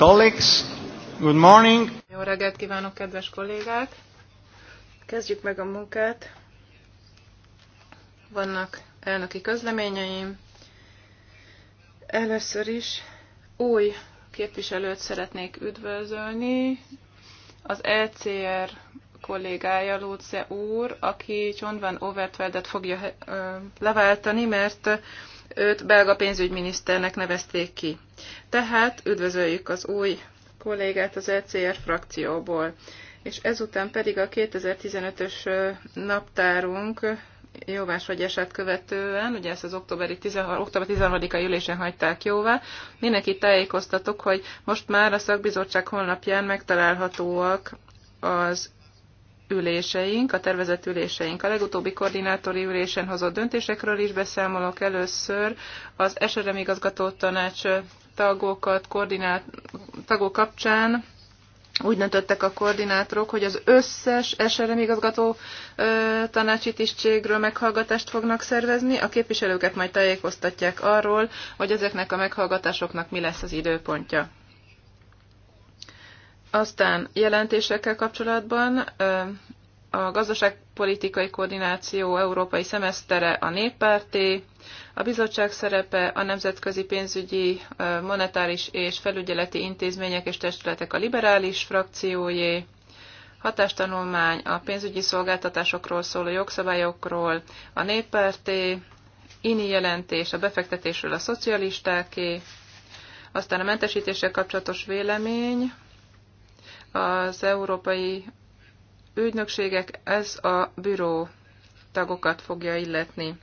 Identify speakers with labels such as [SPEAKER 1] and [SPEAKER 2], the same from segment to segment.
[SPEAKER 1] colleagues, good morning.
[SPEAKER 2] Jó reggelt kívánok, kedves kollégák! Kezdjük meg a munkát. Vannak elnöki közleményeim. Először is új képviselőt szeretnék üdvözölni, az ECR kollégája Lóce úr, aki Csondván Overtveldet fogja leváltani, mert őt belga pénzügyminiszternek nevezték ki. Tehát üdvözöljük az új kollégát az ECR frakcióból. És ezután pedig a 2015-ös naptárunk jóvás vagy eset követően, ugye ezt az októberi 13, október 13-a ülésen hagyták jóvá, mindenki tájékoztatok, hogy most már a szakbizottság honlapján megtalálhatóak az üléseink, a tervezett üléseink. A legutóbbi koordinátori ülésen hozott döntésekről is beszámolok először. Az SRM igazgató tanács tagokat koordinált tagok kapcsán úgy döntöttek a koordinátorok, hogy az összes SRM igazgató ö, tanácsi tisztségről meghallgatást fognak szervezni, a képviselőket majd tájékoztatják arról, hogy ezeknek a meghallgatásoknak mi lesz az időpontja. Aztán jelentésekkel kapcsolatban ö, a gazdaságpolitikai koordináció európai szemesztere a néppárté, a bizottság szerepe a nemzetközi pénzügyi, monetáris és felügyeleti intézmények és testületek a liberális frakciójé, hatástanulmány a pénzügyi szolgáltatásokról szóló jogszabályokról, a néppárté, INI jelentés a befektetésről a szocialistáké, aztán a mentesítéssel kapcsolatos vélemény, az európai ügynökségek, ez a büró tagokat fogja illetni.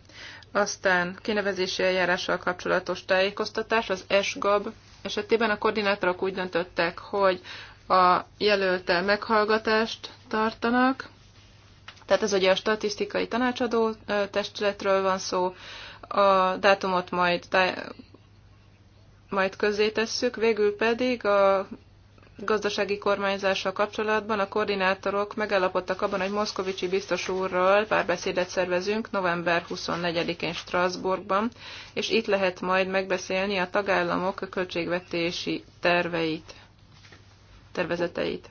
[SPEAKER 2] Aztán kinevezési eljárással kapcsolatos tájékoztatás, az ESGAB esetében a koordinátorok úgy döntöttek, hogy a jelöltel meghallgatást tartanak, tehát ez ugye a statisztikai tanácsadó testületről van szó, a dátumot majd, majd közzétesszük, végül pedig a gazdasági kormányzással kapcsolatban a koordinátorok megállapodtak abban, hogy Moszkovicsi biztos úrral párbeszédet szervezünk november 24-én Strasbourgban, és itt lehet majd megbeszélni a tagállamok költségvetési terveit, tervezeteit.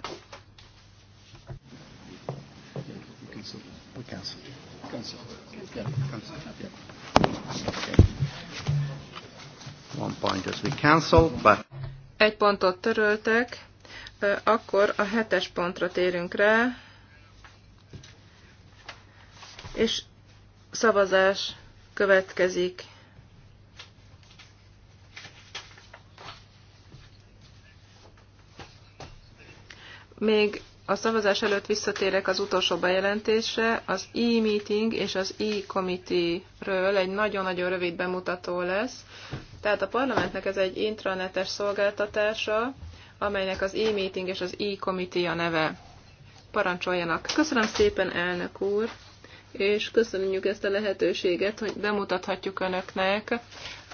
[SPEAKER 1] One point as we cancel, but...
[SPEAKER 2] Egy pontot töröltek, akkor a hetes pontra térünk rá, és szavazás következik. Még a szavazás előtt visszatérek az utolsó bejelentésre, az e-meeting és az e-committee-ről egy nagyon-nagyon rövid bemutató lesz. Tehát a parlamentnek ez egy intranetes szolgáltatása, amelynek az e-meeting és az e-committee a neve. Parancsoljanak. Köszönöm szépen, elnök úr, és köszönjük ezt a lehetőséget, hogy bemutathatjuk önöknek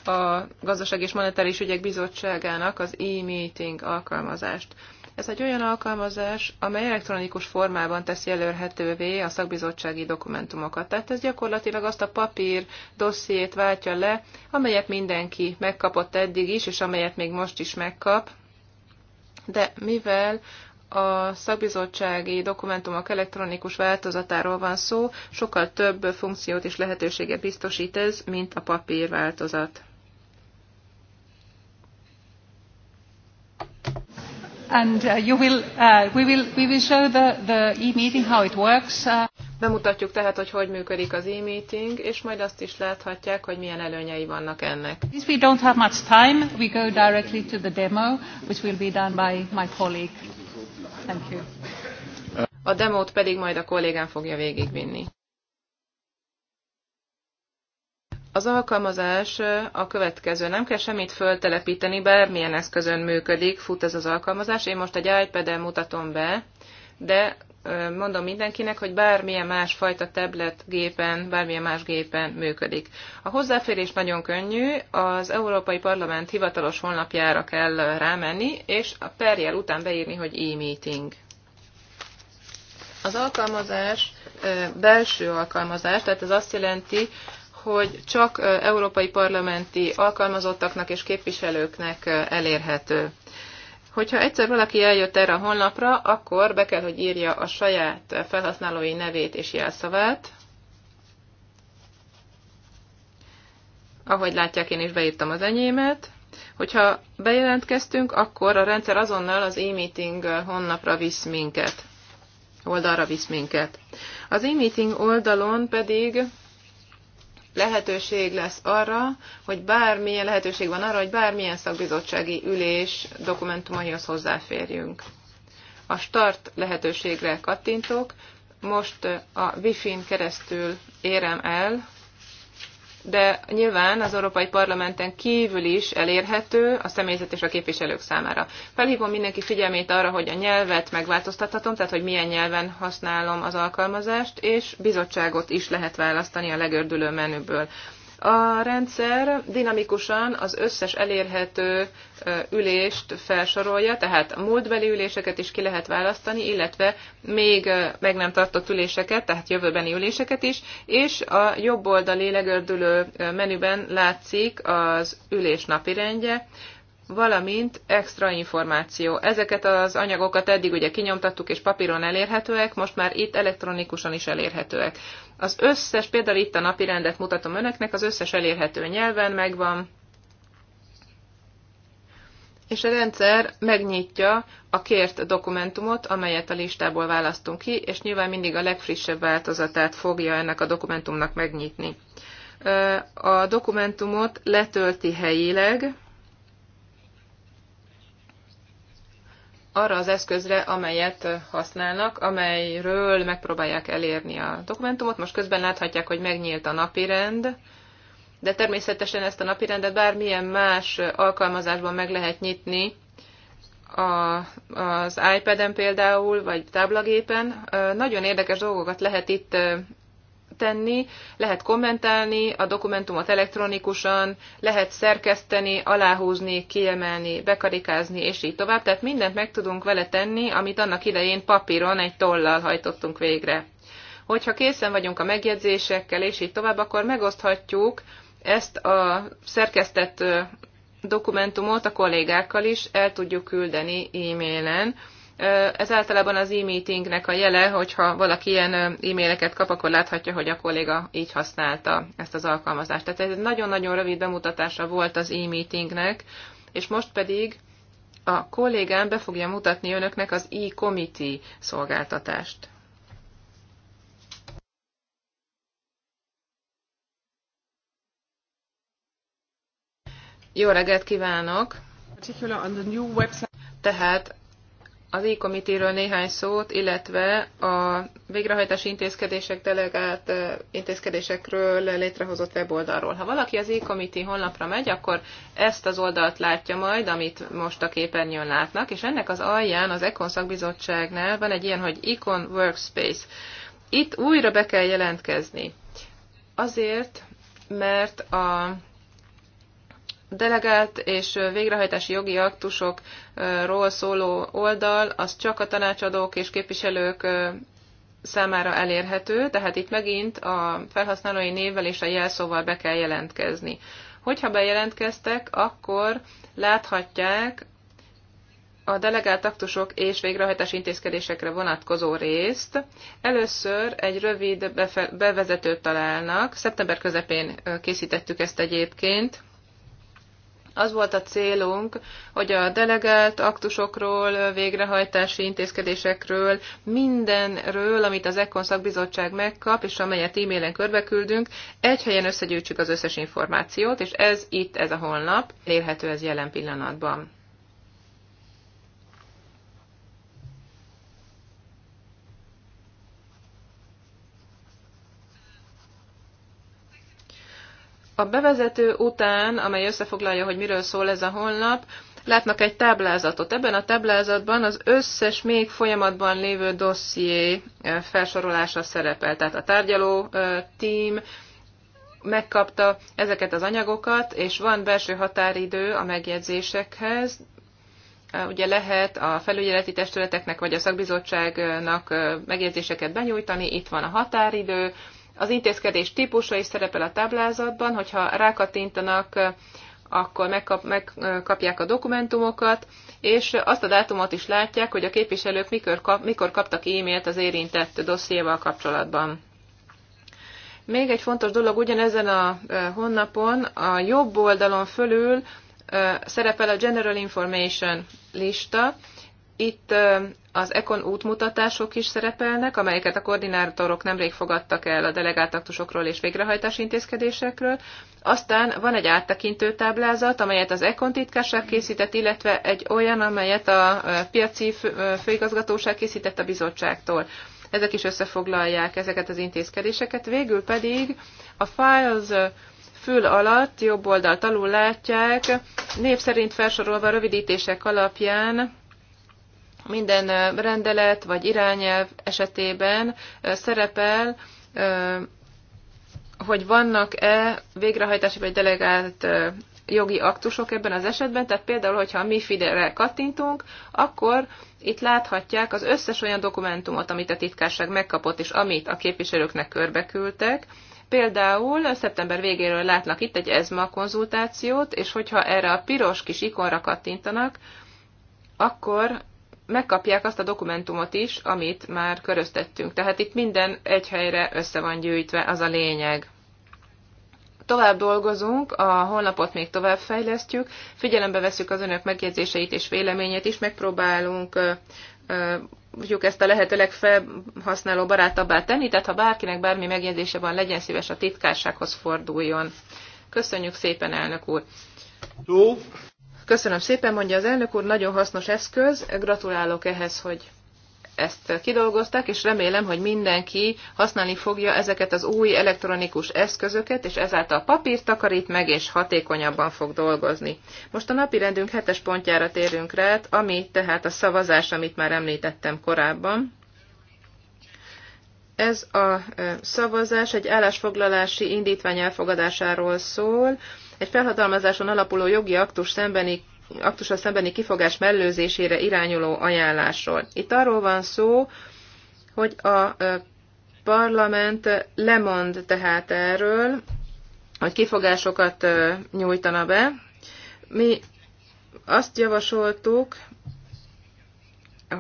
[SPEAKER 2] a Gazdaság és Monetáris Ügyek Bizottságának az e-meeting alkalmazást. Ez egy olyan alkalmazás, amely elektronikus formában teszi elérhetővé a szakbizottsági dokumentumokat. Tehát ez gyakorlatilag azt a papír dossziét váltja le, amelyet mindenki megkapott eddig is, és amelyet még most is megkap, de mivel a szakbizottsági dokumentumok elektronikus változatáról van szó, sokkal több funkciót és lehetőséget biztosít ez, mint a papír változat. And uh, you will, uh, we will, we will show the, the e-meeting how it works. Uh... Bemutatjuk tehát, hogy hogy működik az e-meeting, és majd azt is láthatják, hogy milyen előnyei vannak ennek. If we don't have much time, we go directly to the demo, which will be done by my colleague. Thank you. A demót pedig majd a kollégám fogja végigvinni. Az alkalmazás a következő. Nem kell semmit föltelepíteni, bármilyen eszközön működik, fut ez az alkalmazás. Én most egy ipad mutatom be, de mondom mindenkinek, hogy bármilyen más fajta tablet gépen, bármilyen más gépen működik. A hozzáférés nagyon könnyű, az Európai Parlament hivatalos honlapjára kell rámenni, és a perjel után beírni, hogy e-meeting. Az alkalmazás belső alkalmazás, tehát ez azt jelenti, hogy csak európai parlamenti alkalmazottaknak és képviselőknek elérhető. Hogyha egyszer valaki eljött erre a honlapra, akkor be kell, hogy írja a saját felhasználói nevét és jelszavát. Ahogy látják, én is beírtam az enyémet. Hogyha bejelentkeztünk, akkor a rendszer azonnal az e-meeting honlapra visz minket, oldalra visz minket. Az e-meeting oldalon pedig lehetőség lesz arra, hogy bármilyen lehetőség van arra, hogy bármilyen szakbizottsági ülés dokumentumaihoz hozzáférjünk. A start lehetőségre kattintok, most a Wi-Fi-n keresztül érem el de nyilván az Európai Parlamenten kívül is elérhető a személyzet és a képviselők számára. Felhívom mindenki figyelmét arra, hogy a nyelvet megváltoztathatom, tehát hogy milyen nyelven használom az alkalmazást, és bizottságot is lehet választani a legördülő menüből. A rendszer dinamikusan az összes elérhető ülést felsorolja, tehát múltbeli üléseket is ki lehet választani, illetve még meg nem tartott üléseket, tehát jövőbeni üléseket is, és a jobb oldali legördülő menüben látszik az ülés napirendje, valamint extra információ. Ezeket az anyagokat eddig ugye kinyomtattuk és papíron elérhetőek, most már itt elektronikusan is elérhetőek. Az összes, például itt a napi rendet mutatom önöknek, az összes elérhető nyelven megvan, és a rendszer megnyitja a kért dokumentumot, amelyet a listából választunk ki, és nyilván mindig a legfrissebb változatát fogja ennek a dokumentumnak megnyitni. A dokumentumot letölti helyileg, arra az eszközre, amelyet használnak, amelyről megpróbálják elérni a dokumentumot. Most közben láthatják, hogy megnyílt a napirend, de természetesen ezt a napirendet bármilyen más alkalmazásban meg lehet nyitni, a, az iPad-en például, vagy táblagépen. Nagyon érdekes dolgokat lehet itt tenni, lehet kommentálni a dokumentumot elektronikusan, lehet szerkeszteni, aláhúzni, kiemelni, bekarikázni, és így tovább. Tehát mindent meg tudunk vele tenni, amit annak idején papíron egy tollal hajtottunk végre. Hogyha készen vagyunk a megjegyzésekkel, és így tovább, akkor megoszthatjuk ezt a szerkesztett dokumentumot a kollégákkal is el tudjuk küldeni e-mailen, ez általában az e-meetingnek a jele, hogyha valaki ilyen e-maileket kap, akkor láthatja, hogy a kolléga így használta ezt az alkalmazást. Tehát ez egy nagyon-nagyon rövid bemutatása volt az e-meetingnek, és most pedig a kollégám be fogja mutatni önöknek az e-committee szolgáltatást. Jó reggelt kívánok! Tehát az i komitéről néhány szót, illetve a végrehajtási intézkedések delegált intézkedésekről létrehozott weboldalról. Ha valaki az i komité honlapra megy, akkor ezt az oldalt látja majd, amit most a képernyőn látnak, és ennek az alján az Econ szakbizottságnál van egy ilyen, hogy Econ Workspace. Itt újra be kell jelentkezni. Azért, mert a delegált és végrehajtási jogi aktusokról szóló oldal, az csak a tanácsadók és képviselők számára elérhető, tehát itt megint a felhasználói névvel és a jelszóval be kell jelentkezni. Hogyha bejelentkeztek, akkor láthatják a delegált aktusok és végrehajtási intézkedésekre vonatkozó részt. Először egy rövid bevezetőt találnak. Szeptember közepén készítettük ezt egyébként, az volt a célunk, hogy a delegált aktusokról, végrehajtási intézkedésekről, mindenről, amit az ECON szakbizottság megkap, és amelyet e-mailen körbeküldünk, egy helyen összegyűjtsük az összes információt, és ez itt, ez a honlap, érhető ez jelen pillanatban. A bevezető után, amely összefoglalja, hogy miről szól ez a honlap, látnak egy táblázatot. Ebben a táblázatban az összes még folyamatban lévő dosszié eh, felsorolása szerepel. Tehát a tárgyaló eh, tím megkapta ezeket az anyagokat, és van belső határidő a megjegyzésekhez, eh, ugye lehet a felügyeleti testületeknek vagy a szakbizottságnak megjegyzéseket benyújtani, itt van a határidő, az intézkedés típusa is szerepel a táblázatban, hogyha rákatintanak, akkor megkap, megkapják a dokumentumokat, és azt a dátumot is látják, hogy a képviselők mikor, kap, mikor kaptak e-mailt az érintett dossziéval kapcsolatban. Még egy fontos dolog, ugyanezen a honlapon a jobb oldalon fölül szerepel a General Information lista, itt az ECON útmutatások is szerepelnek, amelyeket a koordinátorok nemrég fogadtak el a delegált és végrehajtási intézkedésekről. Aztán van egy áttekintő táblázat, amelyet az ECON titkárság készített, illetve egy olyan, amelyet a piaci főigazgatóság készített a bizottságtól. Ezek is összefoglalják ezeket az intézkedéseket. Végül pedig a files fül alatt, jobb oldalt alul látják, név szerint felsorolva rövidítések alapján minden rendelet vagy irányelv esetében szerepel, hogy vannak-e végrehajtási vagy delegált jogi aktusok ebben az esetben, tehát például, hogyha a MIFID-re kattintunk, akkor itt láthatják az összes olyan dokumentumot, amit a titkárság megkapott, és amit a képviselőknek körbeküldtek, Például szeptember végéről látnak itt egy ESMA konzultációt, és hogyha erre a piros kis ikonra kattintanak, akkor megkapják azt a dokumentumot is, amit már köröztettünk. Tehát itt minden egy helyre össze van gyűjtve, az a lényeg. Tovább dolgozunk, a honlapot még tovább fejlesztjük, figyelembe veszük az önök megjegyzéseit és véleményét is, megpróbálunk mondjuk ezt a lehető legfelhasználó barátabbá tenni, tehát ha bárkinek bármi megjegyzése van, legyen szíves a titkársághoz forduljon. Köszönjük szépen, elnök úr! Jó. Köszönöm szépen, mondja az elnök úr, nagyon hasznos eszköz, gratulálok ehhez, hogy ezt kidolgozták, és remélem, hogy mindenki használni fogja ezeket az új elektronikus eszközöket, és ezáltal papírt takarít meg, és hatékonyabban fog dolgozni. Most a napi rendünk hetes pontjára térünk rá, ami tehát a szavazás, amit már említettem korábban. Ez a szavazás egy állásfoglalási indítvány elfogadásáról szól, egy felhatalmazáson alapuló jogi aktus szembeni aktusra szembeni kifogás mellőzésére irányuló ajánlásról. Itt arról van szó, hogy a parlament lemond tehát erről, hogy kifogásokat nyújtana be. Mi azt javasoltuk,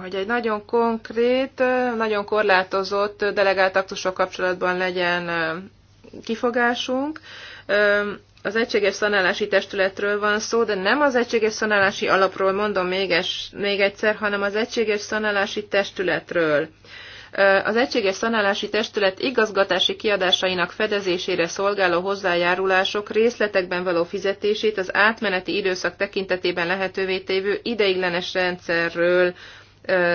[SPEAKER 2] hogy egy nagyon konkrét, nagyon korlátozott delegált aktusok kapcsolatban legyen kifogásunk az egységes szanálási testületről van szó, de nem az egységes szanálási alapról mondom még, es, még egyszer, hanem az egységes szanálási testületről. Az egységes szanálási testület igazgatási kiadásainak fedezésére szolgáló hozzájárulások részletekben való fizetését az átmeneti időszak tekintetében lehetővé tévő ideiglenes rendszerről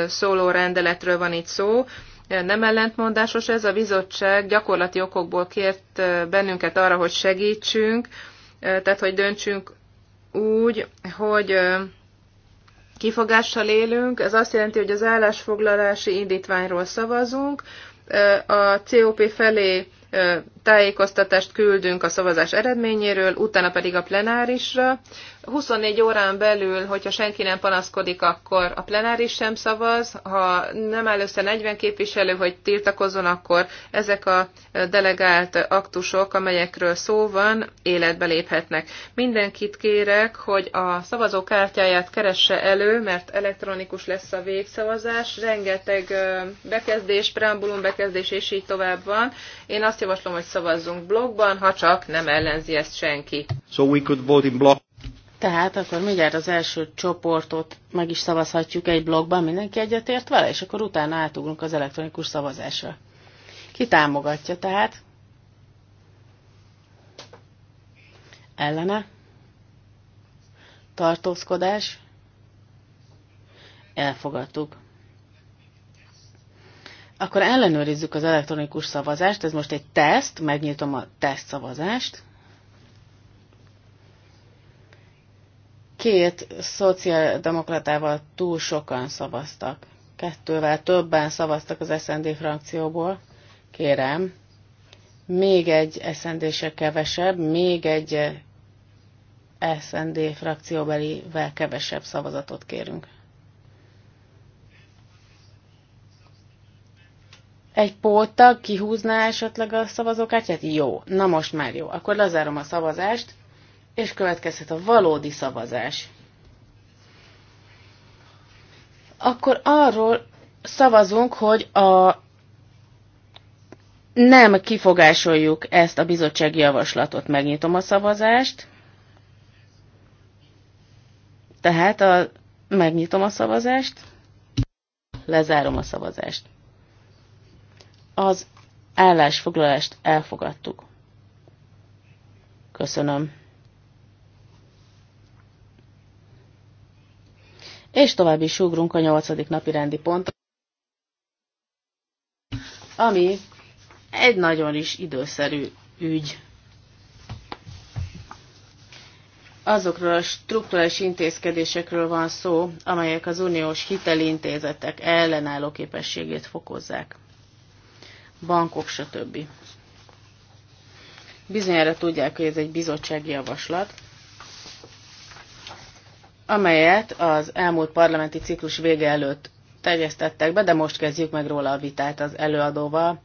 [SPEAKER 2] szóló rendeletről van itt szó, nem ellentmondásos ez. A bizottság gyakorlati okokból kért bennünket arra, hogy segítsünk, tehát hogy döntsünk úgy, hogy kifogással élünk. Ez azt jelenti, hogy az állásfoglalási indítványról szavazunk, a COP felé tájékoztatást küldünk a szavazás eredményéről, utána pedig a plenárisra. 24 órán belül, hogyha senki nem panaszkodik, akkor a plenáris sem szavaz, ha nem áll össze 40 képviselő, hogy tiltakozzon, akkor ezek a delegált aktusok, amelyekről szó van, életbe léphetnek. Mindenkit kérek, hogy a szavazókártyáját keresse elő, mert elektronikus lesz a végszavazás, rengeteg bekezdés, preambulum bekezdés és így tovább van. Én azt javaslom, hogy szavazzunk blogban, ha csak nem ellenzi ezt senki.
[SPEAKER 1] So we could vote in block. Tehát akkor mindjárt az első csoportot meg is szavazhatjuk egy blogban, mindenki egyetért vele, és akkor utána átugrunk az elektronikus szavazásra. Ki támogatja tehát? Ellene? Tartózkodás? Elfogadtuk. Akkor ellenőrizzük az elektronikus szavazást, ez most egy teszt, megnyitom a teszt szavazást. két szociáldemokratával túl sokan szavaztak. Kettővel többen szavaztak az SND frakcióból. Kérem, még egy SND-se kevesebb, még egy SND frakcióbelivel kevesebb szavazatot kérünk. Egy póttag kihúzná esetleg a szavazókártyát? Jó, na most már jó. Akkor lezárom a szavazást és következhet a valódi szavazás. Akkor arról szavazunk, hogy a nem kifogásoljuk ezt a bizottsági javaslatot. Megnyitom a szavazást. Tehát a, megnyitom a szavazást, lezárom a szavazást. Az állásfoglalást elfogadtuk. Köszönöm. és tovább is ugrunk a nyolcadik napi rendi pontra, ami egy nagyon is időszerű ügy. Azokról a struktúrális intézkedésekről van szó, amelyek az uniós hitelintézetek ellenálló képességét fokozzák. Bankok, stb. Bizonyára tudják, hogy ez egy bizottsági javaslat, amelyet az elmúlt parlamenti ciklus vége előtt terjesztettek be, de most kezdjük meg róla a vitát az előadóval,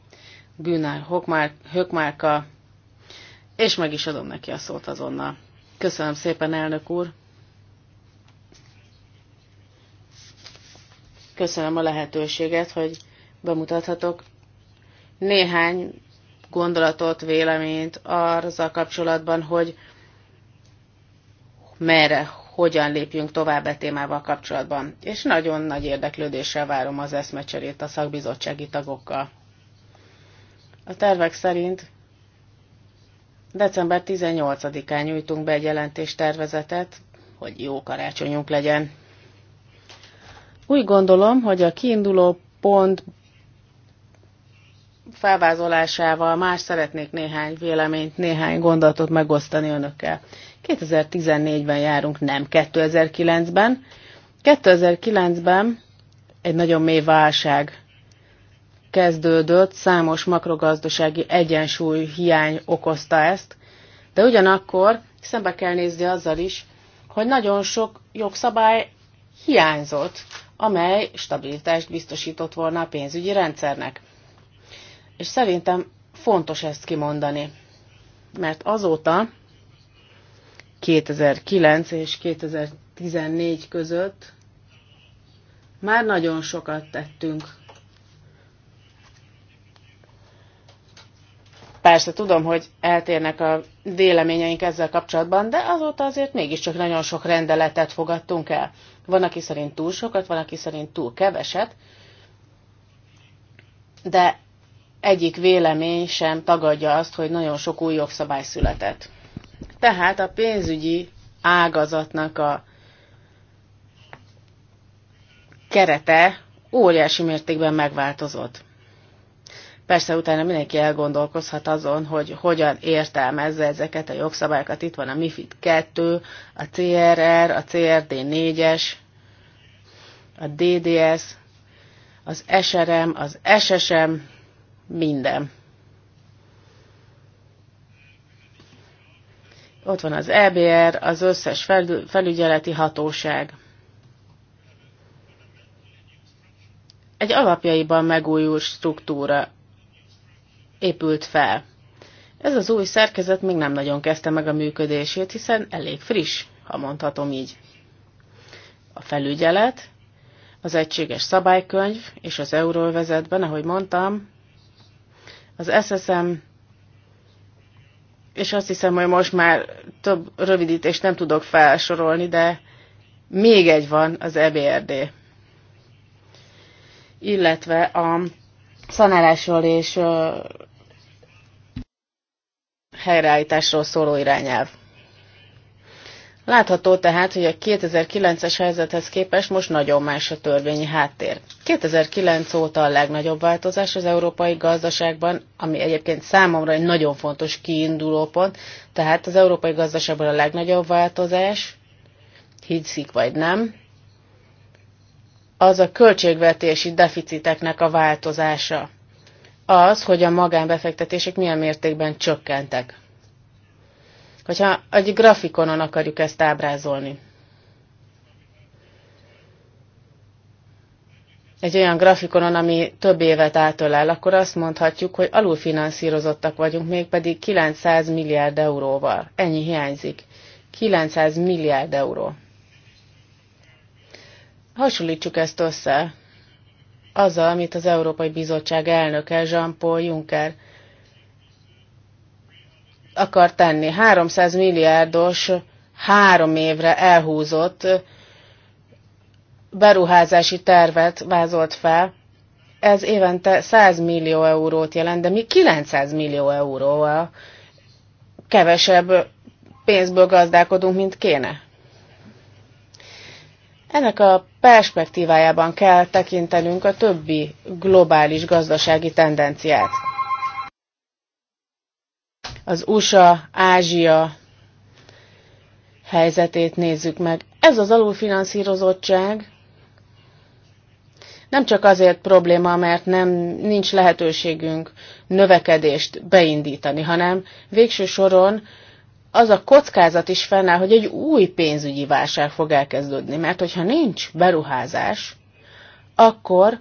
[SPEAKER 1] Günár Hökmárka, és meg is adom neki a szót azonnal. Köszönöm szépen, elnök úr! Köszönöm a lehetőséget, hogy bemutathatok néhány gondolatot, véleményt arra kapcsolatban, hogy merre, hogyan lépjünk tovább e témával kapcsolatban. És nagyon nagy érdeklődéssel várom az eszmecserét a szakbizottsági tagokkal. A tervek szerint december 18-án nyújtunk be egy jelentéstervezetet, hogy jó karácsonyunk legyen. Úgy gondolom, hogy a kiinduló pont felvázolásával más szeretnék néhány véleményt, néhány gondolatot megosztani önökkel. 2014-ben járunk, nem 2009-ben. 2009-ben egy nagyon mély válság kezdődött, számos makrogazdasági egyensúly hiány okozta ezt, de ugyanakkor szembe kell nézni azzal is, hogy nagyon sok jogszabály hiányzott, amely stabilitást biztosított volna a pénzügyi rendszernek. És szerintem fontos ezt kimondani, mert azóta 2009 és 2014 között már nagyon sokat tettünk. Persze tudom, hogy eltérnek a véleményeink ezzel kapcsolatban, de azóta azért mégiscsak nagyon sok rendeletet fogadtunk el. Van, aki szerint túl sokat, van, aki szerint túl keveset, de egyik vélemény sem tagadja azt, hogy nagyon sok új jogszabály született. Tehát a pénzügyi ágazatnak a kerete óriási mértékben megváltozott. Persze utána mindenki elgondolkozhat azon, hogy hogyan értelmezze ezeket a jogszabályokat. Itt van a MIFID 2, a CRR, a CRD 4-es, a DDS, az SRM, az SSM, minden. Ott van az EBR, az összes felügyeleti hatóság. Egy alapjaiban megújult struktúra épült fel. Ez az új szerkezet még nem nagyon kezdte meg a működését, hiszen elég friss, ha mondhatom így. A felügyelet, az egységes szabálykönyv és az euróvezetben, ahogy mondtam, az SSM és azt hiszem, hogy most már több rövidítést nem tudok felsorolni, de még egy van az EBRD, illetve a szanálásról és helyreállításról szóló irányelv. Látható tehát, hogy a 2009-es helyzethez képest most nagyon más a törvényi háttér. 2009 óta a legnagyobb változás az európai gazdaságban, ami egyébként számomra egy nagyon fontos kiindulópont, tehát az európai gazdaságban a legnagyobb változás, hiszik vagy nem, az a költségvetési deficiteknek a változása. Az, hogy a magánbefektetések milyen mértékben csökkentek hogyha egy grafikonon akarjuk ezt ábrázolni. Egy olyan grafikonon, ami több évet átölel, akkor azt mondhatjuk, hogy alulfinanszírozottak vagyunk, mégpedig 900 milliárd euróval. Ennyi hiányzik. 900 milliárd euró. Hasonlítsuk ezt össze azzal, amit az Európai Bizottság elnöke Jean-Paul Juncker akar tenni. 300 milliárdos három évre elhúzott beruházási tervet vázolt fel. Ez évente 100 millió eurót jelent, de mi 900 millió euróval kevesebb pénzből gazdálkodunk, mint kéne. Ennek a perspektívájában kell tekintenünk a többi globális gazdasági tendenciát az USA-Ázsia helyzetét nézzük meg. Ez az alulfinanszírozottság nem csak azért probléma, mert nem, nincs lehetőségünk növekedést beindítani, hanem végső soron az a kockázat is fennáll, hogy egy új pénzügyi válság fog elkezdődni, mert hogyha nincs beruházás, akkor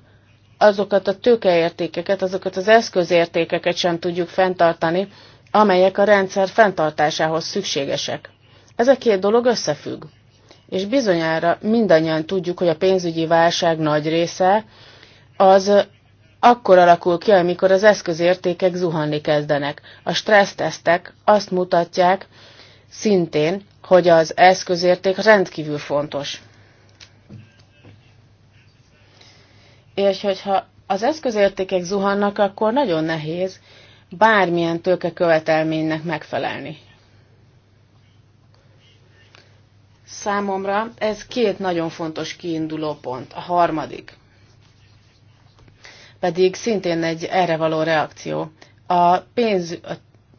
[SPEAKER 1] azokat a tőkeértékeket, azokat az eszközértékeket sem tudjuk fenntartani, amelyek a rendszer fenntartásához szükségesek. Ez a két dolog összefügg. És bizonyára mindannyian tudjuk, hogy a pénzügyi válság nagy része az akkor alakul ki, amikor az eszközértékek zuhanni kezdenek. A stressztesztek azt mutatják szintén, hogy az eszközérték rendkívül fontos. És hogyha az eszközértékek zuhannak, akkor nagyon nehéz bármilyen követelménynek megfelelni. Számomra ez két nagyon fontos kiinduló pont. A harmadik pedig szintén egy erre való reakció. A pénz, a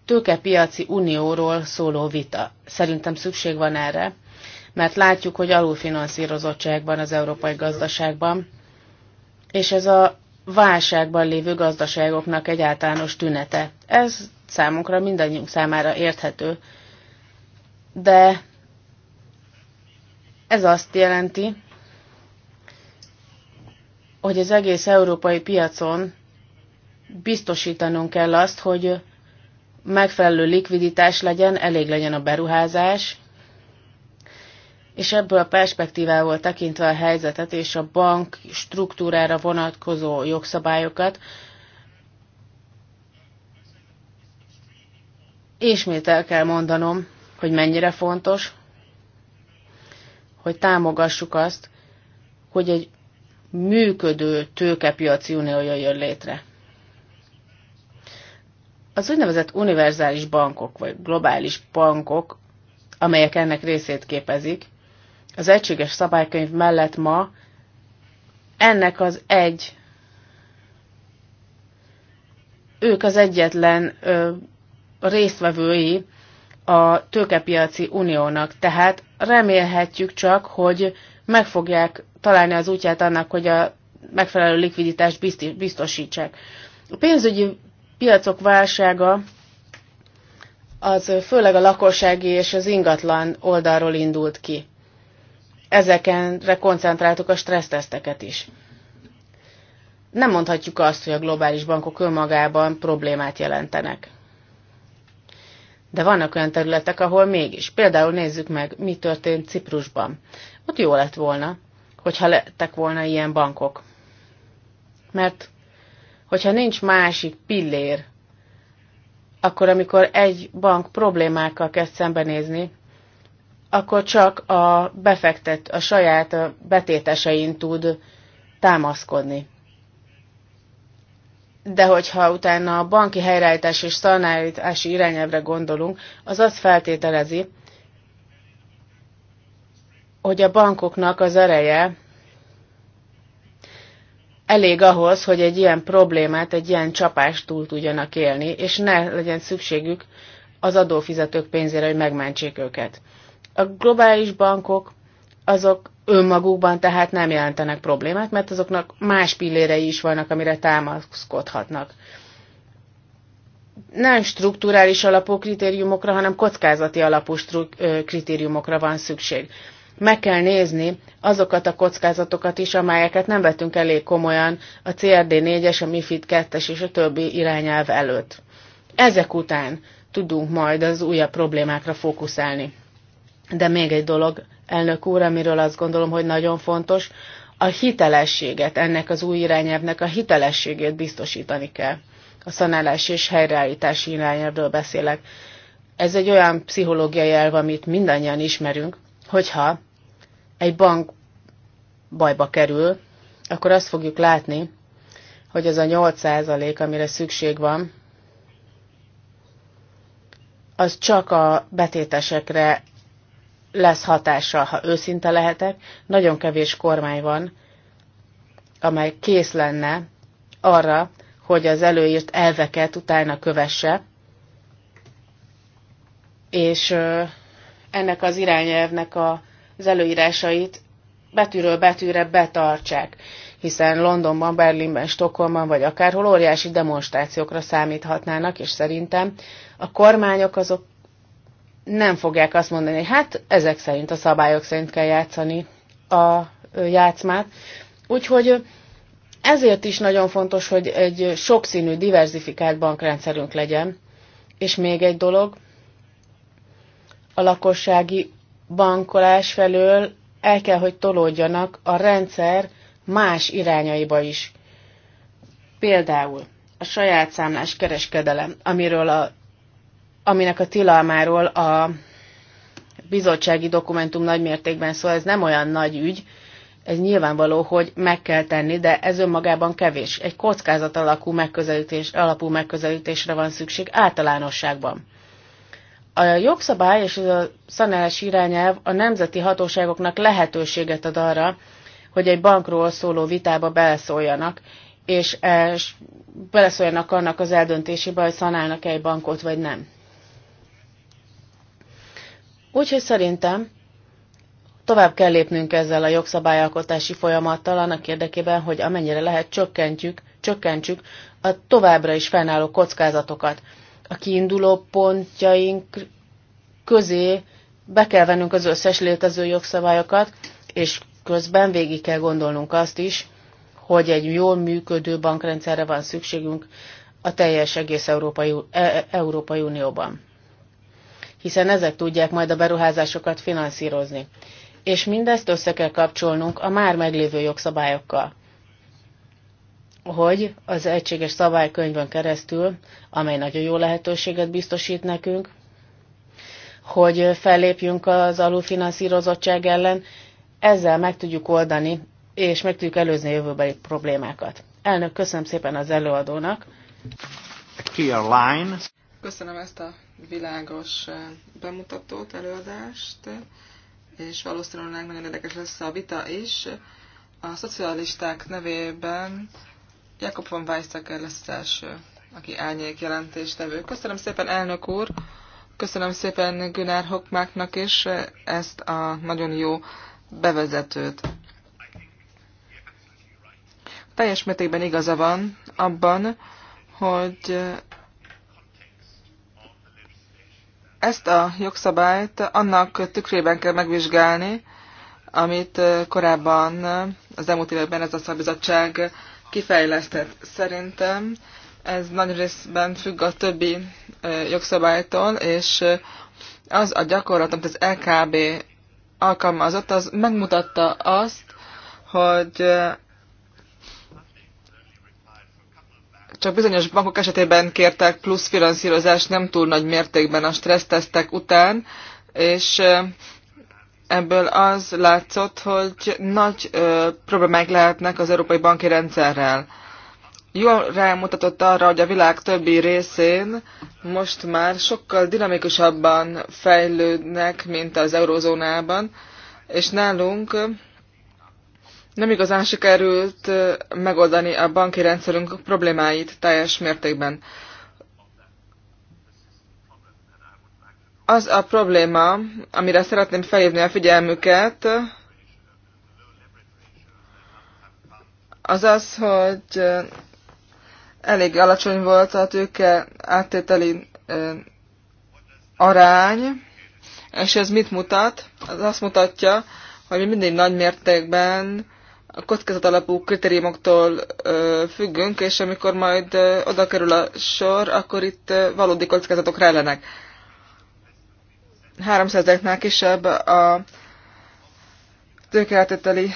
[SPEAKER 1] tőkepiaci unióról szóló vita. Szerintem szükség van erre, mert látjuk, hogy alulfinanszírozottságban az európai gazdaságban, és ez a válságban lévő gazdaságoknak egy általános tünete. Ez számunkra mindannyiunk számára érthető. De ez azt jelenti, hogy az egész európai piacon biztosítanunk kell azt, hogy megfelelő likviditás legyen, elég legyen a beruházás, és ebből a perspektívából tekintve a helyzetet és a bank struktúrára vonatkozó jogszabályokat, ismét el kell mondanom, hogy mennyire fontos, hogy támogassuk azt, hogy egy működő tőkepiaci unió jöjjön létre. Az úgynevezett univerzális bankok, vagy globális bankok, amelyek ennek részét képezik, az egységes szabálykönyv mellett ma ennek az egy, ők az egyetlen ö, résztvevői a tőkepiaci uniónak. Tehát remélhetjük csak, hogy meg fogják találni az útját annak, hogy a megfelelő likviditást biztosítsák. A pénzügyi piacok válsága az főleg a lakossági és az ingatlan oldalról indult ki ezekre koncentráltuk a stresszteszteket is. Nem mondhatjuk azt, hogy a globális bankok önmagában problémát jelentenek. De vannak olyan területek, ahol mégis. Például nézzük meg, mi történt Ciprusban. Ott jó lett volna, hogyha lettek volna ilyen bankok. Mert hogyha nincs másik pillér, akkor amikor egy bank problémákkal kezd szembenézni, akkor csak a befektet, a saját betétesein tud támaszkodni. De hogyha utána a banki helyreállítás és szalnállítási irányelvre gondolunk, az azt feltételezi, hogy a bankoknak az ereje elég ahhoz, hogy egy ilyen problémát, egy ilyen csapást túl tudjanak élni, és ne legyen szükségük az adófizetők pénzére, hogy megmentsék őket. A globális bankok azok önmagukban tehát nem jelentenek problémát, mert azoknak más pillérei is vannak, amire támaszkodhatnak. Nem strukturális alapú kritériumokra, hanem kockázati alapú kritériumokra van szükség. Meg kell nézni azokat a kockázatokat is, amelyeket nem vettünk elég komolyan a CRD 4-es, a MIFID 2-es és a többi irányelv előtt. Ezek után tudunk majd az újabb problémákra fókuszálni. De még egy dolog, elnök úr, amiről azt gondolom, hogy nagyon fontos, a hitelességet, ennek az új irányelvnek a hitelességét biztosítani kell. A szanálás és helyreállítási irányelvről beszélek. Ez egy olyan pszichológiai elv, amit mindannyian ismerünk, hogyha egy bank bajba kerül, akkor azt fogjuk látni, hogy ez a 8% amire szükség van, az csak a betétesekre lesz hatása, ha őszinte lehetek. Nagyon kevés kormány van, amely kész lenne arra, hogy az előírt elveket utána kövesse, és ennek az irányelvnek az előírásait betűről betűre betartsák, hiszen Londonban, Berlinben, Stockholmban vagy akárhol óriási demonstrációkra számíthatnának, és szerintem a kormányok azok nem fogják azt mondani, hogy hát ezek szerint, a szabályok szerint kell játszani a játszmát. Úgyhogy ezért is nagyon fontos, hogy egy sokszínű, diversifikált bankrendszerünk legyen. És még egy dolog, a lakossági bankolás felől el kell, hogy tolódjanak a rendszer más irányaiba is. Például a saját számlás kereskedelem, amiről a aminek a tilalmáról a bizottsági dokumentum nagymértékben szól, ez nem olyan nagy ügy, ez nyilvánvaló, hogy meg kell tenni, de ez önmagában kevés. Egy kockázat alakú megközelítés, alapú megközelítésre van szükség általánosságban. A jogszabály és a szanálás irányelv a nemzeti hatóságoknak lehetőséget ad arra, hogy egy bankról szóló vitába beleszóljanak, és beleszóljanak annak az eldöntésébe, hogy szanálnak -e egy bankot vagy nem. Úgyhogy szerintem tovább kell lépnünk ezzel a jogszabályalkotási folyamattal annak érdekében, hogy amennyire lehet csökkentjük, csökkentsük a továbbra is fennálló kockázatokat. A kiinduló pontjaink közé be kell vennünk az összes létező jogszabályokat, és közben végig kell gondolnunk azt is, hogy egy jól működő bankrendszerre van szükségünk a teljes egész Európai, e, Európai Unióban hiszen ezek tudják majd a beruházásokat finanszírozni. És mindezt össze kell kapcsolnunk a már meglévő jogszabályokkal hogy az egységes szabálykönyvön keresztül, amely nagyon jó lehetőséget biztosít nekünk, hogy fellépjünk az alulfinanszírozottság ellen, ezzel meg tudjuk oldani, és meg tudjuk előzni a jövőbeli problémákat. Elnök, köszönöm szépen az előadónak. Clear line.
[SPEAKER 3] Köszönöm ezt a világos eh, bemutatót, előadást, és valószínűleg nagyon érdekes lesz a vita is. A szocialisták nevében Jakob von Weizsäcker lesz az első, aki árnyék tevő. Köszönöm szépen, elnök úr! Köszönöm szépen Günár Hokmáknak is ezt a nagyon jó bevezetőt. Teljes mértékben igaza van abban, hogy ezt a jogszabályt annak tükrében kell megvizsgálni, amit korábban az elmúlt években ez a szabizottság kifejlesztett. Szerintem ez nagy részben függ a többi jogszabálytól, és az a gyakorlat, amit az LKB alkalmazott, az megmutatta azt, hogy csak bizonyos bankok esetében kértek plusz finanszírozást nem túl nagy mértékben a stressztesztek után, és ebből az látszott, hogy nagy ö, problémák lehetnek az európai banki rendszerrel. Jól rámutatott arra, hogy a világ többi részén most már sokkal dinamikusabban fejlődnek, mint az eurozónában, és nálunk nem igazán sikerült megoldani a banki rendszerünk problémáit teljes mértékben. Az a probléma, amire szeretném felhívni a figyelmüket, az az, hogy elég alacsony volt a tőke áttételi arány, és ez mit mutat? Az azt mutatja, hogy mi mindig nagy mértékben a kockázat alapú kritériumoktól ö, függünk, és amikor majd ö, oda kerül a sor, akkor itt ö, valódi kockázatok rellenek. 300-nál kisebb a tőkeáteteli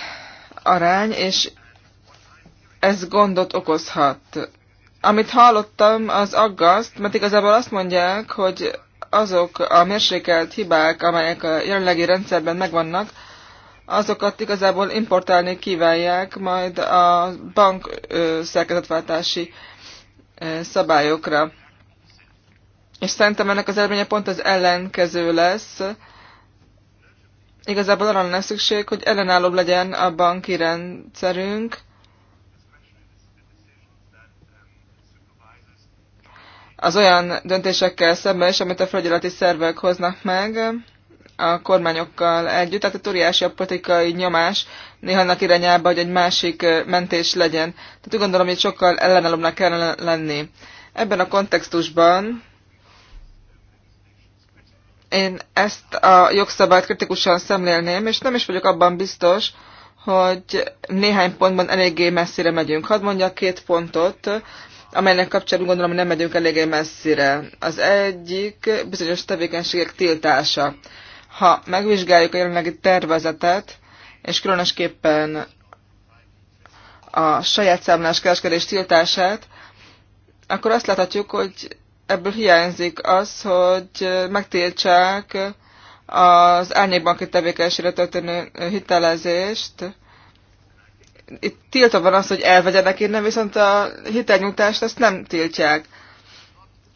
[SPEAKER 3] arány, és ez gondot okozhat. Amit hallottam, az aggaszt, mert igazából azt mondják, hogy azok a mérsékelt hibák, amelyek a jelenlegi rendszerben megvannak, azokat igazából importálni kívánják majd a bank szerkezetváltási szabályokra. És szerintem ennek az eredménye pont az ellenkező lesz. Igazából arra lenne szükség, hogy ellenállóbb legyen a banki rendszerünk, az olyan döntésekkel szemben is, amit a fölgyeleti szervek hoznak meg a kormányokkal együtt, tehát itt óriási a politikai nyomás néha annak irányába, hogy egy másik mentés legyen. Tehát úgy gondolom, hogy sokkal ellenállóbbnak kellene lenni. Ebben a kontextusban én ezt a jogszabályt kritikusan szemlélném, és nem is vagyok abban biztos, hogy néhány pontban eléggé messzire megyünk. Hadd mondjak két pontot, amelynek kapcsán úgy gondolom, hogy nem megyünk eléggé messzire. Az egyik bizonyos tevékenységek tiltása. Ha megvizsgáljuk a jelenlegi tervezetet, és különösképpen a saját számlás kereskedés tiltását, akkor azt láthatjuk, hogy ebből hiányzik az, hogy megtiltsák az árnyékbanki tevékenységre történő hitelezést. Itt tiltva van az, hogy elvegyenek innen, viszont a hitelnyújtást azt nem tiltják.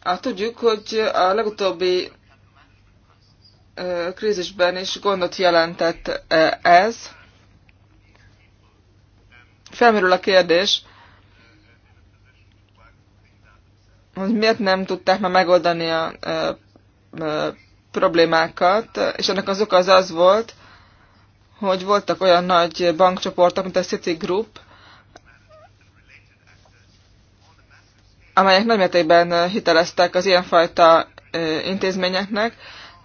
[SPEAKER 3] A, tudjuk, hogy a legutóbbi krízisben is gondot jelentett ez. Felmerül a kérdés, hogy miért nem tudták már megoldani a problémákat, és ennek az oka az az volt, hogy voltak olyan nagy bankcsoportok, mint a Citigroup, amelyek nagymértékben hiteleztek az ilyenfajta intézményeknek,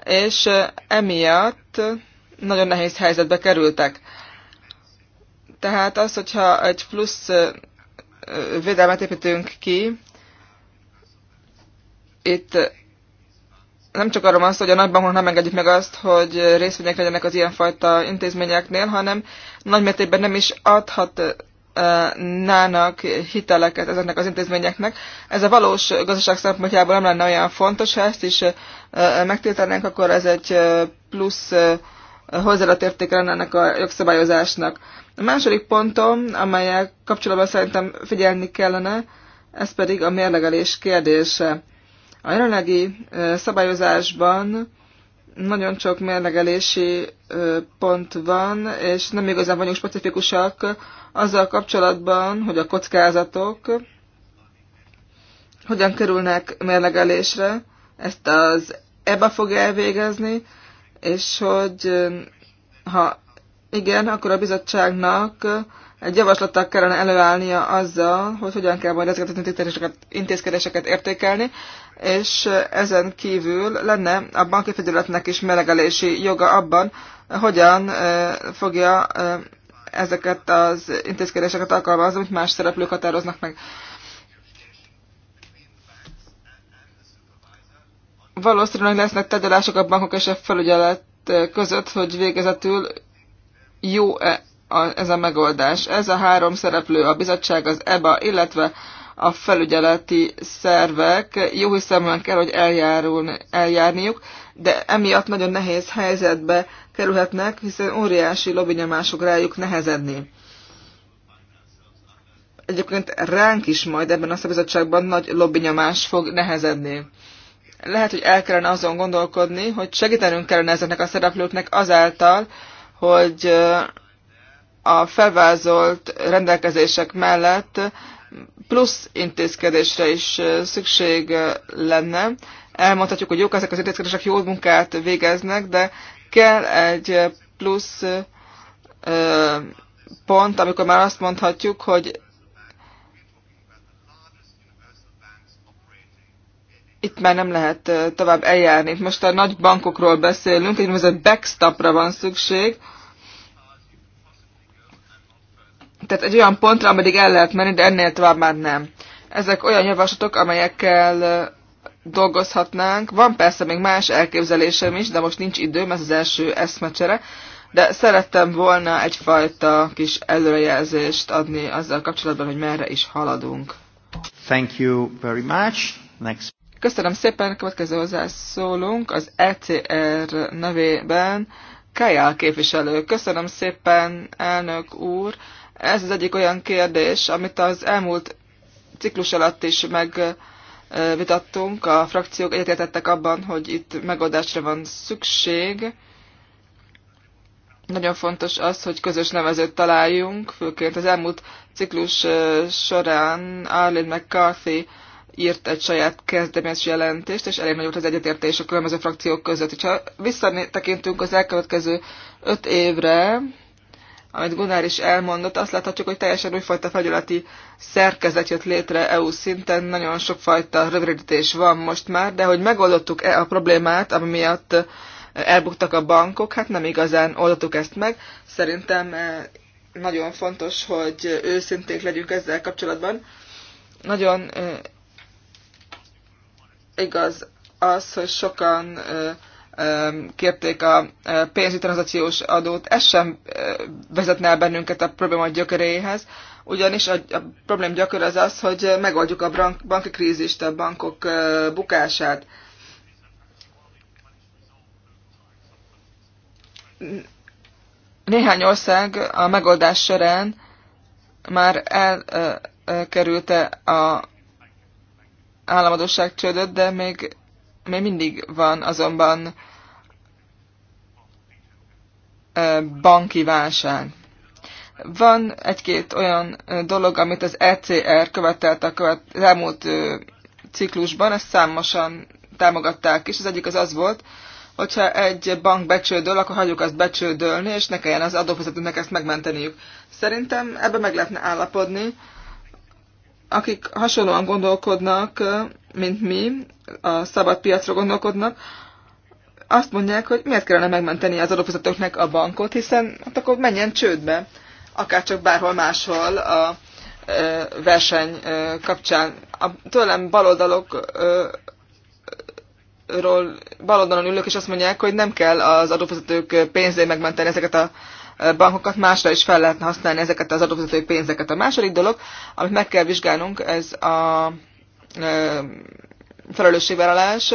[SPEAKER 3] és emiatt nagyon nehéz helyzetbe kerültek. Tehát az, hogyha egy plusz védelmet építünk ki, itt nem csak arról van szó, hogy a nagybankok nem engedik meg azt, hogy részvények legyenek az ilyenfajta intézményeknél, hanem nagymértékben nem is adhat nának hiteleket ezeknek az intézményeknek. Ez a valós gazdaság szempontjából nem lenne olyan fontos, ha ezt is megtiltanánk, akkor ez egy plusz hozzáadott értéke lenne ennek a jogszabályozásnak. A második pontom, amelyel kapcsolatban szerintem figyelni kellene, ez pedig a mérlegelés kérdése. A jelenlegi szabályozásban nagyon sok mérlegelési pont van, és nem igazán vagyunk specifikusak azzal kapcsolatban, hogy a kockázatok hogyan kerülnek mérlegelésre, ezt az EBA fog elvégezni, és hogy ha igen, akkor a bizottságnak egy javaslattal kellene előállnia azzal, hogy hogyan kell majd ezeket az intézkedéseket, intézkedéseket értékelni, és ezen kívül lenne a banki fegyületnek is melegelési joga abban, hogyan eh, fogja eh, ezeket az intézkedéseket alkalmazom, hogy más szereplők határoznak meg. Valószínűleg lesznek tegyelások a bankok és a felügyelet között, hogy végezetül jó-e ez a megoldás. Ez a három szereplő, a bizottság, az EBA, illetve a felügyeleti szervek jó hiszeműen kell, hogy eljárul, eljárniuk, de emiatt nagyon nehéz helyzetbe kerülhetnek, hiszen óriási lobbynyomások rájuk nehezedni. Egyébként ránk is majd ebben a szabizottságban nagy lobbynyomás fog nehezedni. Lehet, hogy el kellene azon gondolkodni, hogy segítenünk kellene ezeknek a szereplőknek azáltal, hogy a felvázolt rendelkezések mellett plusz intézkedésre is szükség lenne, elmondhatjuk, hogy jók ezek az intézkedések, jó munkát végeznek, de kell egy plusz pont, amikor már azt mondhatjuk, hogy itt már nem lehet tovább eljárni. Most a nagy bankokról beszélünk, egy a backstopra van szükség. Tehát egy olyan pontra, ameddig el lehet menni, de ennél tovább már nem. Ezek olyan javaslatok, amelyekkel dolgozhatnánk. Van persze még más elképzelésem is, de most nincs időm, ez az első eszmecsere, de szerettem volna egyfajta kis előrejelzést adni azzal kapcsolatban, hogy merre is haladunk.
[SPEAKER 1] Thank you very much. Next.
[SPEAKER 3] Köszönöm szépen, következő hozzászólunk az ECR nevében. Kajál képviselő, köszönöm szépen, elnök úr. Ez az egyik olyan kérdés, amit az elmúlt ciklus alatt is meg vitattunk, a frakciók egyetértettek abban, hogy itt megoldásra van szükség. Nagyon fontos az, hogy közös nevezőt találjunk, főként az elmúlt ciklus során Arlene McCarthy írt egy saját kezdeményes jelentést, és elég nagy volt az egyetértés a különböző frakciók között. Ha visszatekintünk az elkövetkező öt évre, amit Gunnar is elmondott, azt láthatjuk, hogy teljesen újfajta felületi szerkezet jött létre EU szinten, nagyon sokfajta rövidítés van most már, de hogy megoldottuk-e a problémát, ami miatt elbuktak a bankok, hát nem igazán oldottuk ezt meg. Szerintem eh, nagyon fontos, hogy őszinték legyünk ezzel kapcsolatban. Nagyon eh, igaz az, hogy sokan eh, kérték a pénzügyi tranzakciós adót, ez sem vezetne el bennünket a probléma gyökeréhez, ugyanis a, a problém gyakor az az, hogy megoldjuk a bank, banki krízist, a bankok bukását. Néhány ország a megoldás során már elkerülte a államadóság csődöt, de még még mindig van azonban banki válság. Van egy-két olyan dolog, amit az ECR követelt a követ, az elmúlt ciklusban, ezt számosan támogatták is. Az egyik az az volt, hogyha egy bank becsődöl, akkor hagyjuk azt becsődölni, és ne kelljen az adófizetőnek ezt megmenteniük. Szerintem ebbe meg lehetne állapodni. Akik hasonlóan gondolkodnak, mint mi, a szabad piacra gondolkodnak, azt mondják, hogy miért kellene megmenteni az adófizetőknek a bankot, hiszen hát akkor menjen csődbe, akár csak bárhol máshol a verseny kapcsán. A tőlem baloldalok ról baloldalon ülök és azt mondják, hogy nem kell az adófizetők pénzén megmenteni ezeket a bankokat, másra is fel lehetne használni ezeket az adófizetők pénzeket. A második dolog, amit meg kell vizsgálnunk, ez a felelősségvállalás.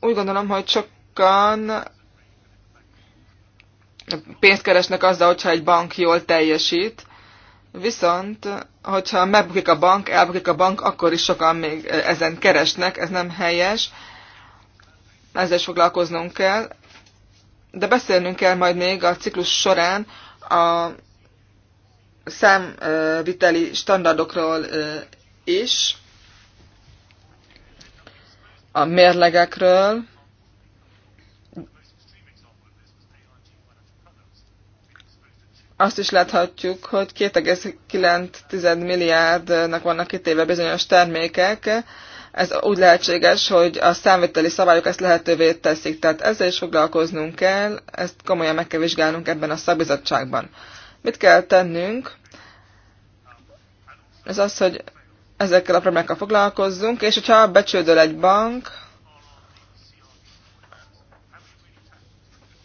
[SPEAKER 3] Úgy gondolom, hogy sokan pénzt keresnek azzal, hogyha egy bank jól teljesít, viszont hogyha megbukik a bank, elbukik a bank, akkor is sokan még ezen keresnek, ez nem helyes, ezzel is foglalkoznunk kell, de beszélnünk kell majd még a ciklus során a számviteli standardokról is, a mérlegekről, azt is láthatjuk, hogy 2,9 milliárdnak vannak kitéve bizonyos termékek. Ez úgy lehetséges, hogy a számviteli szabályok ezt lehetővé teszik. Tehát ezzel is foglalkoznunk kell, ezt komolyan meg kell vizsgálnunk ebben a szabizottságban. Mit kell tennünk? Ez az, hogy ezekkel a problémákkal foglalkozzunk, és hogyha becsődöl egy bank,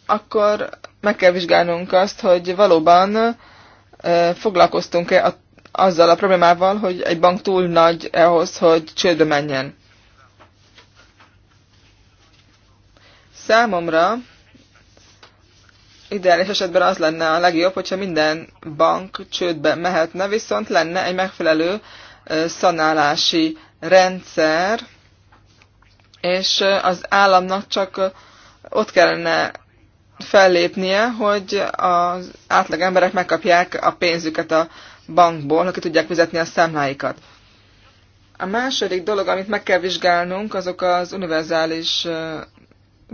[SPEAKER 3] akkor meg kell vizsgálnunk azt, hogy valóban foglalkoztunk-e azzal a problémával, hogy egy bank túl nagy ahhoz, hogy csődbe menjen. Számomra ideális esetben az lenne a legjobb, hogyha minden bank csődbe mehetne, viszont lenne egy megfelelő szanálási rendszer, és az államnak csak ott kellene fellépnie, hogy az átlag emberek megkapják a pénzüket a bankból, akik tudják fizetni a számláikat. A második dolog, amit meg kell vizsgálnunk, azok az univerzális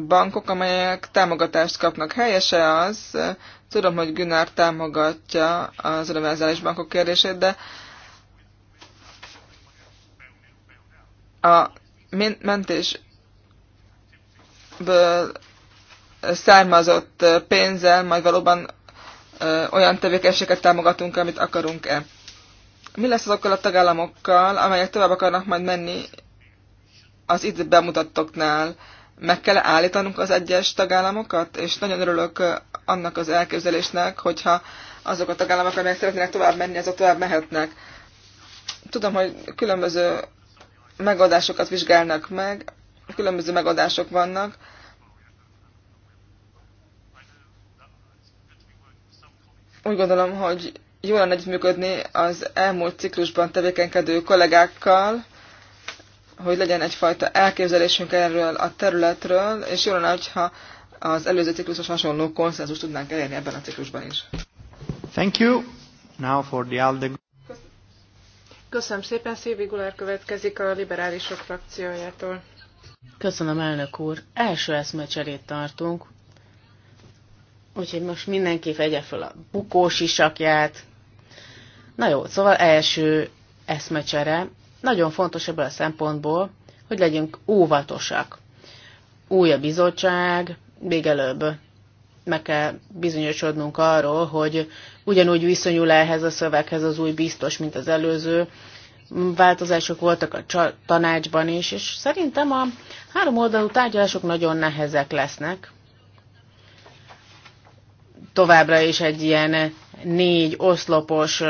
[SPEAKER 3] bankok, amelyek támogatást kapnak. Helyese az, tudom, hogy Günár támogatja az univerzális bankok kérdését, de a mentésből származott pénzzel majd valóban olyan tevékenységet támogatunk, amit akarunk-e. Mi lesz azokkal a tagállamokkal, amelyek tovább akarnak majd menni az itt bemutattoknál? Meg kell állítanunk az egyes tagállamokat, és nagyon örülök annak az elképzelésnek, hogyha azok a tagállamok, amelyek szeretnének tovább menni, azok tovább mehetnek. Tudom, hogy különböző megoldásokat vizsgálnak meg, különböző megoldások vannak. Úgy gondolom, hogy jól lenne együttműködni az elmúlt ciklusban tevékenykedő kollégákkal, hogy legyen egyfajta elképzelésünk erről a területről, és jól lenne, hogyha az előző ciklusos hasonló konszenzus tudnánk elérni ebben a ciklusban is.
[SPEAKER 1] Thank you. Now for the
[SPEAKER 2] Köszönöm szépen, Szilvi Gulár következik a
[SPEAKER 1] liberálisok frakciójától. Köszönöm, elnök úr. Első eszmecserét tartunk, úgyhogy most mindenki fegye fel a bukós isakját. Na jó, szóval első eszmecsere. Nagyon fontos ebből a szempontból, hogy legyünk óvatosak. Új a bizottság, még előbb meg kell bizonyosodnunk arról, hogy ugyanúgy viszonyul ehhez a szöveghez az új biztos, mint az előző. Változások voltak a tanácsban is, és szerintem a három oldalú tárgyalások nagyon nehezek lesznek. Továbbra is egy ilyen négy oszlopos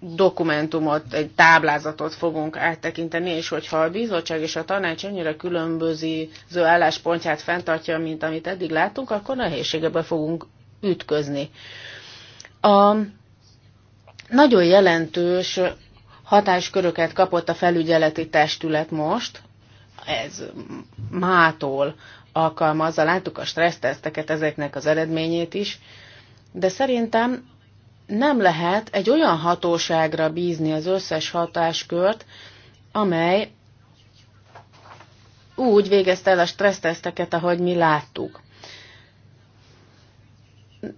[SPEAKER 1] dokumentumot, egy táblázatot fogunk áttekinteni, és hogyha a bizottság és a tanács annyira különböző álláspontját fenntartja, mint amit eddig láttunk, akkor nehézségebe fogunk ütközni. A nagyon jelentős hatásköröket kapott a felügyeleti testület most, ez mától alkalmazza, láttuk a stresszteszteket, ezeknek az eredményét is, de szerintem nem lehet egy olyan hatóságra bízni az összes hatáskört, amely úgy végezte el a stresszteszteket, ahogy mi láttuk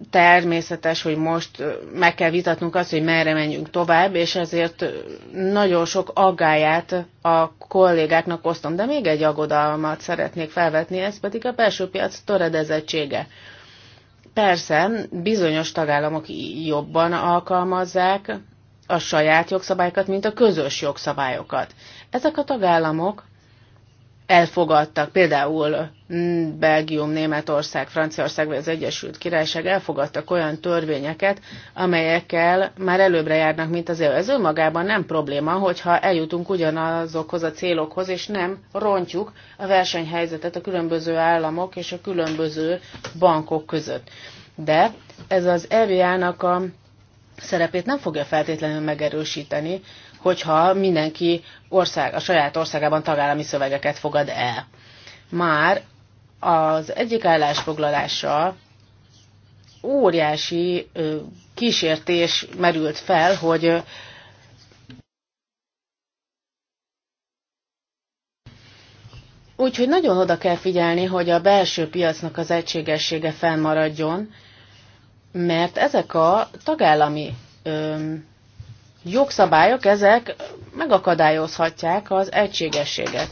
[SPEAKER 1] természetes, hogy most meg kell vitatnunk azt, hogy merre menjünk tovább, és ezért nagyon sok aggáját a kollégáknak osztom, de még egy aggodalmat szeretnék felvetni, ez pedig a belső piac töredezettsége. Persze, bizonyos tagállamok jobban alkalmazzák a saját jogszabályokat, mint a közös jogszabályokat. Ezek a tagállamok elfogadtak, például mm, Belgium, Németország, Franciaország vagy az Egyesült Királyság elfogadtak olyan törvényeket, amelyekkel már előbbre járnak, mint az EU. Ez önmagában nem probléma, hogyha eljutunk ugyanazokhoz a célokhoz, és nem rontjuk a versenyhelyzetet a különböző államok és a különböző bankok között. De ez az EBA-nak a szerepét nem fogja feltétlenül megerősíteni, hogyha mindenki ország, a saját országában tagállami szövegeket fogad el. Már az egyik állásfoglalása óriási kísértés merült fel, hogy Úgyhogy nagyon oda kell figyelni, hogy a belső piacnak az egységessége fennmaradjon, mert ezek a tagállami öm, jogszabályok ezek megakadályozhatják az egységességet.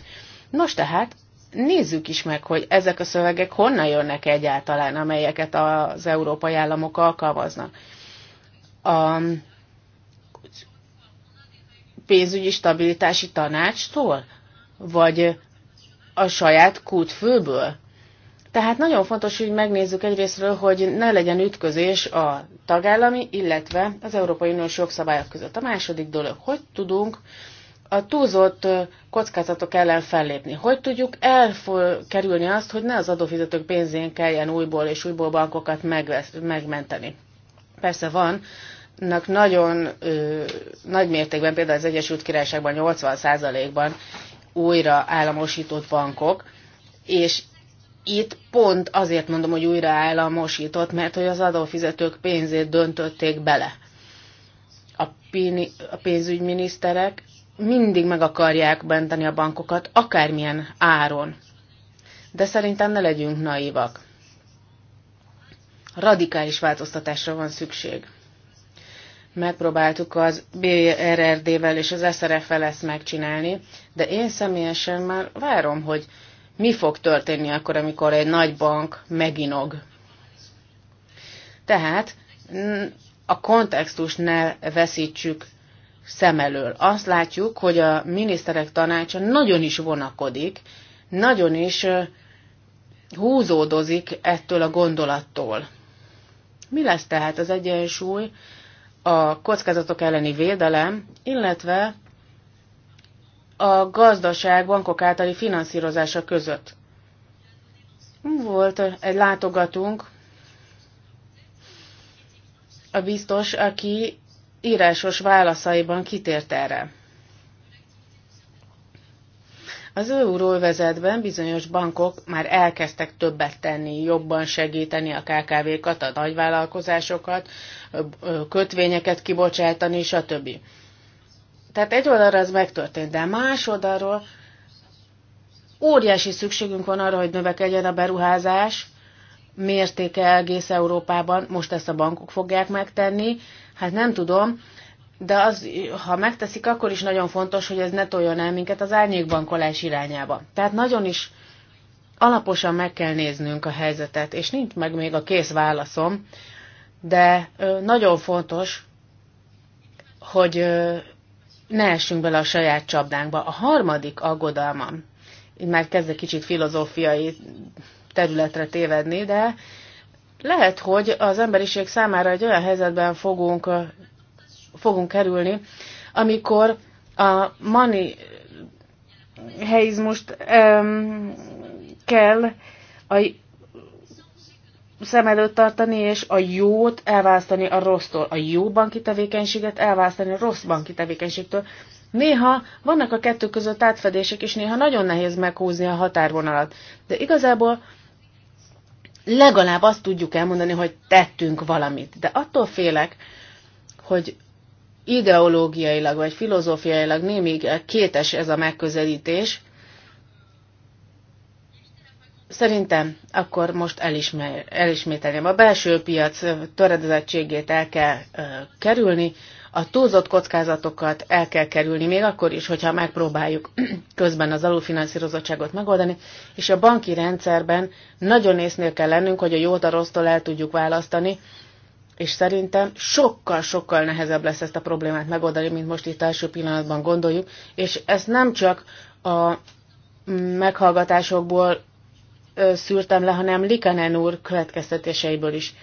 [SPEAKER 1] Nos tehát, nézzük is meg, hogy ezek a szövegek honnan jönnek egyáltalán, amelyeket az európai államok alkalmaznak. A pénzügyi stabilitási tanácstól? Vagy a saját kútfőből? Tehát nagyon fontos, hogy megnézzük egyrésztről, hogy ne legyen ütközés a tagállami, illetve az Európai Uniós jogszabályok között. A második dolog, hogy tudunk a túlzott kockázatok ellen fellépni. Hogy tudjuk elkerülni azt, hogy ne az adófizetők pénzén kelljen újból és újból bankokat megvesz, megmenteni? Persze van, nak nagyon ö, nagy mértékben, például az Egyesült Királyságban 80%-ban újra államosított bankok, és itt pont azért mondom, hogy újra államosított, mert hogy az adófizetők pénzét döntötték bele. A, pini, a pénzügyminiszterek mindig meg akarják benteni a bankokat, akármilyen áron. De szerintem ne legyünk naívak. Radikális változtatásra van szükség. Megpróbáltuk az BRRD-vel és az SRF-vel ezt megcsinálni, de én személyesen már várom, hogy mi fog történni akkor, amikor egy nagy bank meginog. Tehát a kontextust ne veszítsük szem elől. Azt látjuk, hogy a miniszterek tanácsa nagyon is vonakodik, nagyon is húzódozik ettől a gondolattól. Mi lesz tehát az egyensúly a kockázatok elleni védelem, illetve a gazdaság bankok általi finanszírozása között. Volt egy látogatunk, a biztos, aki írásos válaszaiban kitért erre. Az euróvezetben bizonyos bankok már elkezdtek többet tenni, jobban segíteni a KKV-kat, a nagyvállalkozásokat, kötvényeket kibocsátani, stb. Tehát egy oldalra ez megtörtént, de más oldalról óriási szükségünk van arra, hogy növekedjen a beruházás mértéke egész Európában. Most ezt a bankok fogják megtenni. Hát nem tudom, de az, ha megteszik, akkor is nagyon fontos, hogy ez ne toljon el minket az árnyékbankolás irányába. Tehát nagyon is alaposan meg kell néznünk a helyzetet, és nincs meg még a kész válaszom, de nagyon fontos, hogy ne essünk bele a saját csapdánkba. A harmadik aggodalmam, én már kezdek kicsit filozófiai területre tévedni, de lehet, hogy az emberiség számára egy olyan helyzetben fogunk, fogunk kerülni, amikor a mani helyizmust um, kell a szem előtt tartani, és a jót elválasztani a rossztól, a jó banki tevékenységet elválasztani a rossz banki tevékenységtől. Néha vannak a kettő között átfedések, és néha nagyon nehéz meghúzni a határvonalat. De igazából legalább azt tudjuk elmondani, hogy tettünk valamit. De attól félek, hogy ideológiailag vagy filozófiailag némig eh, kétes ez a megközelítés, Szerintem akkor most elismer, elismételném. A belső piac töredezettségét el kell ö, kerülni, a túlzott kockázatokat el kell kerülni, még akkor is, hogyha megpróbáljuk közben az alulfinanszírozottságot megoldani, és a banki rendszerben nagyon észnél kell lennünk, hogy a jót a rossztól el tudjuk választani, és szerintem sokkal-sokkal nehezebb lesz ezt a problémát megoldani, mint most itt első pillanatban gondoljuk, és ezt nem csak a mm, meghallgatásokból szűrtem le, hanem Likanen úr következtetéseiből is.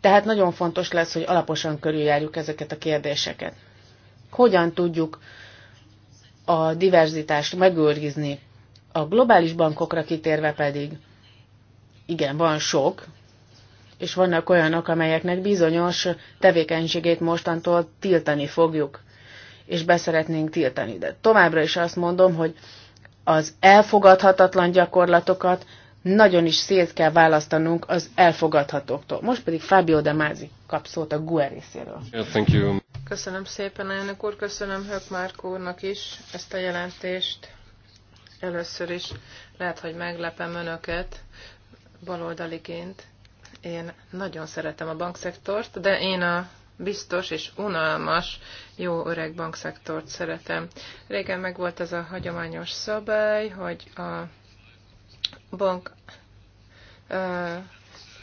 [SPEAKER 1] Tehát nagyon fontos lesz, hogy alaposan körüljárjuk ezeket a kérdéseket. Hogyan tudjuk a diverzitást megőrizni? A globális bankokra kitérve pedig, igen, van sok, és vannak olyanok, amelyeknek bizonyos tevékenységét mostantól tiltani fogjuk, és beszeretnénk tiltani. De továbbra is azt mondom, hogy az elfogadhatatlan gyakorlatokat nagyon is szét kell választanunk az elfogadhatóktól. Most pedig Fábio de Mázi kap szót a GUE részéről. Yeah,
[SPEAKER 2] köszönöm szépen, elnök úr, köszönöm Hökmárk úrnak is ezt a jelentést. Először is lehet, hogy meglepem önöket baloldaliként. Én nagyon szeretem a bankszektort, de én a biztos és unalmas, jó öreg bankszektort szeretem. Régen megvolt ez a hagyományos szabály, hogy a bank,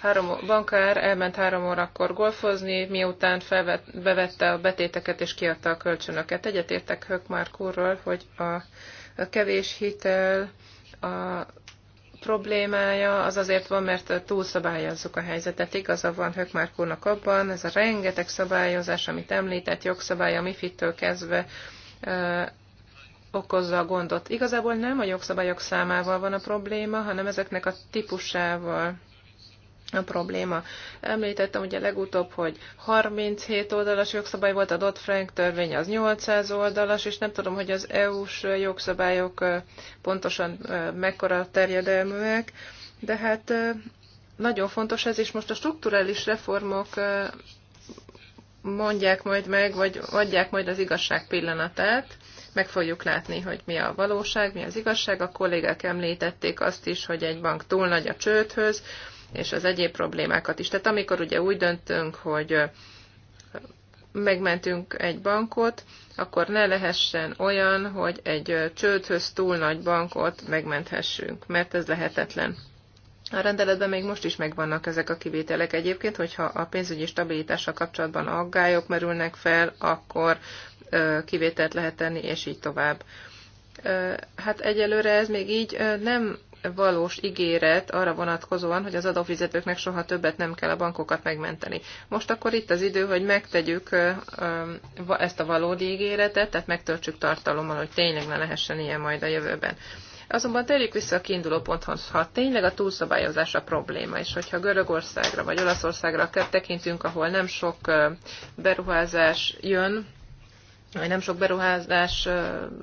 [SPEAKER 2] három, bankár elment három órakor golfozni, miután felvet, bevette a betéteket és kiadta a kölcsönöket. Egyetértek Hökmark úrral, hogy a, a kevés hitel a problémája az azért van, mert túlszabályozzuk a helyzetet. Igaza van Hökmark úrnak abban, ez a rengeteg szabályozás, amit említett, jogszabály a MIFID-től kezdve okozza a gondot. Igazából nem a jogszabályok számával van a probléma, hanem ezeknek a típusával a probléma. Említettem ugye legutóbb, hogy 37 oldalas jogszabály volt, a Dodd-Frank törvény az 800 oldalas, és nem tudom, hogy az EU-s jogszabályok pontosan mekkora terjedelműek, de hát nagyon fontos ez, és most a strukturális reformok mondják majd meg, vagy adják majd az igazság pillanatát, meg fogjuk látni, hogy mi a valóság, mi az igazság. A kollégák említették azt is, hogy egy bank túl nagy a csődhöz, és az egyéb problémákat is. Tehát amikor ugye úgy döntünk, hogy megmentünk egy bankot, akkor ne lehessen olyan, hogy egy csődhöz túl nagy bankot megmenthessünk, mert ez lehetetlen. A rendeletben még most is megvannak ezek a kivételek. Egyébként, hogyha a pénzügyi stabilitással kapcsolatban aggályok merülnek fel, akkor kivételt lehet tenni, és így tovább. Hát egyelőre ez még így nem valós ígéret arra vonatkozóan, hogy az adófizetőknek soha többet nem kell a bankokat megmenteni. Most akkor itt az idő, hogy megtegyük ezt a valódi ígéretet, tehát megtöltsük tartalommal, hogy tényleg ne lehessen ilyen majd a jövőben. Azonban térjük vissza a kiinduló ponthoz, ha tényleg a túlszabályozás a probléma, és hogyha Görögországra vagy Olaszországra tekintünk, ahol nem sok beruházás jön, nem sok beruházás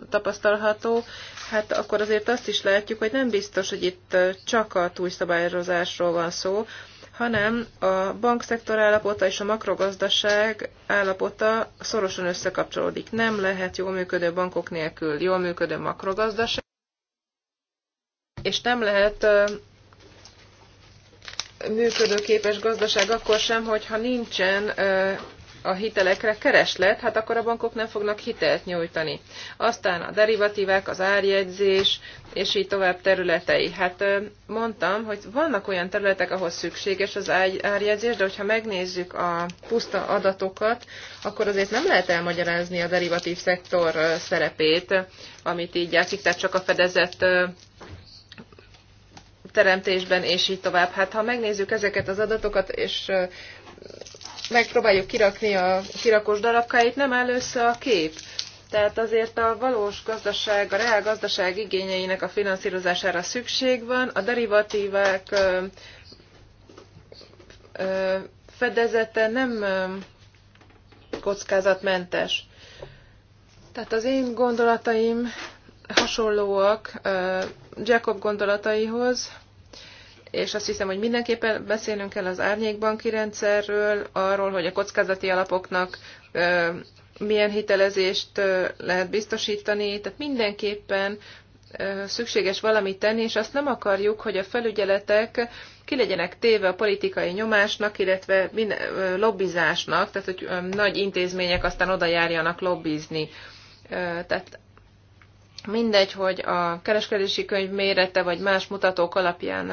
[SPEAKER 2] tapasztalható, hát akkor azért azt is látjuk, hogy nem biztos, hogy itt csak a túlszabályozásról van szó, hanem a bankszektor állapota és a makrogazdaság állapota szorosan összekapcsolódik. Nem lehet jól működő bankok nélkül jól működő makrogazdaság, és nem lehet működőképes gazdaság akkor sem, hogyha nincsen a hitelekre kereslet, hát akkor a bankok nem fognak hitelt nyújtani. Aztán a derivatívák, az árjegyzés, és így tovább területei. Hát mondtam, hogy vannak olyan területek, ahol szükséges az árjegyzés, de hogyha megnézzük a puszta adatokat, akkor azért nem lehet elmagyarázni a derivatív szektor szerepét, amit így játszik, tehát csak a fedezett teremtésben, és így tovább. Hát ha megnézzük ezeket az adatokat, és megpróbáljuk kirakni a kirakós darabkáit, nem először a kép. Tehát azért a valós gazdaság, a reál gazdaság igényeinek a finanszírozására szükség van, a derivatívák ö, ö, fedezete nem ö, kockázatmentes. Tehát az én gondolataim hasonlóak ö, Jacob gondolataihoz, és azt hiszem, hogy mindenképpen beszélnünk kell az árnyékbanki rendszerről, arról, hogy a kockázati alapoknak milyen hitelezést lehet biztosítani, tehát mindenképpen szükséges valamit tenni, és azt nem akarjuk, hogy a felügyeletek ki legyenek téve a politikai nyomásnak, illetve minden, lobbizásnak, tehát hogy nagy intézmények aztán oda járjanak lobbizni. Tehát mindegy, hogy a kereskedési könyv mérete vagy más mutatók alapján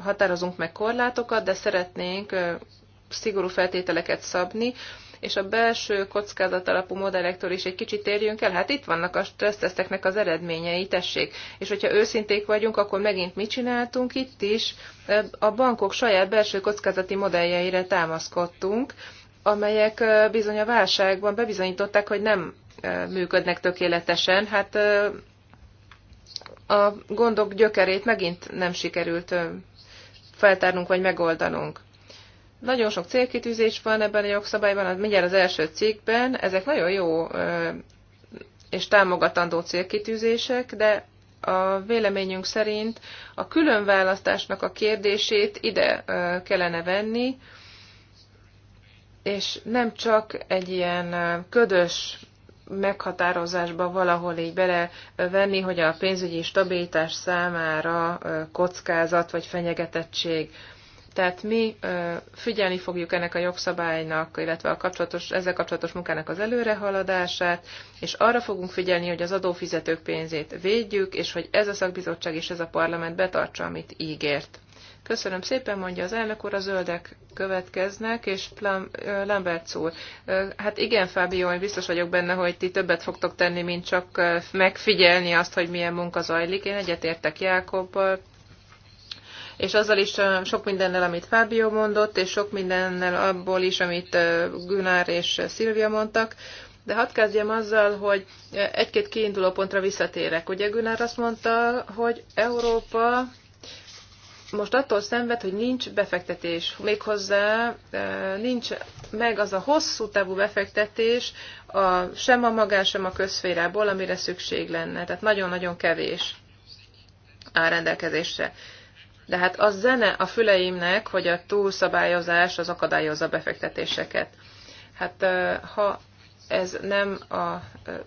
[SPEAKER 2] határozunk meg korlátokat, de szeretnénk szigorú feltételeket szabni, és a belső kockázat alapú modellektől is egy kicsit térjünk el. Hát itt vannak a stresszteszteknek az eredményei, tessék. És hogyha őszinték vagyunk, akkor megint mit csináltunk itt is? A bankok saját belső kockázati modelljeire támaszkodtunk, amelyek bizony a válságban bebizonyították, hogy nem működnek tökéletesen. Hát a gondok gyökerét megint nem sikerült feltárnunk vagy megoldanunk. Nagyon sok célkitűzés van ebben a jogszabályban, mindjárt az első cikkben, ezek nagyon jó és támogatandó célkitűzések, de a véleményünk szerint a különválasztásnak a kérdését ide kellene venni, és nem csak egy ilyen ködös meghatározásba valahol így belevenni, hogy a pénzügyi stabilitás számára kockázat vagy fenyegetettség. Tehát mi figyelni fogjuk ennek a jogszabálynak, illetve a kapcsolatos, ezzel kapcsolatos munkának az előrehaladását, és arra fogunk figyelni, hogy az adófizetők pénzét védjük, és hogy ez a szakbizottság és ez a parlament betartsa, amit ígért. Köszönöm szépen, mondja az elnök úr, a zöldek következnek, és Plam, Lambert úr. Hát igen, Fábio, én biztos vagyok benne, hogy ti többet fogtok tenni, mint csak megfigyelni azt, hogy milyen munka zajlik. Én egyetértek Jákobbal, és azzal is sok mindennel, amit Fábio mondott, és sok mindennel abból is, amit Gunár és Szilvia mondtak. De hadd kezdjem azzal, hogy egy-két kiinduló pontra visszatérek. Ugye Günár azt mondta, hogy Európa most attól szenved, hogy nincs befektetés. Méghozzá e, nincs meg az a hosszú távú befektetés a, sem a magán, sem a közférából, amire szükség lenne. Tehát nagyon-nagyon kevés áll rendelkezésre. De hát az zene a füleimnek, hogy a túlszabályozás az akadályozza a befektetéseket. Hát e, ha ez nem a e,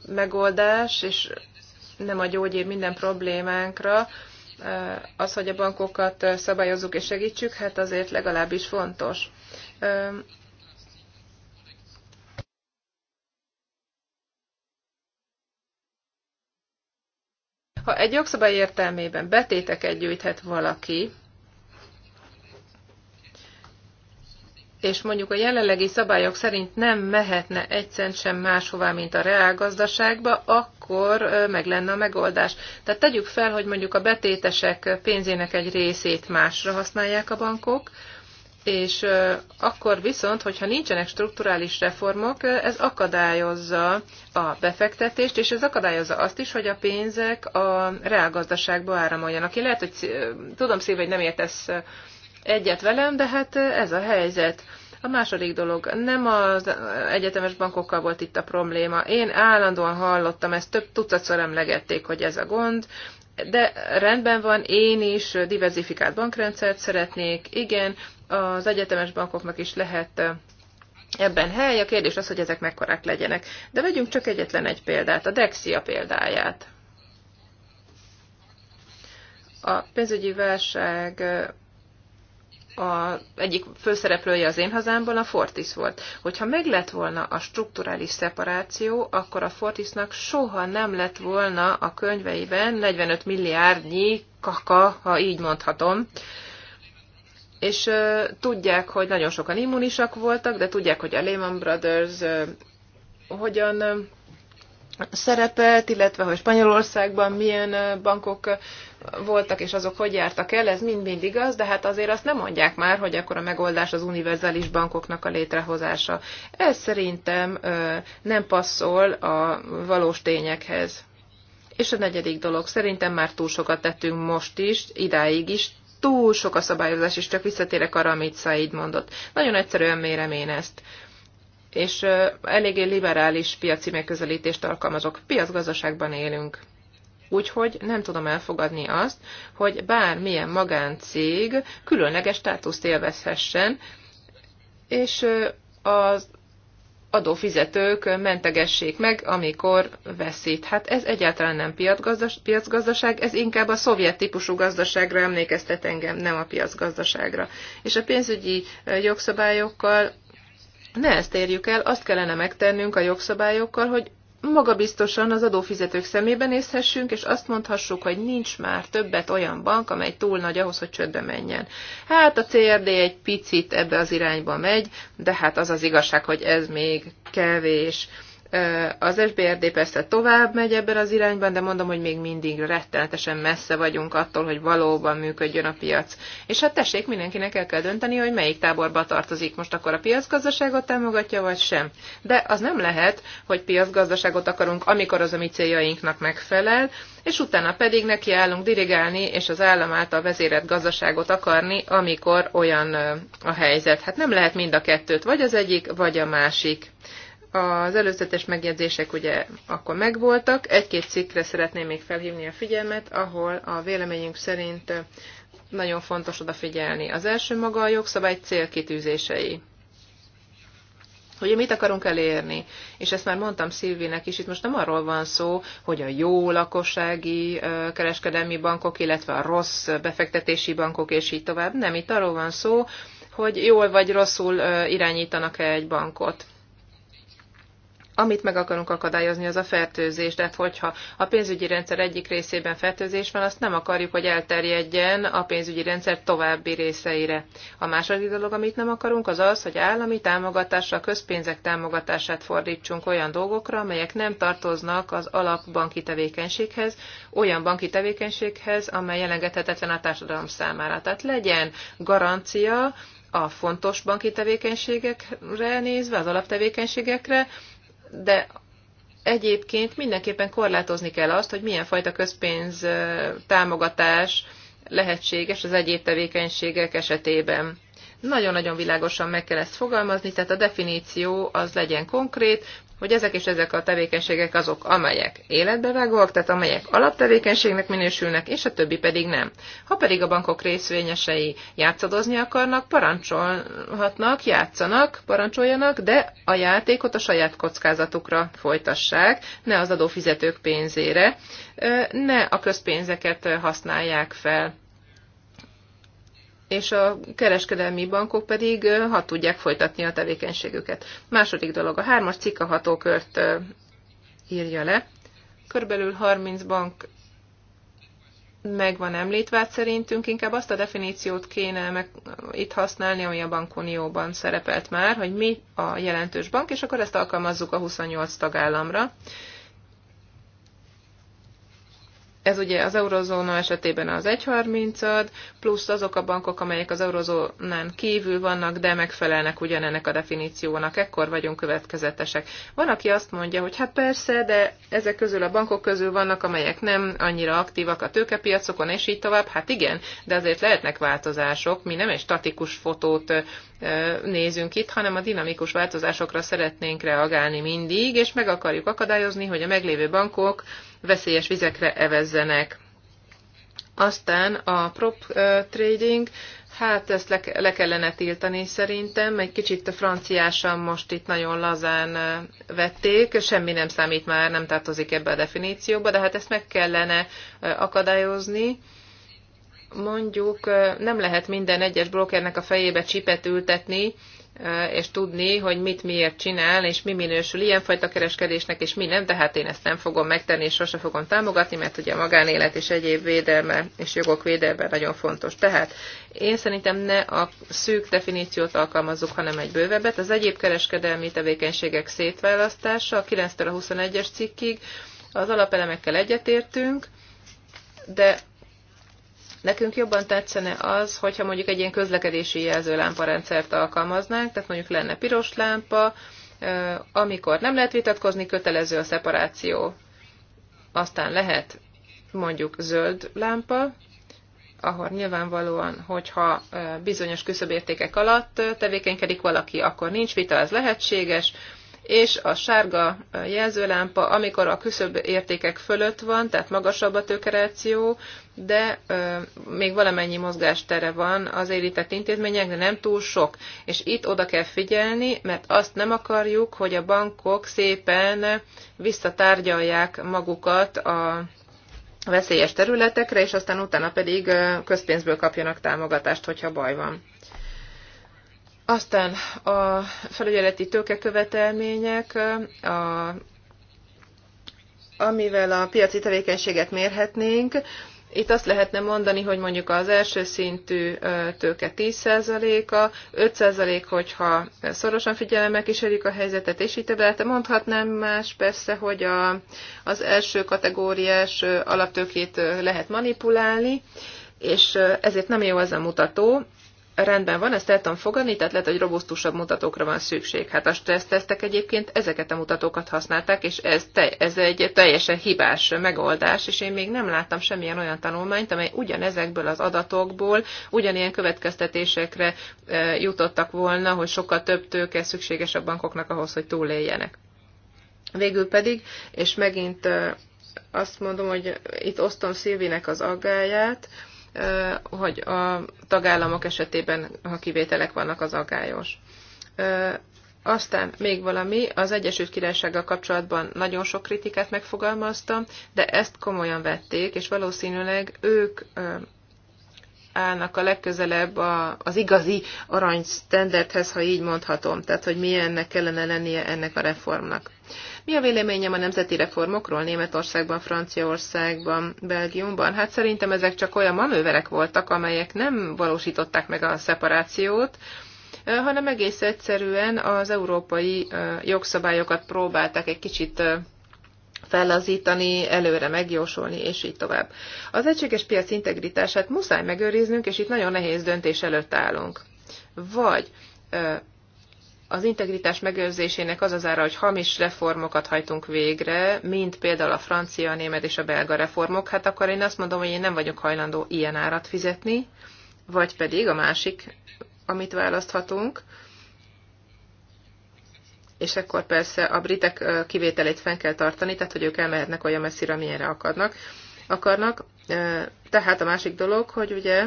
[SPEAKER 2] megoldás, és nem a gyógyír minden problémánkra, az, hogy a bankokat szabályozzuk és segítsük, hát azért legalábbis fontos. Ha egy jogszabály értelmében betéteket gyűjthet valaki, és mondjuk a jelenlegi szabályok szerint nem mehetne egy cent sem máshová, mint a reálgazdaságba, akkor meg lenne a megoldás. Tehát tegyük fel, hogy mondjuk a betétesek pénzének egy részét másra használják a bankok, és akkor viszont, hogyha nincsenek strukturális reformok, ez akadályozza a befektetést, és ez akadályozza azt is, hogy a pénzek a reálgazdaságba áramoljanak. Én lehet, hogy tudom szív, hogy nem értesz egyet velem, de hát ez a helyzet. A második dolog, nem az egyetemes bankokkal volt itt a probléma. Én állandóan hallottam, ezt több tucatszor emlegették, hogy ez a gond, de rendben van, én is diversifikált bankrendszert szeretnék. Igen, az egyetemes bankoknak is lehet ebben hely. A kérdés az, hogy ezek mekkorák legyenek. De vegyünk csak egyetlen egy példát, a Dexia példáját. A pénzügyi válság a egyik főszereplője az én hazámban a Fortis volt. Hogyha meg lett volna a strukturális szeparáció, akkor a Fortisnak soha nem lett volna a könyveiben 45 milliárdnyi kaka, ha így mondhatom. És ö, tudják, hogy nagyon sokan immunisak voltak, de tudják, hogy a Lehman Brothers ö, hogyan ö, szerepelt, illetve hogy Spanyolországban milyen bankok voltak, és azok hogy jártak el, ez mind-mind igaz, de hát azért azt nem mondják már, hogy akkor a megoldás az univerzális bankoknak a létrehozása. Ez szerintem nem passzol a valós tényekhez. És a negyedik dolog, szerintem már túl sokat tettünk most is, idáig is, túl sok a szabályozás, és csak visszatérek arra, amit Said mondott. Nagyon egyszerűen mérem én ezt és eléggé liberális piaci megközelítést alkalmazok. Piacgazdaságban élünk. Úgyhogy nem tudom elfogadni azt, hogy bármilyen magáncég különleges státuszt élvezhessen, és az adófizetők mentegessék meg, amikor veszít. Hát ez egyáltalán nem piacgazdaság, ez inkább a szovjet típusú gazdaságra emlékeztet engem, nem a piacgazdaságra. És a pénzügyi jogszabályokkal ne ezt érjük el, azt kellene megtennünk a jogszabályokkal, hogy magabiztosan az adófizetők szemébe nézhessünk, és azt mondhassuk, hogy nincs már többet olyan bank, amely túl nagy ahhoz, hogy csődbe menjen. Hát a CRD egy picit ebbe az irányba megy, de hát az az igazság, hogy ez még kevés. Az SBRD persze tovább megy ebben az irányban, de mondom, hogy még mindig rettenetesen messze vagyunk attól, hogy valóban működjön a piac. És hát tessék, mindenkinek el kell dönteni, hogy melyik táborba tartozik. Most akkor a piacgazdaságot támogatja, vagy sem. De az nem lehet, hogy piacgazdaságot akarunk, amikor az a mi céljainknak megfelel, és utána pedig nekiállunk dirigálni és az állam által vezérelt gazdaságot akarni, amikor olyan a helyzet. Hát nem lehet mind a kettőt, vagy az egyik, vagy a másik. Az előzetes megjegyzések ugye akkor megvoltak. Egy-két cikkre szeretném még felhívni a figyelmet, ahol a véleményünk szerint nagyon fontos odafigyelni. Az első maga a jogszabály célkitűzései. Ugye mit akarunk elérni? És ezt már mondtam Szilvinek is, itt most nem arról van szó, hogy a jó lakossági kereskedelmi bankok, illetve a rossz befektetési bankok, és így tovább. Nem, itt arról van szó, hogy jól vagy rosszul irányítanak-e egy bankot. Amit meg akarunk akadályozni, az a fertőzés. Tehát, hogyha a pénzügyi rendszer egyik részében fertőzés van, azt nem akarjuk, hogy elterjedjen a pénzügyi rendszer további részeire. A második dolog, amit nem akarunk, az az, hogy állami támogatásra, közpénzek támogatását fordítsunk olyan dolgokra, amelyek nem tartoznak az alapbanki tevékenységhez, olyan banki tevékenységhez, amely elengedhetetlen a társadalom számára. Tehát legyen garancia, a fontos banki tevékenységekre nézve, az alaptevékenységekre, de egyébként mindenképpen korlátozni kell azt, hogy milyen fajta közpénz támogatás lehetséges az egyéb tevékenységek esetében. Nagyon-nagyon világosan meg kell ezt fogalmazni, tehát a definíció az legyen konkrét, hogy ezek és ezek a tevékenységek azok, amelyek életbevágóak, tehát amelyek alaptevékenységnek minősülnek, és a többi pedig nem. Ha pedig a bankok részvényesei játszadozni akarnak, parancsolhatnak, játszanak, parancsoljanak, de a játékot a saját kockázatukra folytassák, ne az adófizetők pénzére, ne a közpénzeket használják fel és a kereskedelmi bankok pedig ha tudják folytatni a tevékenységüket. Második dolog, a hármas cikk a hatókört írja le. Körülbelül 30 bank megvan említve, hát szerintünk inkább azt a definíciót kéne meg itt használni, ami a bankunióban szerepelt már, hogy mi a jelentős bank, és akkor ezt alkalmazzuk a 28 tagállamra. Ez ugye az eurozóna esetében az 1,30-ad, plusz azok a bankok, amelyek az eurozónán kívül vannak, de megfelelnek ugyanennek a definíciónak, ekkor vagyunk következetesek. Van, aki azt mondja, hogy hát persze, de ezek közül a bankok közül vannak, amelyek nem annyira aktívak a tőkepiacokon, és így tovább. Hát igen, de azért lehetnek változások, mi nem egy statikus fotót nézünk itt, hanem a dinamikus változásokra szeretnénk reagálni mindig, és meg akarjuk akadályozni, hogy a meglévő bankok veszélyes vizekre evezzenek. Aztán a prop trading, hát ezt le, le kellene tiltani szerintem, egy kicsit franciásan most itt nagyon lazán vették, semmi nem számít már, nem tartozik ebbe a definícióba, de hát ezt meg kellene akadályozni mondjuk nem lehet minden egyes brokernek a fejébe csipet ültetni, és tudni, hogy mit miért csinál, és mi minősül ilyenfajta kereskedésnek, és mi nem, tehát én ezt nem fogom megtenni, és sose fogom támogatni, mert ugye a magánélet és egyéb védelme és jogok védelme nagyon fontos. Tehát én szerintem ne a szűk definíciót alkalmazzuk, hanem egy bővebbet. Az egyéb kereskedelmi tevékenységek szétválasztása a 9-től a 21-es cikkig, az alapelemekkel egyetértünk, de Nekünk jobban tetszene az, hogyha mondjuk egy ilyen közlekedési jelzőlámparendszert alkalmaznánk, tehát mondjuk lenne piros lámpa, amikor nem lehet vitatkozni, kötelező a szeparáció. Aztán lehet mondjuk zöld lámpa, ahol nyilvánvalóan, hogyha bizonyos küszöbértékek alatt tevékenykedik valaki, akkor nincs vita, ez lehetséges, és a sárga jelzőlámpa, amikor a küszöbb értékek fölött van, tehát magasabb a tőkeráció, de ö, még valamennyi mozgástere van az érintett intézmények, de nem túl sok. És itt oda kell figyelni, mert azt nem akarjuk, hogy a bankok szépen visszatárgyalják magukat a veszélyes területekre, és aztán utána pedig közpénzből kapjanak támogatást, hogyha baj van. Aztán a felügyeleti tőkekövetelmények, a, amivel a piaci tevékenységet mérhetnénk, itt azt lehetne mondani, hogy mondjuk az első szintű tőke 10%-a, 5% hogyha szorosan figyelemmel kísérjük a helyzetet, és így többet mondhatnám más persze, hogy a, az első kategóriás alaptőkét lehet manipulálni, és ezért nem jó ez a mutató, rendben van, ezt el tudom fogadni, tehát lehet, hogy robusztusabb mutatókra van szükség. Hát a stressztesztek egyébként ezeket a mutatókat használták, és ez, te, ez egy teljesen hibás megoldás, és én még nem láttam semmilyen olyan tanulmányt, amely ugyanezekből az adatokból ugyanilyen következtetésekre e, jutottak volna, hogy sokkal több tőke szükséges a bankoknak ahhoz, hogy túléljenek. Végül pedig, és megint e, azt mondom, hogy itt osztom Szilvinek az aggáját, e, hogy a tagállamok esetében, ha kivételek vannak, az aggályos. Aztán még valami, az Egyesült Királysággal kapcsolatban nagyon sok kritikát megfogalmaztam, de ezt komolyan vették, és valószínűleg ők állnak a legközelebb a, az igazi arany standardhez, ha így mondhatom, tehát hogy milyennek kellene lennie ennek a reformnak. Mi a véleményem a nemzeti reformokról Németországban, Franciaországban, Belgiumban? Hát szerintem ezek csak olyan manőverek voltak, amelyek nem valósították meg a szeparációt, hanem egész egyszerűen az európai jogszabályokat próbálták egy kicsit fellazítani, előre megjósolni, és így tovább. Az egységes piac integritását muszáj megőriznünk, és itt nagyon nehéz döntés előtt állunk. Vagy az integritás megőrzésének az az ára, hogy hamis reformokat hajtunk végre, mint például a francia, a német és a belga reformok, hát akkor én azt mondom, hogy én nem vagyok hajlandó ilyen árat fizetni, vagy pedig a másik, amit választhatunk, és akkor persze a britek kivételét fenn kell tartani, tehát hogy ők elmehetnek olyan messzire, amilyenre akarnak? akarnak. Tehát a másik dolog, hogy ugye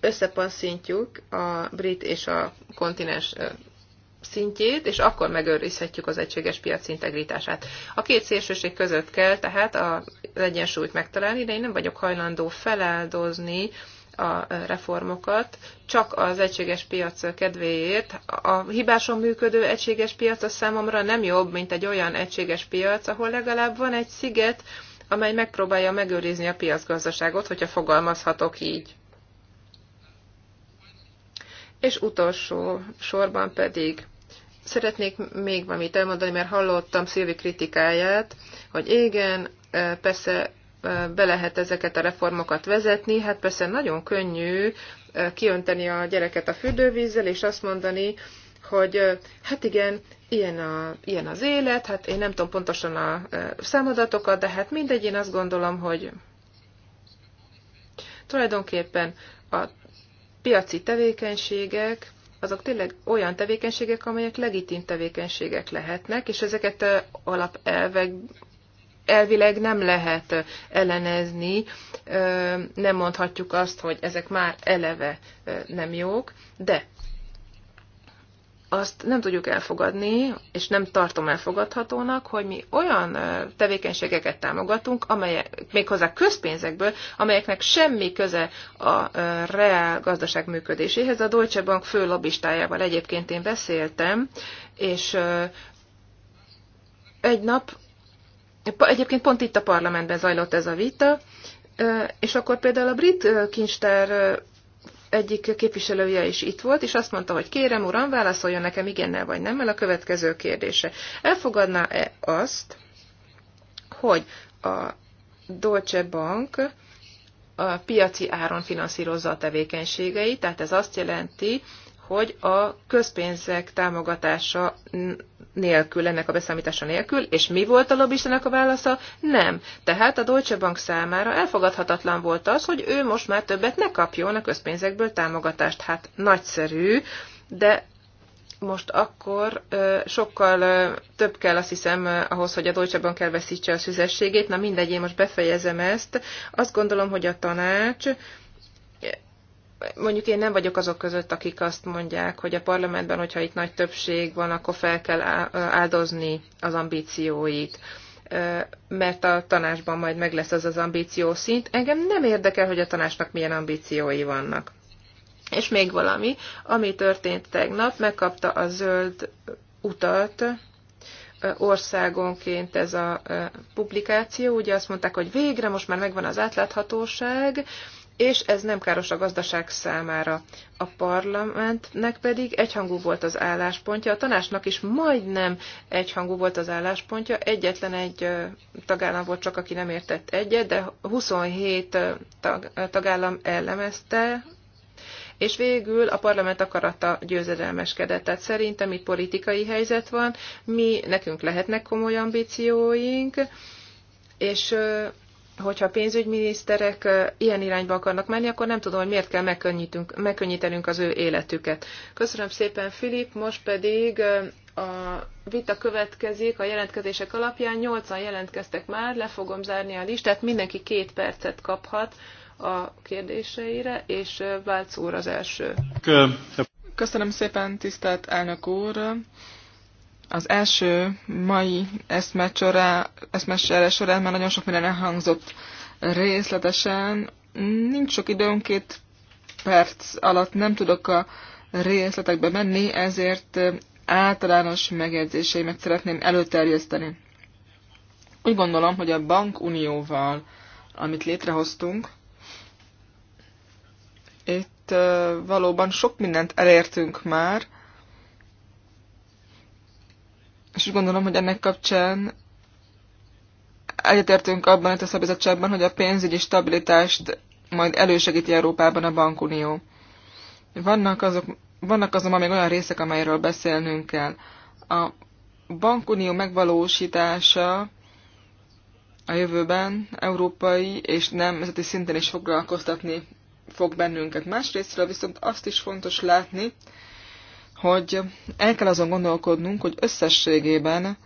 [SPEAKER 2] összepasszintjuk a brit és a kontinens szintjét, és akkor megőrizhetjük az egységes piac integritását. A két szélsőség között kell tehát az egyensúlyt megtalálni, de én nem vagyok hajlandó feláldozni a reformokat, csak az egységes piac kedvéért. A hibáson működő egységes piac a számomra nem jobb, mint egy olyan egységes piac, ahol legalább van egy sziget, amely megpróbálja megőrizni a piacgazdaságot, hogyha fogalmazhatok így. És utolsó sorban pedig szeretnék még valamit elmondani, mert hallottam Szilvi kritikáját, hogy igen, e, persze e, be lehet ezeket a reformokat vezetni, hát persze nagyon könnyű e, kiönteni a gyereket a fürdővízzel, és azt mondani, hogy hát igen, ilyen, a, ilyen az élet, hát én nem tudom pontosan a számadatokat, de hát mindegy, én azt gondolom, hogy tulajdonképpen a piaci tevékenységek, azok tényleg olyan tevékenységek, amelyek legitim tevékenységek lehetnek, és ezeket alapelvek elvileg nem lehet ellenezni, nem mondhatjuk azt, hogy ezek már eleve nem jók, de azt nem tudjuk elfogadni, és nem tartom elfogadhatónak, hogy mi olyan tevékenységeket támogatunk, amelyek méghozzá közpénzekből, amelyeknek semmi köze a reál gazdaság működéséhez. A Deutsche Bank fő lobbistájával egyébként én beszéltem, és egy nap, egyébként pont itt a parlamentben zajlott ez a vita, és akkor például a brit kincstár egyik képviselője is itt volt, és azt mondta, hogy kérem, uram, válaszoljon nekem igennel vagy nemmel a következő kérdése. Elfogadná-e azt, hogy a Dolce Bank a piaci áron finanszírozza a tevékenységeit, tehát ez azt jelenti, hogy a közpénzek támogatása nélkül, ennek a beszámítása nélkül, és mi volt a lobbistának a válasza? Nem. Tehát a Deutsche Bank számára elfogadhatatlan volt az, hogy ő most már többet ne kapjon a közpénzekből támogatást. Hát nagyszerű, de most akkor sokkal több kell, azt hiszem, ahhoz, hogy a Deutsche Bank elveszítse a szüzességét. Na mindegy, én most befejezem ezt. Azt gondolom, hogy a tanács mondjuk én nem vagyok azok között, akik azt mondják, hogy a parlamentben, hogyha itt nagy többség van, akkor fel kell áldozni az ambícióit mert a tanásban majd meg lesz az az ambíció szint. Engem nem érdekel, hogy a tanásnak milyen ambíciói vannak. És még valami, ami történt tegnap, megkapta a zöld utat országonként ez a publikáció. Ugye azt mondták, hogy végre most már megvan az átláthatóság, és ez nem káros a gazdaság számára. A parlamentnek pedig egyhangú volt az álláspontja, a tanácsnak is majdnem egyhangú volt az álláspontja, egyetlen egy tagállam volt csak, aki nem értett egyet, de 27 tag, tagállam ellemezte, és végül a parlament akarata győzedelmeskedett. Tehát szerintem itt politikai helyzet van, mi, nekünk lehetnek komoly ambícióink, és hogyha a pénzügyminiszterek ilyen irányba akarnak menni, akkor nem tudom, hogy miért kell megkönnyítünk, megkönnyítenünk az ő életüket. Köszönöm szépen, Filip, most pedig a vita következik a jelentkezések alapján. Nyolcan jelentkeztek már, le fogom zárni a listát, mindenki két percet kaphat a kérdéseire, és Válc úr az első.
[SPEAKER 3] Köszönöm szépen, tisztelt elnök úr! Az első mai eszmecsere során már nagyon sok minden elhangzott részletesen. Nincs sok időnk, két perc alatt nem tudok a részletekbe menni, ezért általános megjegyzéseimet szeretném előterjeszteni. Úgy gondolom, hogy a bankunióval, amit létrehoztunk, itt valóban sok mindent elértünk már, és úgy gondolom, hogy ennek kapcsán egyetértünk abban a szabizottságban, hogy a pénzügyi stabilitást majd elősegíti Európában a bankunió. Vannak, azok, vannak azonban még olyan részek, amelyről beszélnünk kell. A bankunió megvalósítása a jövőben európai és nemzeti szinten is foglalkoztatni fog bennünket. Másrésztről viszont azt is fontos látni, hogy el kell azon gondolkodnunk, hogy összességében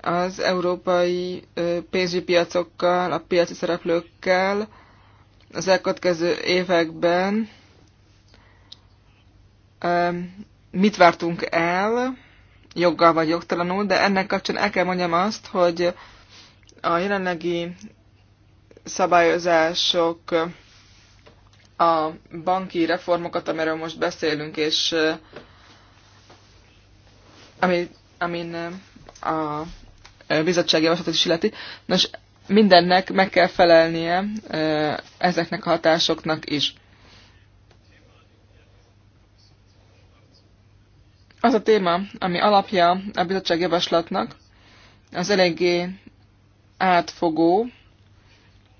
[SPEAKER 3] az európai pénzügypiacokkal, a piaci szereplőkkel az elkövetkező években mit vártunk el, joggal vagy jogtalanul, de ennek kapcsán el kell mondjam azt, hogy a jelenlegi szabályozások a banki reformokat, amiről most beszélünk, és ami, amin a bizottság javaslatot is illeti. Nos, mindennek meg kell felelnie ezeknek a hatásoknak is. Az a téma, ami alapja a bizottság javaslatnak, az eléggé átfogó,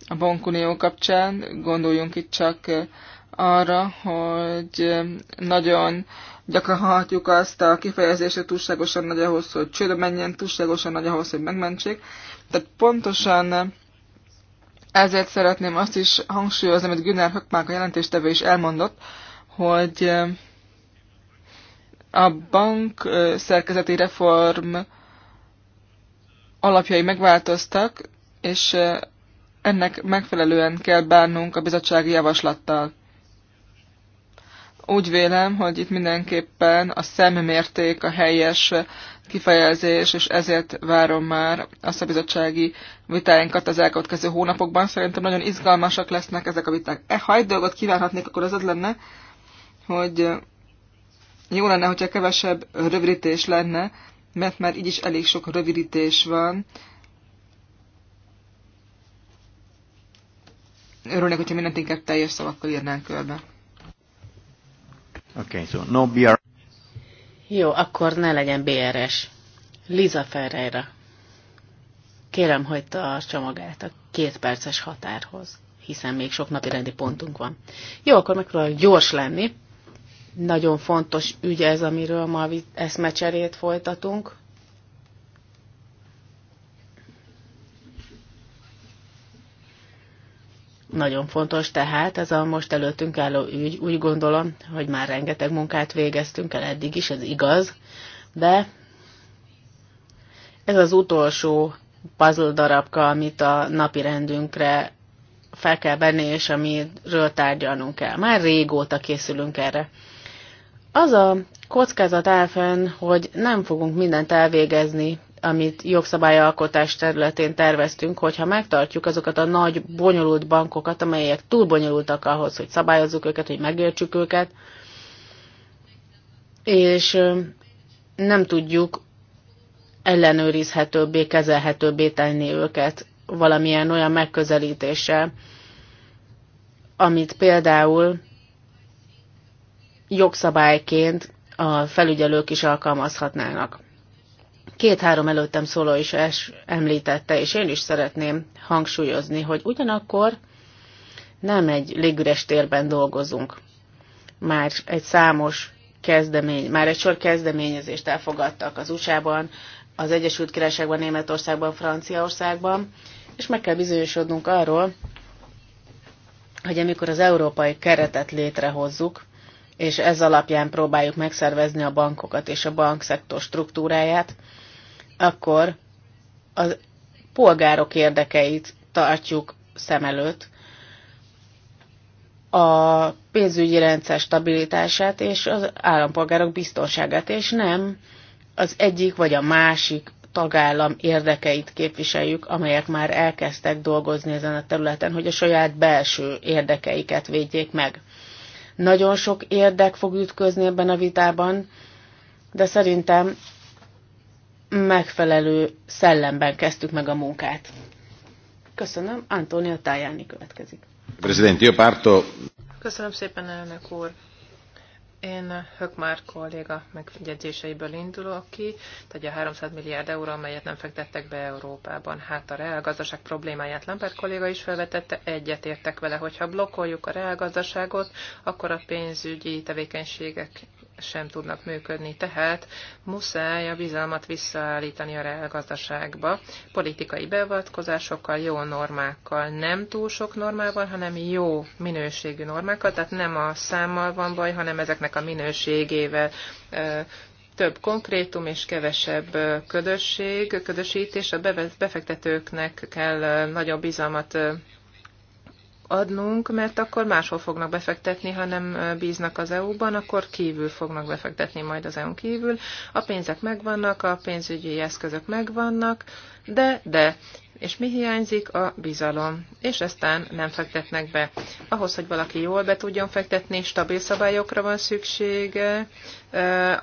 [SPEAKER 3] a bankunió kapcsán. Gondoljunk itt csak eh, arra, hogy eh, nagyon gyakran hallhatjuk azt a kifejezést, hogy túlságosan nagy ahhoz, hogy csődbe menjen, túlságosan nagy ahhoz, hogy megmentsék. Tehát pontosan eh, ezért szeretném azt is hangsúlyozni, amit Günner Hökmák a jelentéstevő is elmondott, hogy a bank szerkezeti reform alapjai megváltoztak, és ennek megfelelően kell bánnunk a bizottsági javaslattal. Úgy vélem, hogy itt mindenképpen a szemmérték a helyes kifejezés, és ezért várom már azt a bizottsági vitáinkat az elkövetkező hónapokban. Szerintem nagyon izgalmasak lesznek ezek a viták. E, ha egy dolgot kívánhatnék, akkor az az lenne, hogy jó lenne, hogyha kevesebb rövidítés lenne, mert már így is elég sok rövidítés van,
[SPEAKER 1] örülnék, hogyha mindent inkább teljes szavakkal írnánk körbe. Okay, so no BR. Jó, akkor ne legyen BRS. Liza Ferreira. Kérem, hogy tartsa magát a két perces határhoz, hiszen még sok napi rendi pontunk van. Jó, akkor megpróbálok gyors lenni. Nagyon fontos ügy ez, amiről ma eszmecserét folytatunk. Nagyon fontos tehát ez a most előttünk álló ügy. Úgy gondolom, hogy már rengeteg munkát végeztünk el eddig is, ez igaz, de ez az utolsó puzzle darabka, amit a napi rendünkre fel kell venni, és amiről tárgyalnunk kell. Már régóta készülünk erre. Az a kockázat áll fenn, hogy nem fogunk mindent elvégezni amit jogszabályalkotás területén terveztünk, hogyha megtartjuk azokat a nagy, bonyolult bankokat, amelyek túl bonyolultak ahhoz, hogy szabályozzuk őket, hogy megértsük őket, és nem tudjuk ellenőrizhetőbbé, kezelhetőbbé tenni őket valamilyen olyan megközelítéssel, amit például jogszabályként a felügyelők is alkalmazhatnának. Két-három előttem szóló is es, említette, és én is szeretném hangsúlyozni, hogy ugyanakkor nem egy légüres térben dolgozunk. Már egy számos kezdemény, már egy sor kezdeményezést elfogadtak az USA-ban, az Egyesült Királyságban, Németországban, Franciaországban, és meg kell bizonyosodnunk arról, hogy amikor az európai keretet létrehozzuk, és ez alapján próbáljuk megszervezni a bankokat és a bankszektor struktúráját, akkor a polgárok érdekeit tartjuk szem előtt, a pénzügyi rendszer stabilitását és az állampolgárok biztonságát, és nem az egyik vagy a másik tagállam érdekeit képviseljük, amelyek már elkezdtek dolgozni ezen a területen, hogy a saját belső érdekeiket védjék meg. Nagyon sok érdek fog ütközni ebben a vitában, de szerintem megfelelő szellemben kezdtük meg a munkát. Köszönöm. Antónia Tajani következik. Prezident, jó parto...
[SPEAKER 2] Köszönöm szépen, elnök úr. Én Hökmár kolléga megjegyzéseiből indulok ki, tehát a 300 milliárd euró, amelyet nem fektettek be Európában. Hát a reálgazdaság problémáját Lambert kolléga is felvetette, értek vele, hogyha blokkoljuk a reálgazdaságot, akkor a pénzügyi tevékenységek sem tudnak működni. Tehát muszáj a bizalmat visszaállítani a reálgazdaságba. Politikai beavatkozásokkal, jó normákkal, nem túl sok normával, hanem jó minőségű normákkal, tehát nem a számmal van baj, hanem ezeknek a minőségével több konkrétum és kevesebb ködösség, ködösítés, a befektetőknek kell nagyobb bizalmat adnunk, mert akkor máshol fognak befektetni, ha nem bíznak az EU-ban, akkor kívül fognak befektetni majd az EU-n kívül. A pénzek megvannak, a pénzügyi eszközök megvannak, de, de, és mi hiányzik? A bizalom. És eztán nem fektetnek be. Ahhoz, hogy valaki jól be tudjon fektetni, stabil szabályokra van szüksége,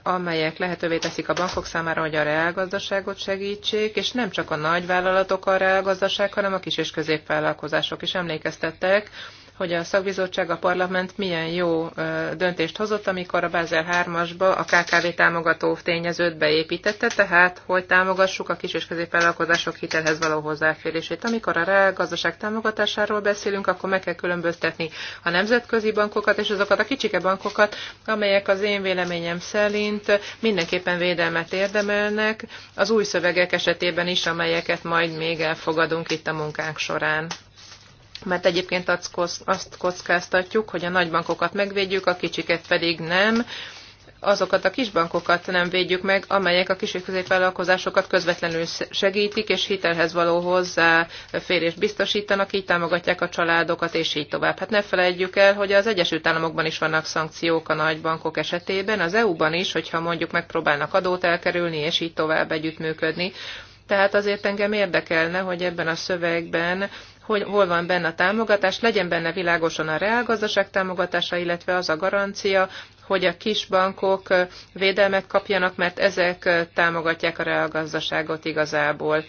[SPEAKER 2] amelyek lehetővé teszik a bankok számára, hogy a reálgazdaságot segítsék, és nem csak a nagy vállalatok a reálgazdaság, hanem a kis és középvállalkozások is emlékeztettek, hogy a szakbizottság, a parlament milyen jó döntést hozott, amikor a Bázel 3-asba a KKV támogató tényezőt beépítette, tehát hogy támogassuk a kis és középvállalkozások hitelhez való hozzáférését. Amikor a reál gazdaság támogatásáról beszélünk, akkor meg kell különböztetni a nemzetközi bankokat és azokat a kicsike bankokat, amelyek az én véleményem szerint mindenképpen védelmet érdemelnek az új szövegek esetében is, amelyeket majd még elfogadunk itt a munkánk során mert egyébként azt kockáztatjuk, hogy a nagybankokat megvédjük, a kicsiket pedig nem, azokat a kisbankokat nem védjük meg, amelyek a kis és középvállalkozásokat közvetlenül segítik, és hitelhez való hozzáférést biztosítanak, így támogatják a családokat, és így tovább. Hát ne felejtjük el, hogy az Egyesült Államokban is vannak szankciók a nagybankok esetében, az EU-ban is, hogyha mondjuk megpróbálnak adót elkerülni, és így tovább együttműködni. Tehát azért engem érdekelne, hogy ebben a szövegben hogy hol van benne a támogatás, legyen benne világosan a reálgazdaság támogatása, illetve az a garancia, hogy a kis bankok védelmet kapjanak, mert ezek támogatják a reálgazdaságot igazából.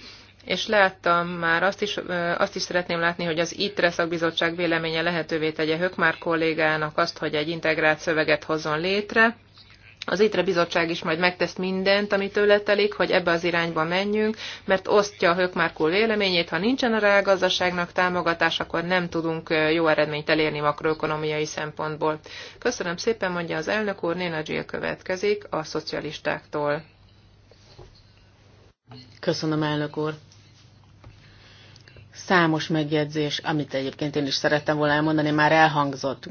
[SPEAKER 2] És láttam már, azt is, azt is szeretném látni, hogy az ITRE szakbizottság véleménye lehetővé tegye Hökmár kollégának azt, hogy egy integrált szöveget hozzon létre, az ITRE bizottság is majd megtesz mindent, ami tőle telik, hogy ebbe az irányba menjünk, mert osztja a Hökmárkul véleményét, ha nincsen a rágazdaságnak támogatás, akkor nem tudunk jó eredményt elérni makroökonomiai szempontból. Köszönöm szépen, mondja az elnök úr, Néna Gill következik a szocialistáktól.
[SPEAKER 1] Köszönöm, elnök úr. Számos megjegyzés, amit egyébként én is szerettem volna elmondani, már elhangzott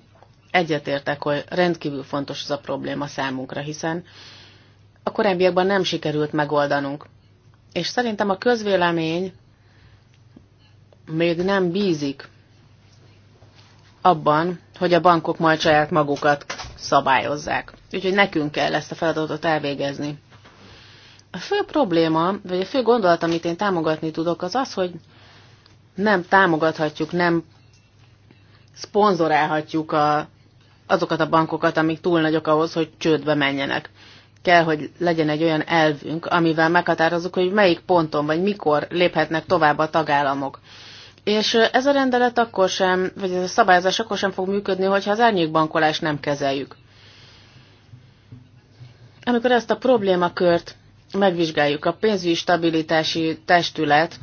[SPEAKER 1] egyetértek, hogy rendkívül fontos ez a probléma számunkra, hiszen a korábbiakban nem sikerült megoldanunk. És szerintem a közvélemény még nem bízik abban, hogy a bankok majd saját magukat szabályozzák. Úgyhogy nekünk kell ezt a feladatot elvégezni. A fő probléma, vagy a fő gondolat, amit én támogatni tudok, az az, hogy nem támogathatjuk, nem szponzorálhatjuk a azokat a bankokat, amik túl nagyok ahhoz, hogy csődbe menjenek. Kell, hogy legyen egy olyan elvünk, amivel meghatározunk, hogy melyik ponton vagy mikor léphetnek tovább a tagállamok. És ez a rendelet akkor sem, vagy ez a szabályozás akkor sem fog működni, hogyha az árnyékbankolást nem kezeljük. Amikor ezt a problémakört megvizsgáljuk, a pénzügyi stabilitási testület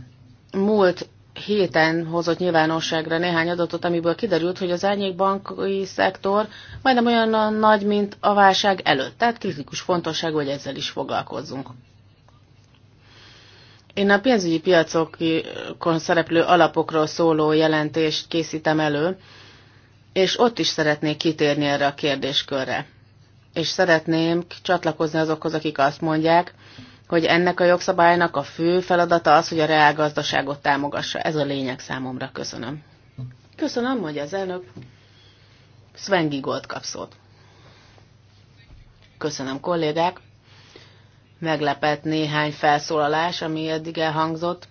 [SPEAKER 1] múlt héten hozott nyilvánosságra néhány adatot, amiből kiderült, hogy az árnyékbanki szektor majdnem olyan nagy, mint a válság előtt. Tehát kritikus fontosság, hogy ezzel is foglalkozzunk. Én a pénzügyi piacokon szereplő alapokról szóló jelentést készítem elő, és ott is szeretnék kitérni erre a kérdéskörre. És szeretném csatlakozni azokhoz, akik azt mondják, hogy ennek a jogszabálynak a fő feladata az, hogy a reálgazdaságot támogassa. Ez a lényeg számomra. Köszönöm. Köszönöm, hogy az elnök. Sven Gigolt kap szót. Köszönöm, kollégák. Meglepett néhány felszólalás, ami eddig elhangzott,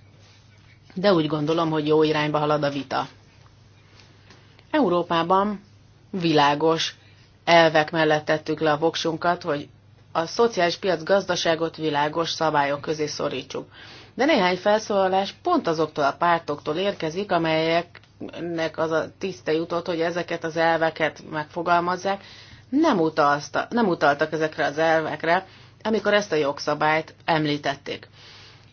[SPEAKER 1] de úgy gondolom, hogy jó irányba halad a vita. Európában világos elvek mellett tettük le a voksunkat, hogy a szociális piac gazdaságot világos szabályok közé szorítsuk. De néhány felszólalás pont azoktól a pártoktól érkezik, amelyeknek az a tiszte jutott, hogy ezeket az elveket megfogalmazzák, nem, utalta, nem utaltak ezekre az elvekre, amikor ezt a jogszabályt említették.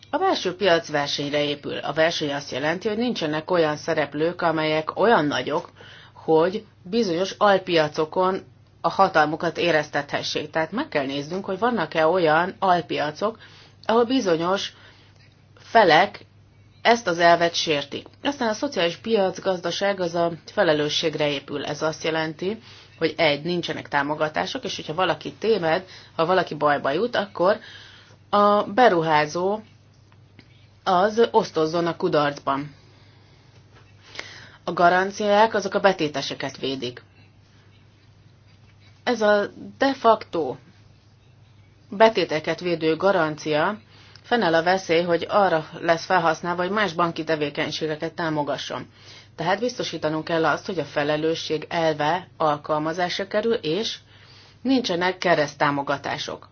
[SPEAKER 1] A belső piac versenyre épül. A verseny azt jelenti, hogy nincsenek olyan szereplők, amelyek olyan nagyok, hogy bizonyos alpiacokon a hatalmukat éreztethessék. Tehát meg kell néznünk, hogy vannak-e olyan alpiacok, ahol bizonyos felek ezt az elvet sértik. Aztán a szociális piacgazdaság az a felelősségre épül. Ez azt jelenti, hogy egy, nincsenek támogatások, és hogyha valaki téved, ha valaki bajba jut, akkor a beruházó az osztozzon a kudarcban. A garanciák azok a betéteseket védik. Ez a de facto betéteket védő garancia fennel a veszély, hogy arra lesz felhasználva, hogy más banki tevékenységeket támogasson. Tehát biztosítanunk kell azt, hogy a felelősség elve alkalmazásra kerül, és nincsenek keresztámogatások.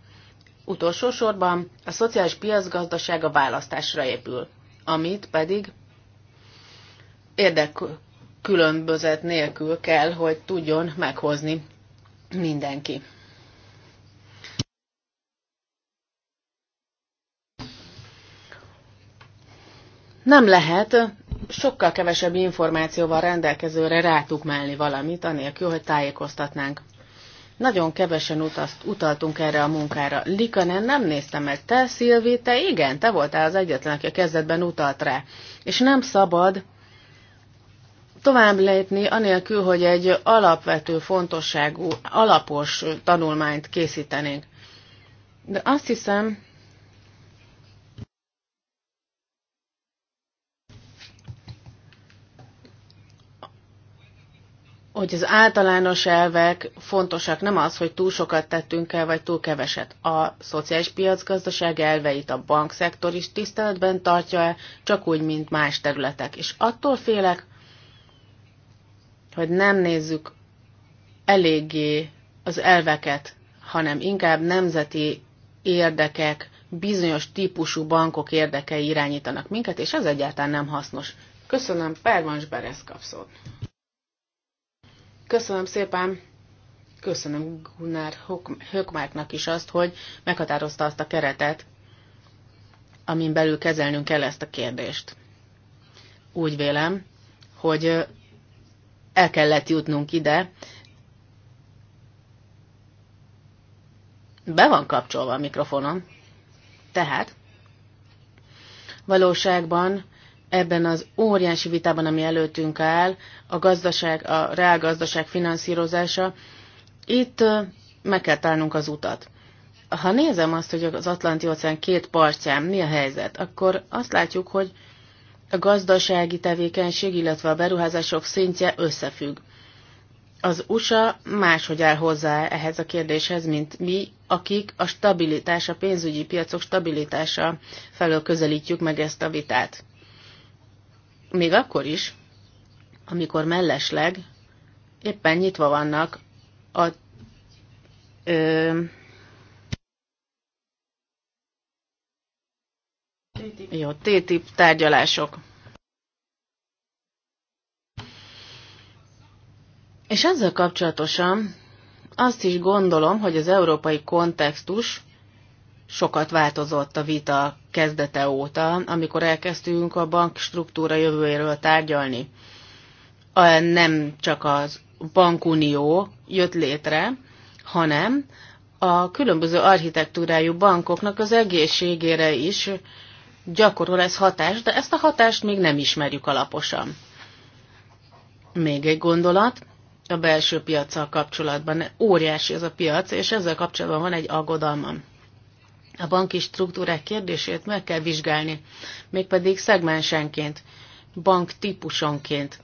[SPEAKER 1] Utolsó sorban a szociális piacgazdaság a választásra épül, amit pedig különbözet nélkül kell, hogy tudjon meghozni mindenki. Nem lehet sokkal kevesebb információval rendelkezőre rátukmálni valamit, anélkül, hogy tájékoztatnánk. Nagyon kevesen utazt, utaltunk erre a munkára. Likanen nem nézte meg. Te, Szilvi, te igen, te voltál az egyetlen, aki a kezdetben utalt rá. És nem szabad tovább lépni, anélkül, hogy egy alapvető fontosságú, alapos tanulmányt készítenénk. De azt hiszem, hogy az általános elvek fontosak, nem az, hogy túl sokat tettünk el, vagy túl keveset. A szociális piacgazdaság elveit a bankszektor is tiszteletben tartja el, csak úgy, mint más területek. És attól félek, hogy nem nézzük eléggé az elveket, hanem inkább nemzeti érdekek, bizonyos típusú bankok érdekei irányítanak minket, és ez egyáltalán nem hasznos. Köszönöm, Pervans Berez kapszót. Köszönöm szépen, köszönöm Gunnar Hökmárknak is azt, hogy meghatározta azt a keretet, amin belül kezelnünk kell ezt a kérdést. Úgy vélem, hogy el kellett jutnunk ide. Be van kapcsolva a mikrofonom. Tehát valóságban ebben az óriási vitában, ami előttünk áll, a gazdaság, a reálgazdaság finanszírozása, itt meg kell tárnunk az utat. Ha nézem azt, hogy az Atlanti óceán két partján mi a helyzet, akkor azt látjuk, hogy a gazdasági tevékenység, illetve a beruházások szintje összefügg. Az USA máshogy áll hozzá ehhez a kérdéshez, mint mi, akik a stabilitás, a pénzügyi piacok stabilitása felől közelítjük meg ezt a vitát. Még akkor is, amikor mellesleg éppen nyitva vannak a ö, TTIP. Jó, TTIP tárgyalások. És ezzel kapcsolatosan azt is gondolom, hogy az európai kontextus sokat változott a vita kezdete óta, amikor elkezdtünk a bank struktúra jövőjéről tárgyalni. Nem csak az bankunió jött létre, hanem a különböző architektúrájú bankoknak az egészségére is gyakorol ez hatást, de ezt a hatást még nem ismerjük alaposan. Még egy gondolat, a belső piacsal kapcsolatban. Óriási ez a piac, és ezzel kapcsolatban van egy aggodalmam. A banki struktúrák kérdését meg kell vizsgálni, mégpedig szegmensenként, bank típusonként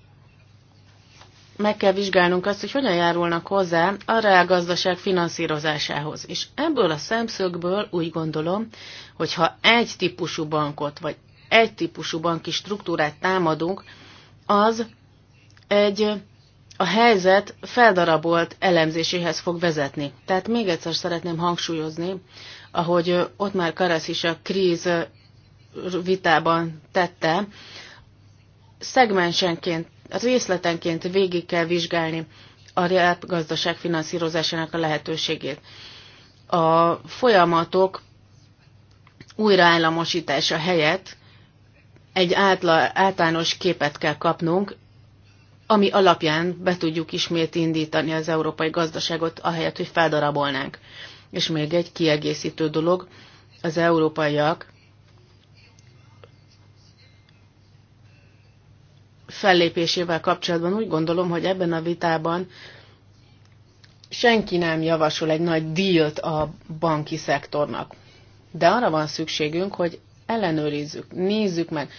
[SPEAKER 1] meg kell vizsgálnunk azt, hogy hogyan járulnak hozzá a reálgazdaság finanszírozásához. És ebből a szemszögből úgy gondolom, hogy ha egy típusú bankot, vagy egy típusú banki struktúrát támadunk, az egy a helyzet feldarabolt elemzéséhez fog vezetni. Tehát még egyszer szeretném hangsúlyozni, ahogy ott már Karasz is a kríz vitában tette, szegmensenként Hát részletenként végig kell vizsgálni a gazdaság finanszírozásának a lehetőségét. A folyamatok újraállamosítása helyett egy átla, általános képet kell kapnunk, ami alapján be tudjuk ismét indítani az európai gazdaságot, ahelyett, hogy feldarabolnánk. És még egy kiegészítő dolog, az európaiak fellépésével kapcsolatban úgy gondolom, hogy ebben a vitában senki nem javasol egy nagy dílt a banki szektornak. De arra van szükségünk, hogy ellenőrizzük, nézzük meg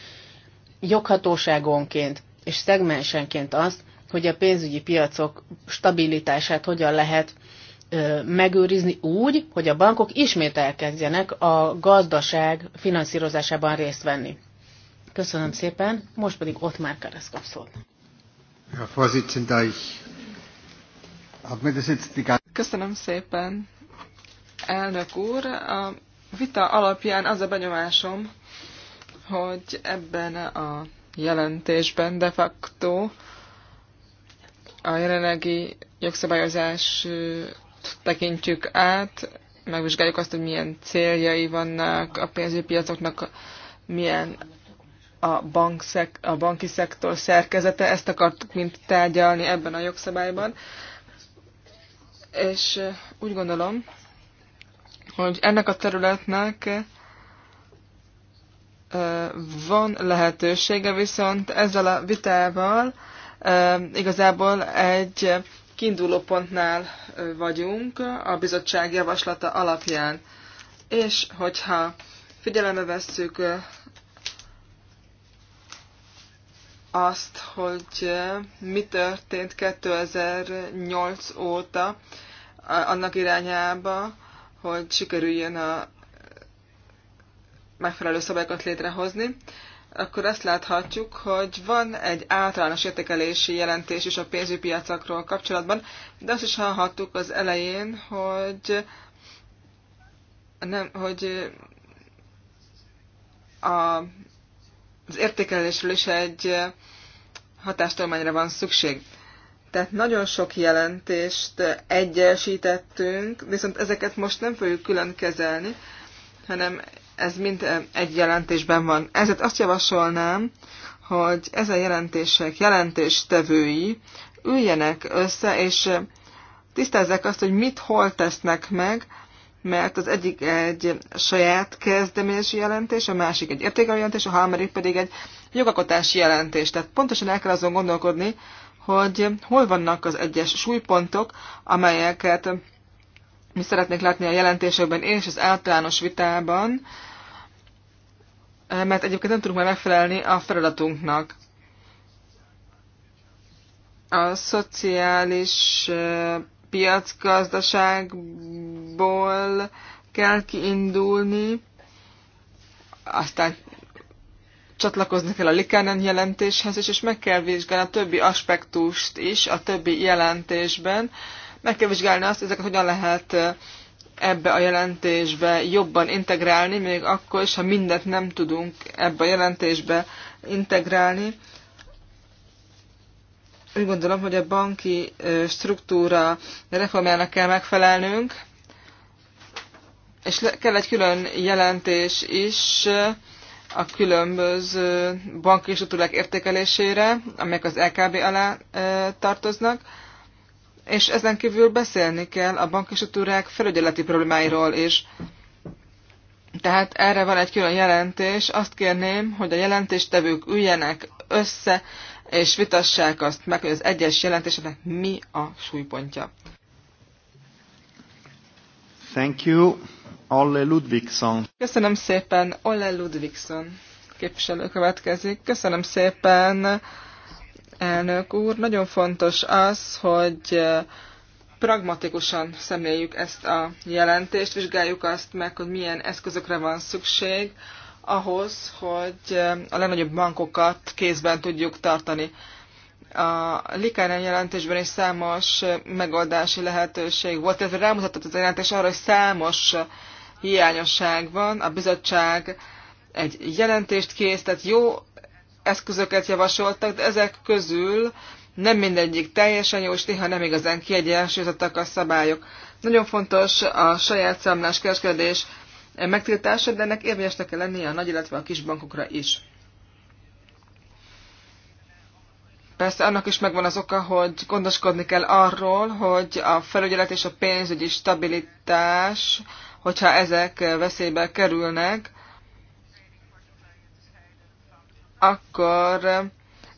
[SPEAKER 1] joghatóságonként és szegmensenként azt, hogy a pénzügyi piacok stabilitását hogyan lehet megőrizni úgy, hogy a bankok ismét elkezdjenek a gazdaság finanszírozásában részt venni. Köszönöm szépen, most pedig ott már Keresz kap szót. Köszönöm szépen,
[SPEAKER 3] elnök úr. A vita alapján az a benyomásom, hogy ebben a jelentésben de facto a jelenlegi jogszabályozást tekintjük át, megvizsgáljuk azt, hogy milyen céljai vannak a pénzügyi piacoknak, milyen a, bankszek, a banki szektor szerkezete, ezt akartuk mint tárgyalni ebben a jogszabályban. És úgy gondolom, hogy ennek a területnek van lehetősége, viszont ezzel a vitával igazából egy kiindulópontnál vagyunk a bizottság javaslata alapján. És hogyha figyelembe vesszük azt, hogy mi történt 2008 óta annak irányába, hogy sikerüljön a megfelelő szabályokat létrehozni, akkor azt láthatjuk, hogy van egy általános értékelési jelentés is a pénzügypiacokról kapcsolatban, de azt is hallhattuk az elején, hogy nem, hogy a az értékelésről is egy hatástolmányra van szükség. Tehát nagyon sok jelentést egyesítettünk, viszont ezeket most nem fogjuk külön kezelni, hanem ez mind egy jelentésben van. Ezért azt javasolnám, hogy ezen jelentések jelentéstevői üljenek össze, és tisztázzák azt, hogy mit hol tesznek meg, mert az egyik egy saját kezdeményezési jelentés, a másik egy értékelő jelentés, a harmadik pedig egy jogakotási jelentés. Tehát pontosan el kell azon gondolkodni, hogy hol vannak az egyes súlypontok, amelyeket mi szeretnék látni a jelentésekben és az általános vitában, mert egyébként nem tudunk már megfelelni a feladatunknak. A szociális piacgazdaságból kell kiindulni, aztán csatlakozni kell a Likánen jelentéshez is, és meg kell vizsgálni a többi aspektust is a többi jelentésben. Meg kell vizsgálni azt, ezeket hogyan lehet ebbe a jelentésbe jobban integrálni, még akkor is, ha mindent nem tudunk ebbe a jelentésbe integrálni úgy gondolom, hogy a banki struktúra reformjának kell megfelelnünk, és kell egy külön jelentés is a különböző banki struktúrák értékelésére, amelyek az LKB alá tartoznak, és ezen kívül beszélni kell a banki struktúrák felügyeleti problémáiról is. Tehát erre van egy külön jelentés. Azt kérném, hogy a jelentéstevők üljenek össze, és vitassák azt meg, hogy az egyes jelentéseknek mi a súlypontja.
[SPEAKER 1] Thank you, Olle Ludvigson.
[SPEAKER 3] Köszönöm szépen, Olle Ludvigson képviselő következik. Köszönöm szépen, elnök úr. Nagyon fontos az, hogy pragmatikusan szemléljük ezt a jelentést, vizsgáljuk azt meg, hogy milyen eszközökre van szükség, ahhoz, hogy eh, a legnagyobb bankokat kézben tudjuk tartani. A Likánen jelentésben is számos eh, megoldási lehetőség volt, illetve rámutatott az jelentés arra, hogy számos eh, hiányosság van. A bizottság egy jelentést készített, jó eszközöket javasoltak, de ezek közül nem mindegyik teljesen jó, és néha nem igazán kiegyensúlyozottak a szabályok. Nagyon fontos a saját számláskereskedés kereskedés megtiltása, de ennek érvényesnek kell lennie a nagy, illetve a kis bankokra is. Persze annak is megvan az oka, hogy gondoskodni kell arról, hogy a felügyelet és a pénzügyi stabilitás, hogyha ezek veszélybe kerülnek, akkor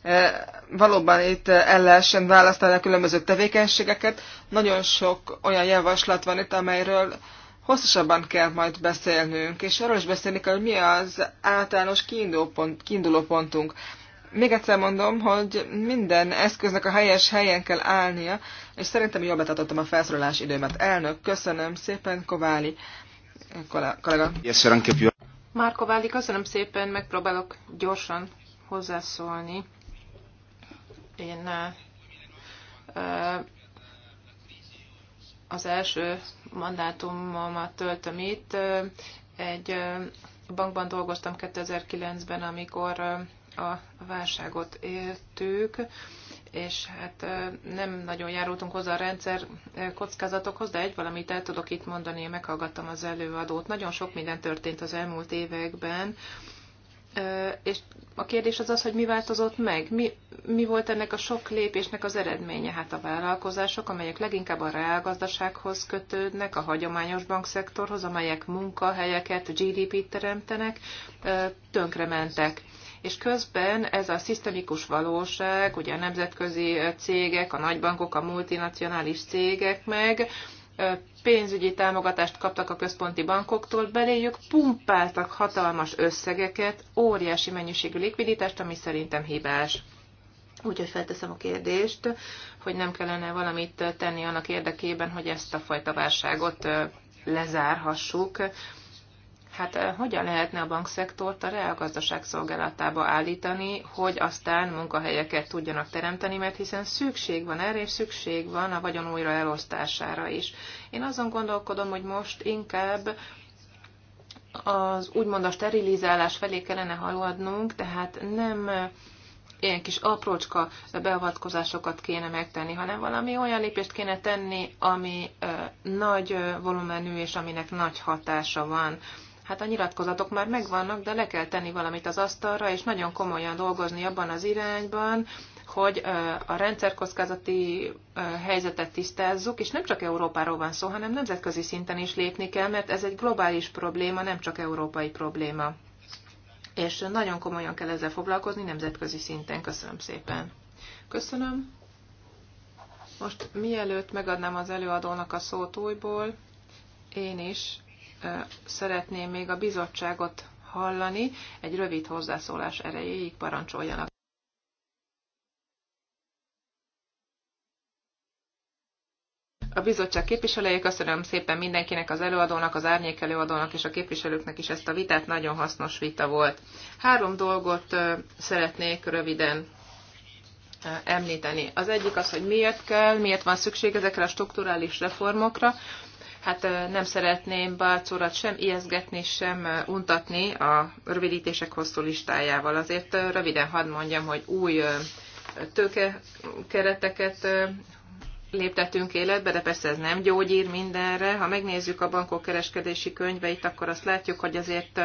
[SPEAKER 3] eh, valóban itt el lehessen választani a különböző tevékenységeket. Nagyon sok olyan javaslat van itt, amelyről hosszasabban kell majd beszélnünk, és arról is beszélni kell, hogy mi az általános kiindulópont, kiindulópontunk. Még egyszer mondom, hogy minden eszköznek a helyes helyen kell állnia, és szerintem jól betartottam a felszólalás időmet. Elnök, köszönöm szépen, Kováli kollega. Már Kováli, köszönöm szépen, megpróbálok
[SPEAKER 2] gyorsan hozzászólni. Én uh, az első mandátumomat töltöm itt. Egy bankban dolgoztam 2009-ben, amikor a válságot éltük, és hát nem nagyon járultunk hozzá a rendszer kockázatokhoz, de egy valamit el tudok itt mondani, én meghallgattam az előadót. Nagyon sok minden történt az elmúlt években, és a kérdés az az, hogy mi változott meg, mi, mi volt ennek a sok lépésnek az eredménye. Hát a vállalkozások, amelyek leginkább a reálgazdasághoz kötődnek, a hagyományos bankszektorhoz, amelyek munkahelyeket, GDP-t teremtenek, tönkrementek és közben ez a szisztemikus valóság, ugye a nemzetközi cégek, a nagybankok, a multinacionális cégek meg pénzügyi támogatást kaptak a központi bankoktól, beléjük pumpáltak hatalmas összegeket, óriási mennyiségű likviditást, ami szerintem hibás. Úgyhogy felteszem a kérdést, hogy nem kellene valamit tenni annak érdekében, hogy ezt a fajta válságot lezárhassuk, Hát eh, hogyan lehetne a bankszektort a reálgazdaság szolgálatába állítani, hogy aztán munkahelyeket tudjanak teremteni, mert hiszen szükség van erre, és szükség van a vagyon újra elosztására is. Én azon gondolkodom, hogy most inkább az úgymond a sterilizálás felé kellene haladnunk, tehát nem eh, ilyen kis aprócska beavatkozásokat kéne megtenni, hanem valami olyan lépést kéne tenni, ami eh, nagy volumenű és aminek nagy hatása van. Hát a nyilatkozatok már megvannak, de le kell tenni valamit az asztalra, és nagyon komolyan dolgozni abban az irányban, hogy a rendszerkockázati helyzetet tisztázzuk, és nem csak Európáról van szó, hanem nemzetközi szinten is lépni kell, mert ez egy globális probléma, nem csak európai probléma. És nagyon komolyan kell ezzel foglalkozni nemzetközi szinten. Köszönöm szépen. Köszönöm. Most mielőtt megadnám az előadónak a szót újból, én is szeretném még a bizottságot hallani. Egy rövid hozzászólás erejéig parancsoljanak. A bizottság képviselője, köszönöm szépen mindenkinek, az előadónak, az árnyék előadónak és a képviselőknek is ezt a vitát, nagyon hasznos vita volt. Három dolgot szeretnék röviden említeni. Az egyik az, hogy miért kell, miért van szükség ezekre a strukturális reformokra hát nem szeretném Balcórat sem ijeszgetni, sem untatni a rövidítések hosszú listájával. Azért röviden hadd mondjam, hogy új tőke kereteket léptetünk életbe, de persze ez nem gyógyír mindenre. Ha megnézzük a bankok kereskedési könyveit, akkor azt látjuk, hogy azért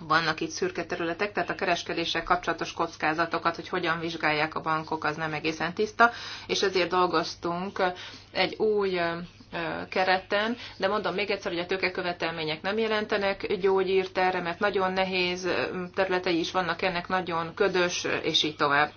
[SPEAKER 2] vannak itt szürke területek, tehát a kereskedéssel kapcsolatos kockázatokat, hogy hogyan vizsgálják a bankok, az nem egészen tiszta, és ezért dolgoztunk egy új kereten, de mondom még egyszer, hogy a tőkekövetelmények nem jelentenek gyógyírt erre, mert nagyon nehéz területei is vannak ennek, nagyon ködös, és így tovább.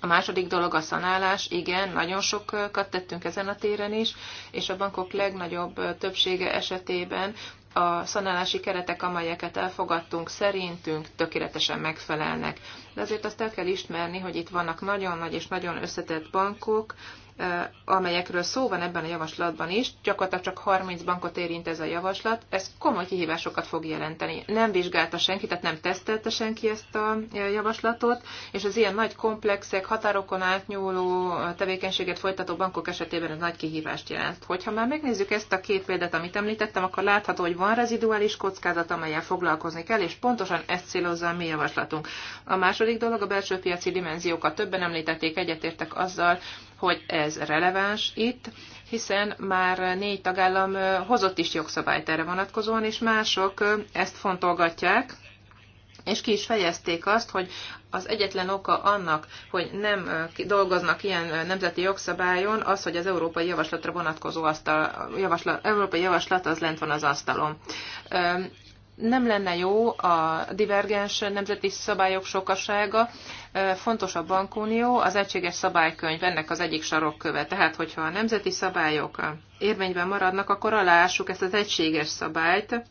[SPEAKER 2] A második dolog a szanálás. Igen, nagyon sokat tettünk ezen a téren is, és a bankok legnagyobb többsége esetében a szanálási keretek, amelyeket elfogadtunk, szerintünk tökéletesen megfelelnek. De azért azt el kell ismerni, hogy itt vannak nagyon nagy és nagyon összetett bankok, Eh, amelyekről szó van ebben a javaslatban is, gyakorlatilag csak 30 bankot érint ez a javaslat, ez komoly kihívásokat fog jelenteni. Nem vizsgálta senki, tehát nem tesztelte senki ezt a eh, javaslatot, és az ilyen nagy komplexek, határokon átnyúló eh, tevékenységet folytató bankok esetében ez nagy kihívást jelent. Hogyha már megnézzük ezt a két példát, amit említettem, akkor látható, hogy van reziduális kockázat, amelyel foglalkozni kell, és pontosan ezt célozza a mi javaslatunk. A második dolog a belső piaci dimenziókat. Többen említették, egyetértek azzal, hogy ez releváns itt, hiszen már négy tagállam hozott is jogszabályt erre vonatkozóan, és mások ezt fontolgatják, és ki is fejezték azt, hogy az egyetlen oka annak, hogy nem dolgoznak ilyen nemzeti jogszabályon, az, hogy az európai javaslatra vonatkozó asztal, javaslat, európai javaslat az lent van az asztalon nem lenne jó a divergens nemzeti szabályok sokasága, fontos a bankunió, az egységes szabálykönyv ennek az egyik sarokköve. Tehát, hogyha a nemzeti szabályok érvényben maradnak, akkor aláássuk ezt az egységes szabályt,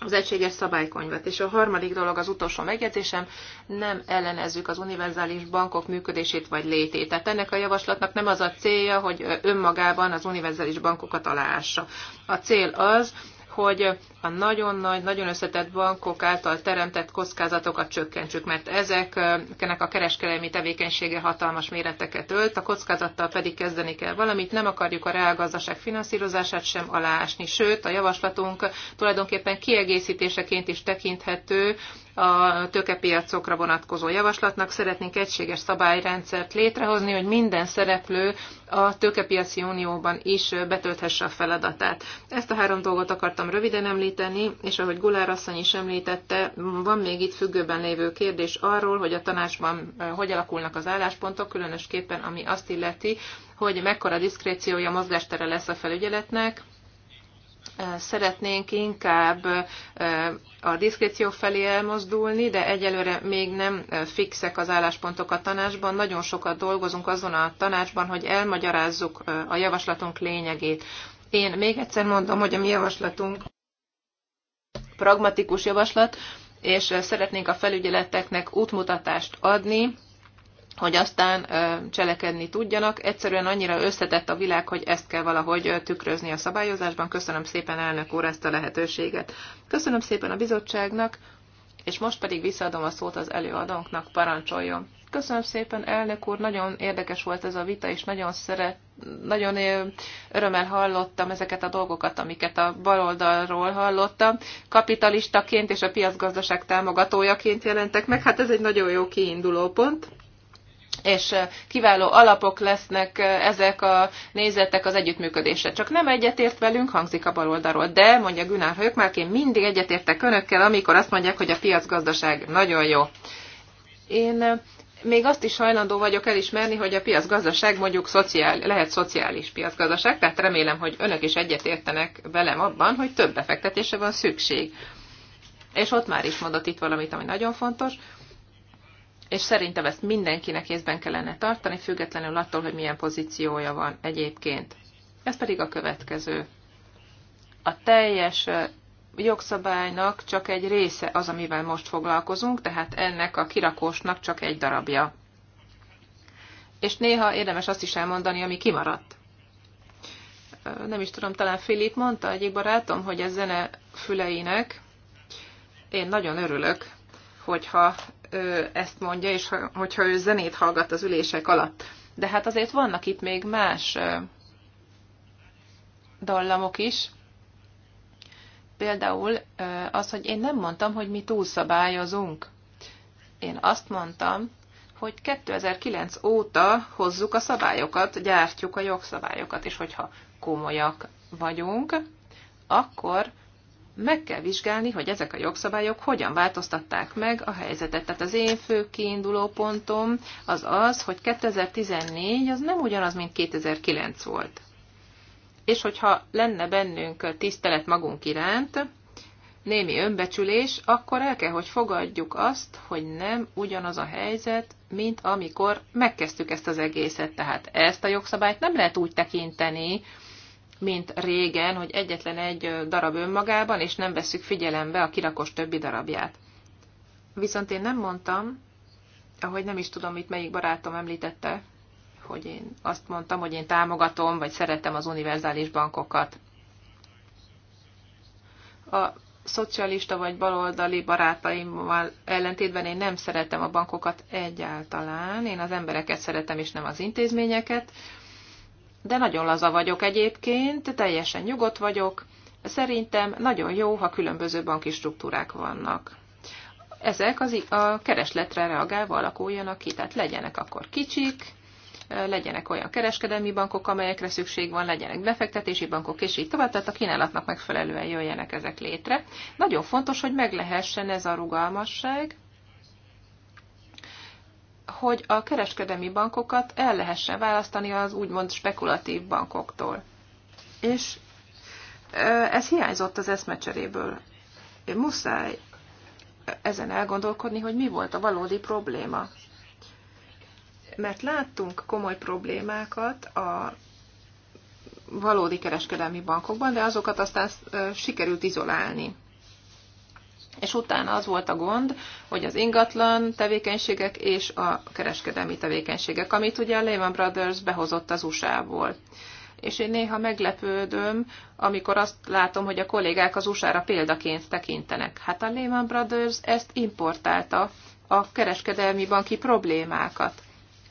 [SPEAKER 2] az egységes szabálykönyvet. És a harmadik dolog az utolsó megjegyzésem, nem ellenezzük az univerzális bankok működését vagy létét. Tehát ennek a javaslatnak nem az a célja, hogy önmagában az univerzális bankokat aláássa. A cél az, hogy a nagyon nagy, nagyon összetett bankok által teremtett kockázatokat csökkentsük, mert ezeknek a kereskedelmi tevékenysége hatalmas méreteket ölt, a kockázattal pedig kezdeni kell valamit, nem akarjuk a reálgazdaság finanszírozását sem aláásni, sőt a javaslatunk tulajdonképpen kiegészítéseként is tekinthető a tőkepiacokra vonatkozó javaslatnak. Szeretnénk egységes szabályrendszert létrehozni, hogy minden szereplő a tőkepiaci unióban is betölthesse a feladatát. Ezt a három dolgot akartam röviden említeni, és ahogy Gulár asszony is említette, van még itt függőben lévő kérdés arról, hogy a tanácsban eh, hogy alakulnak az álláspontok, különösképpen ami azt illeti, hogy mekkora diszkréciója mozgástere lesz a felügyeletnek, szeretnénk inkább a diszkréció felé elmozdulni, de egyelőre még nem fixek az álláspontok a tanácsban. Nagyon sokat dolgozunk azon a tanácsban, hogy elmagyarázzuk a javaslatunk lényegét. Én még egyszer mondom, hogy a mi javaslatunk pragmatikus javaslat, és szeretnénk a felügyeleteknek útmutatást adni, hogy aztán cselekedni tudjanak. Egyszerűen annyira összetett a világ, hogy ezt kell valahogy tükrözni a szabályozásban. Köszönöm szépen, elnök úr, ezt a lehetőséget. Köszönöm szépen a bizottságnak, és most pedig visszaadom a szót az előadónknak, parancsoljon. Köszönöm szépen, elnök úr, nagyon érdekes volt ez a vita, és nagyon, szeret, nagyon örömmel hallottam ezeket a dolgokat, amiket a baloldalról hallottam. Kapitalistaként és a piacgazdaság támogatójaként jelentek meg, hát ez egy nagyon jó kiinduló pont és kiváló alapok lesznek ezek a nézetek az együttműködésre. Csak nem egyetért velünk, hangzik a oldalról, de mondja Günár mert én mindig egyetértek önökkel, amikor azt mondják, hogy a piacgazdaság nagyon jó. Én még azt is hajlandó vagyok elismerni, hogy a piacgazdaság mondjuk szociál, lehet szociális piacgazdaság, tehát remélem, hogy önök is egyetértenek velem abban, hogy több befektetése van szükség. És ott már is mondott itt valamit, ami nagyon fontos, és szerintem ezt mindenkinek észben kellene tartani, függetlenül attól, hogy milyen pozíciója van egyébként. Ez pedig a következő. A teljes jogszabálynak csak egy része az, amivel most foglalkozunk, tehát ennek a kirakósnak csak egy darabja. És néha érdemes azt is elmondani, ami kimaradt. Nem is tudom, talán Filip mondta egyik barátom, hogy ez zene füleinek. Én nagyon örülök, hogyha ezt mondja, és hogyha ő zenét hallgat az ülések alatt. De hát azért vannak itt még más dallamok is. Például az, hogy én nem mondtam, hogy mi túlszabályozunk. Én azt mondtam, hogy 2009 óta hozzuk a szabályokat, gyártjuk a jogszabályokat, és hogyha komolyak vagyunk, akkor meg kell vizsgálni, hogy ezek a jogszabályok hogyan változtatták meg a helyzetet. Tehát az én fő kiinduló pontom az az, hogy 2014 az nem ugyanaz, mint 2009 volt. És hogyha lenne bennünk tisztelet magunk iránt, némi önbecsülés, akkor el kell, hogy fogadjuk azt, hogy nem ugyanaz a helyzet, mint amikor megkezdtük ezt az egészet. Tehát ezt a jogszabályt nem lehet úgy tekinteni, mint régen, hogy egyetlen egy darab önmagában, és nem veszük figyelembe a kirakos többi darabját. Viszont én nem mondtam, ahogy nem is tudom, itt melyik barátom említette, hogy én azt mondtam, hogy én támogatom, vagy szeretem az univerzális bankokat. A szocialista vagy baloldali barátaimmal ellentétben én nem szeretem a bankokat egyáltalán, én az embereket szeretem, és nem az intézményeket de nagyon laza vagyok egyébként, teljesen nyugodt vagyok. Szerintem nagyon jó, ha különböző banki struktúrák vannak. Ezek az, a keresletre reagálva alakuljanak ki, tehát legyenek akkor kicsik, legyenek olyan kereskedelmi bankok, amelyekre szükség van, legyenek befektetési bankok, és így tovább, tehát a kínálatnak megfelelően jöjjenek ezek létre. Nagyon fontos, hogy meglehessen ez a rugalmasság, hogy a kereskedemi bankokat el lehessen választani az úgymond spekulatív bankoktól. És ez hiányzott az eszmecseréből. Muszáj ezen elgondolkodni, hogy mi volt a valódi probléma. Mert láttunk komoly problémákat a valódi kereskedelmi bankokban, de azokat aztán sikerült izolálni és utána az volt a gond, hogy az ingatlan tevékenységek és a kereskedelmi tevékenységek, amit ugye a Lehman Brothers behozott az USA-ból. És én néha meglepődöm, amikor azt látom, hogy a kollégák az USA-ra példaként tekintenek. Hát a Lehman Brothers ezt importálta a kereskedelmi banki problémákat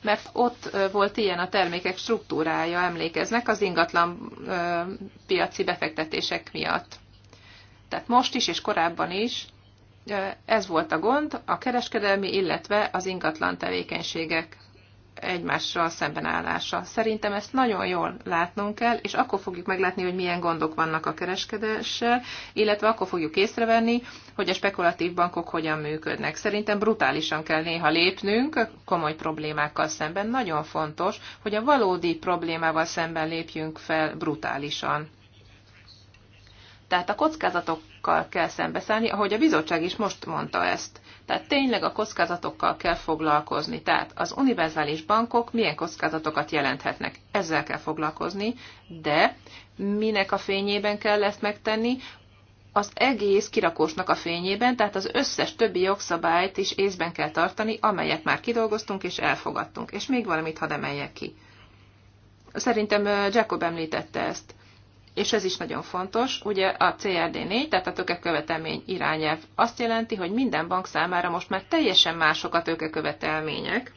[SPEAKER 2] mert ott volt ilyen a termékek struktúrája, emlékeznek, az ingatlan piaci befektetések miatt. Tehát most is és korábban is ez volt a gond, a kereskedelmi, illetve az ingatlan tevékenységek egymással szembenállása. Szerintem ezt nagyon jól látnunk kell, és akkor fogjuk meglátni, hogy milyen gondok vannak a kereskedéssel, illetve akkor fogjuk észrevenni, hogy a spekulatív bankok hogyan működnek. Szerintem brutálisan kell néha lépnünk komoly problémákkal szemben. Nagyon fontos, hogy a valódi problémával szemben lépjünk fel brutálisan. Tehát a kockázatok kockázatokkal kell szembeszállni, ahogy a bizottság is most mondta ezt. Tehát tényleg a kockázatokkal kell foglalkozni. Tehát az univerzális bankok milyen kockázatokat jelenthetnek. Ezzel kell foglalkozni, de minek a fényében kell ezt megtenni, az egész kirakósnak a fényében, tehát az összes többi jogszabályt is észben kell tartani, amelyet már kidolgoztunk és elfogadtunk. És még valamit hadd emeljek ki. Szerintem Jacob említette ezt és ez is nagyon fontos, ugye a CRD4, tehát a tökekövetelmény irányelv azt jelenti, hogy minden bank számára most már teljesen mások a tökekövetelmények,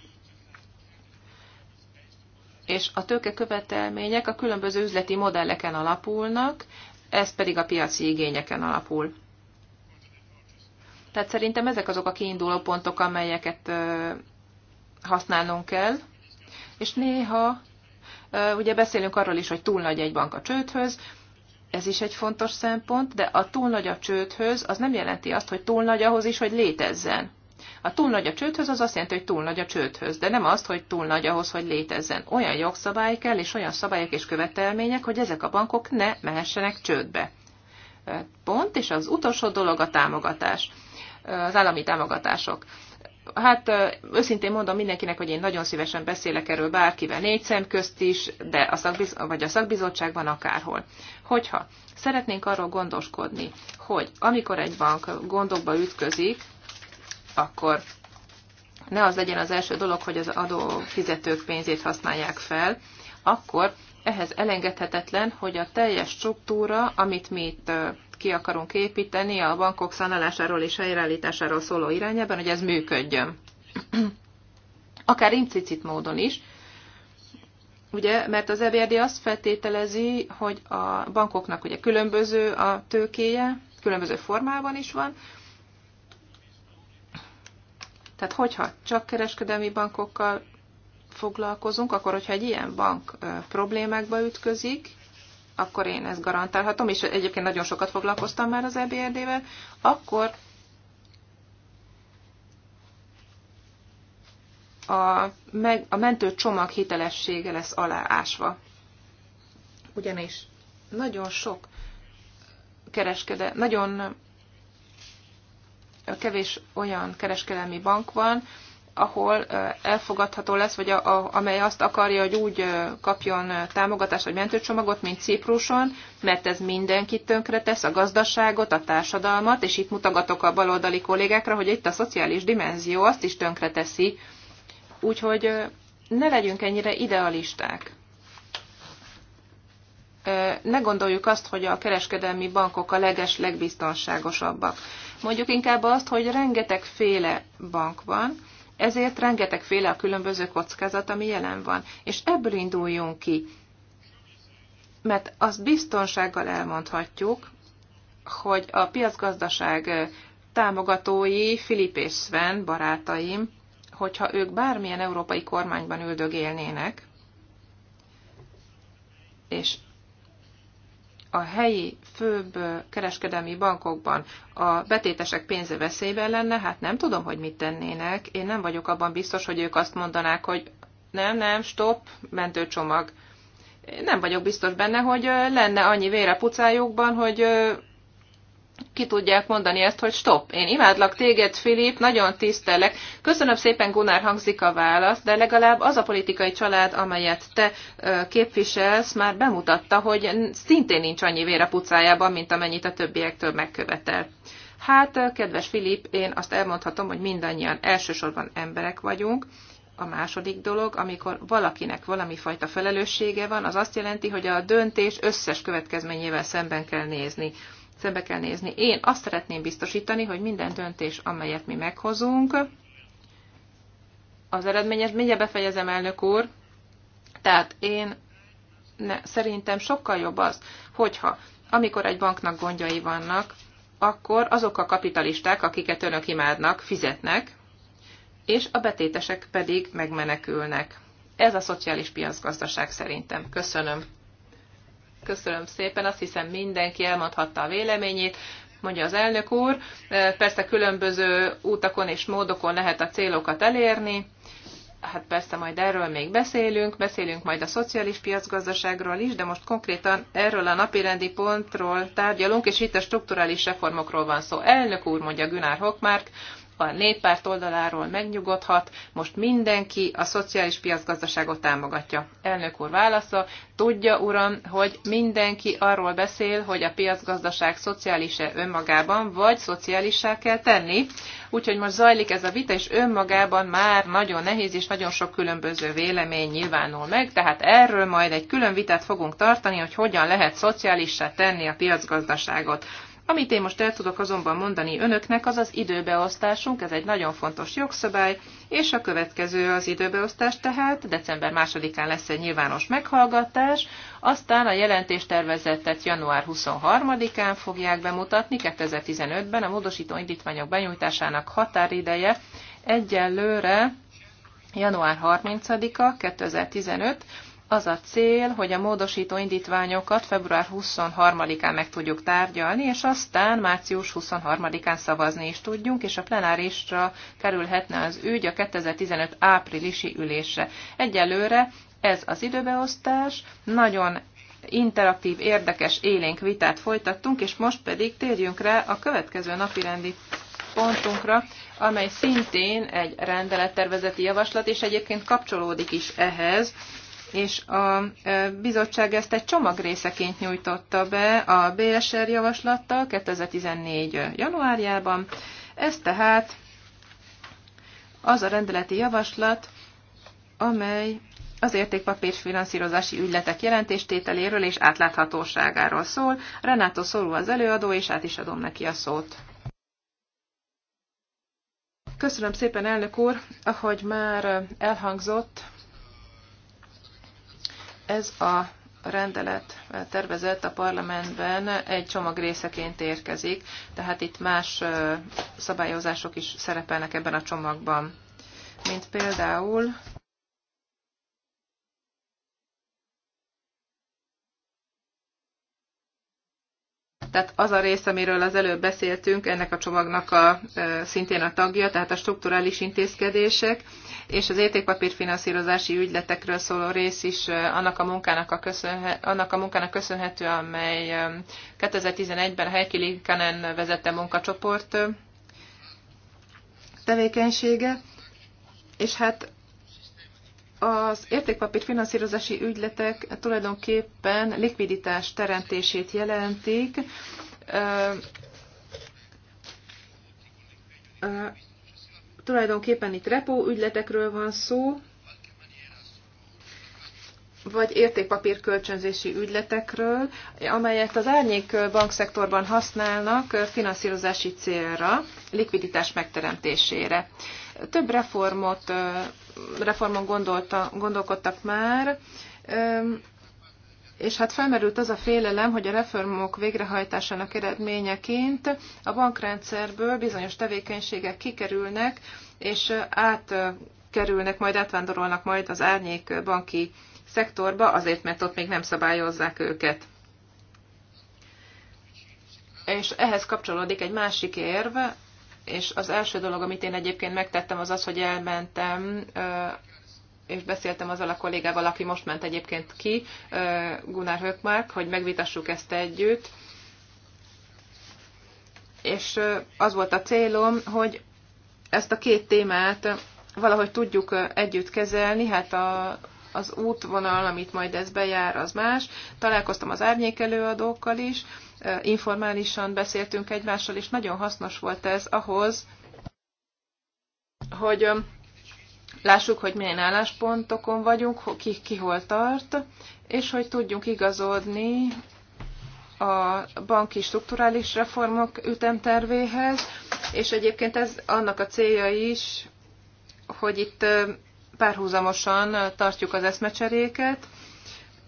[SPEAKER 2] és a tőkekövetelmények a különböző üzleti modelleken alapulnak, ez pedig a piaci igényeken alapul. Tehát szerintem ezek azok a kiinduló pontok, amelyeket használnunk kell, és néha Ugye beszélünk arról is, hogy túl nagy egy bank a csődhöz, ez is egy fontos szempont, de a túl nagy a csődhöz az nem jelenti azt, hogy túl nagy ahhoz is, hogy létezzen. A túl nagy a csődhöz az azt jelenti, hogy túl nagy a csődhöz, de nem azt, hogy túl nagy ahhoz, hogy létezzen. Olyan jogszabály kell, és olyan szabályok és követelmények, hogy ezek a bankok ne mehessenek csődbe. Pont, és az utolsó dolog a támogatás, az állami támogatások hát őszintén mondom mindenkinek, hogy én nagyon szívesen beszélek erről bárkivel négy szem közt is, de a szakbiz- vagy a szakbizottságban akárhol. Hogyha szeretnénk arról gondoskodni, hogy amikor egy bank gondokba ütközik, akkor ne az legyen az első dolog, hogy az adófizetők pénzét használják fel, akkor ehhez elengedhetetlen, hogy a teljes struktúra, amit mi itt ki akarunk építeni a bankok szanálásáról és helyreállításáról szóló irányában, hogy ez működjön. Akár implicit módon is, Ugye, mert az EBRD azt feltételezi, hogy a bankoknak ugye különböző a tőkéje, különböző formában is van. Tehát hogyha csak kereskedelmi bankokkal foglalkozunk, akkor hogyha egy ilyen bank problémákba ütközik, akkor én ezt garantálhatom, és egyébként nagyon sokat foglalkoztam már az EBRD-vel, akkor a, meg, a mentő csomag hitelessége lesz aláásva. Ugyanis nagyon sok kereskede, nagyon kevés olyan kereskedelmi bank van, ahol elfogadható lesz, vagy a, a, amely azt akarja, hogy úgy kapjon támogatást vagy mentőcsomagot, mint Cipruson, mert ez mindenkit tönkre tesz, a gazdaságot, a társadalmat, és itt mutogatok a baloldali kollégákra, hogy itt a szociális dimenzió azt is tönkre teszi. Úgyhogy ne legyünk ennyire idealisták ne gondoljuk azt, hogy a kereskedelmi bankok a leges legbiztonságosabbak. Mondjuk inkább azt, hogy rengeteg féle bank van, ezért rengeteg féle a különböző kockázat, ami jelen van. És ebből induljunk ki. Mert azt biztonsággal elmondhatjuk, hogy a piacgazdaság támogatói, Filip és Sven barátaim, hogyha ők bármilyen európai kormányban üldögélnének, és a helyi főbb kereskedelmi bankokban a betétesek pénze veszélyben lenne, hát nem tudom, hogy mit tennének. Én nem vagyok abban biztos, hogy ők azt mondanák, hogy nem, nem, stop, mentőcsomag. nem vagyok biztos benne, hogy lenne annyi vére pucájukban, hogy ki tudják mondani ezt, hogy stop, én imádlak téged, Filip, nagyon tisztelek. Köszönöm szépen, Gunnar, hangzik a válasz, de legalább az a politikai család, amelyet te képviselsz, már bemutatta, hogy szintén nincs annyi vér a pucájában, mint amennyit a többiektől megkövetel. Hát, kedves Filip, én azt elmondhatom, hogy mindannyian elsősorban emberek vagyunk, a második dolog, amikor valakinek valami fajta felelőssége van, az azt jelenti, hogy a döntés összes következményével szemben kell nézni szembe kell nézni. Én azt szeretném biztosítani, hogy minden döntés, amelyet mi meghozunk, az eredményes, mindjárt befejezem, elnök úr, tehát én ne, szerintem sokkal jobb az, hogyha amikor egy banknak gondjai vannak, akkor azok a kapitalisták, akiket önök imádnak, fizetnek, és a betétesek pedig megmenekülnek. Ez a szociális piacgazdaság szerintem. Köszönöm. Köszönöm szépen, azt hiszem mindenki elmondhatta a véleményét, mondja az elnök úr. Persze különböző útakon és módokon lehet a célokat elérni. Hát persze majd erről még beszélünk, beszélünk majd a szociális piacgazdaságról is, de most konkrétan erről a napirendi pontról tárgyalunk, és itt a strukturális reformokról van szó. Elnök úr, mondja Günár Hokmárk, a néppárt oldaláról megnyugodhat, most mindenki a szociális piacgazdaságot támogatja. Elnök úr válasza, tudja uram, hogy mindenki arról beszél, hogy a piacgazdaság szociális-e önmagában, vagy szociálissá kell tenni. Úgyhogy most zajlik ez a vita, és önmagában már nagyon nehéz, és nagyon sok különböző vélemény nyilvánul meg, tehát erről majd egy külön vitát fogunk tartani, hogy hogyan lehet szociálissá tenni a piacgazdaságot. Amit én most el tudok azonban mondani önöknek, az az időbeosztásunk, ez egy nagyon fontos jogszabály, és a következő az időbeosztás tehát, december 2-án lesz egy nyilvános meghallgatás, aztán a jelentéstervezetet január 23-án fogják bemutatni, 2015-ben a módosító indítványok benyújtásának határideje egyelőre január 30-a 2015, az a cél, hogy a módosító indítványokat február 23-án meg tudjuk tárgyalni, és aztán március 23-án szavazni is tudjunk, és a plenárisra kerülhetne az ügy a 2015 áprilisi ülésre. Egyelőre ez az időbeosztás, nagyon interaktív, érdekes, élénk vitát folytattunk, és most pedig térjünk rá a következő napirendi pontunkra, amely szintén egy rendelettervezeti javaslat, és egyébként kapcsolódik is ehhez, és a bizottság ezt egy csomagrészeként nyújtotta be a BSR javaslattal 2014. januárjában. Ez tehát az a rendeleti javaslat, amely az értékpapír finanszírozási ügyletek jelentéstételéről és átláthatóságáról szól. Renátó Szorú az előadó, és át is adom neki a szót. Köszönöm szépen, elnök úr, ahogy már elhangzott, ez a rendelet tervezett a parlamentben egy csomag részeként érkezik, tehát itt más szabályozások is szerepelnek ebben a csomagban, mint például tehát az a rész, amiről az előbb beszéltünk, ennek a csomagnak a, szintén a tagja, tehát a strukturális intézkedések, és az értékpapírfinanszírozási ügyletekről szóló rész is annak a munkának, a köszönhe, annak a munkának köszönhető, amely 2011-ben Heikki Linkanen vezette munkacsoport tevékenysége, és hát az értékpapír finanszírozási ügyletek tulajdonképpen likviditás teremtését jelentik. Tulajdonképpen itt repó ügyletekről van szó, vagy értékpapír kölcsönzési ügyletekről, amelyet az árnyék bankszektorban használnak finanszírozási célra, likviditás megteremtésére. Több reformot reformon gondolta, gondolkodtak már, és hát felmerült az a félelem, hogy a reformok végrehajtásának eredményeként a bankrendszerből bizonyos tevékenységek kikerülnek, és átkerülnek, majd átvándorolnak majd az árnyék banki szektorba, azért, mert ott még nem szabályozzák őket. És ehhez kapcsolódik egy másik érv, és az első dolog, amit én egyébként megtettem, az az, hogy elmentem, és beszéltem azzal a kollégával, aki most ment egyébként ki, Gunnar Hökmark, hogy megvitassuk ezt együtt. És az volt a célom, hogy ezt a két témát valahogy tudjuk együtt kezelni, hát a, az útvonal, amit majd ez bejár, az más. Találkoztam az árnyékelőadókkal is, informálisan beszéltünk egymással, és nagyon hasznos volt ez ahhoz, hogy lássuk, hogy milyen álláspontokon vagyunk, ki, ki hol tart, és hogy tudjunk igazodni a banki strukturális reformok ütemtervéhez, és egyébként ez annak a célja is, hogy itt párhuzamosan tartjuk az eszmecseréket.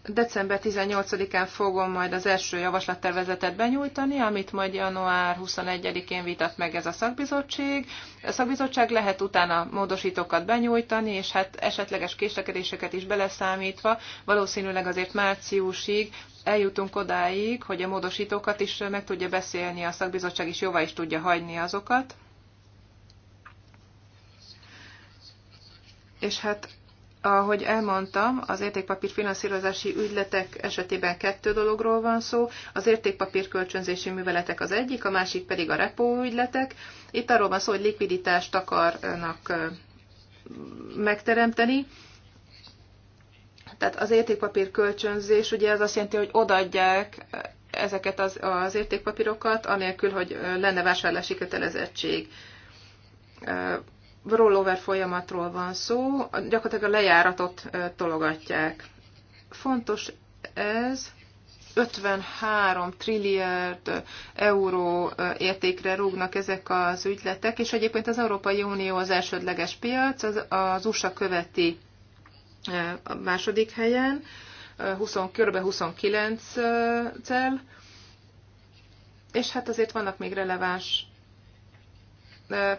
[SPEAKER 2] December 18-án fogom majd az első javaslattervezetet benyújtani, amit majd január 21-én vitat meg ez a szakbizottság. A szakbizottság lehet utána módosítókat benyújtani, és hát esetleges késlekedéseket is beleszámítva, valószínűleg azért márciusig eljutunk odáig, hogy a módosítókat is meg tudja beszélni a szakbizottság, is jóvá is tudja hagyni azokat és hát ahogy elmondtam, az értékpapír finanszírozási ügyletek esetében kettő dologról van szó. Az értékpapír kölcsönzési műveletek az egyik, a másik pedig a repó ügyletek. Itt arról van szó, hogy likviditást akarnak megteremteni. Tehát az értékpapír kölcsönzés, ugye ez azt jelenti, hogy odaadják ezeket az, az értékpapírokat, anélkül, hogy lenne vásárlási kötelezettség rollover folyamatról van szó, gyakorlatilag a lejáratot tologatják. Fontos ez, 53 trilliárd euró értékre rúgnak ezek az ügyletek, és egyébként az Európai Unió az elsődleges piac, az, az USA követi a második helyen, 20, kb. 29 cel, és hát azért vannak még releváns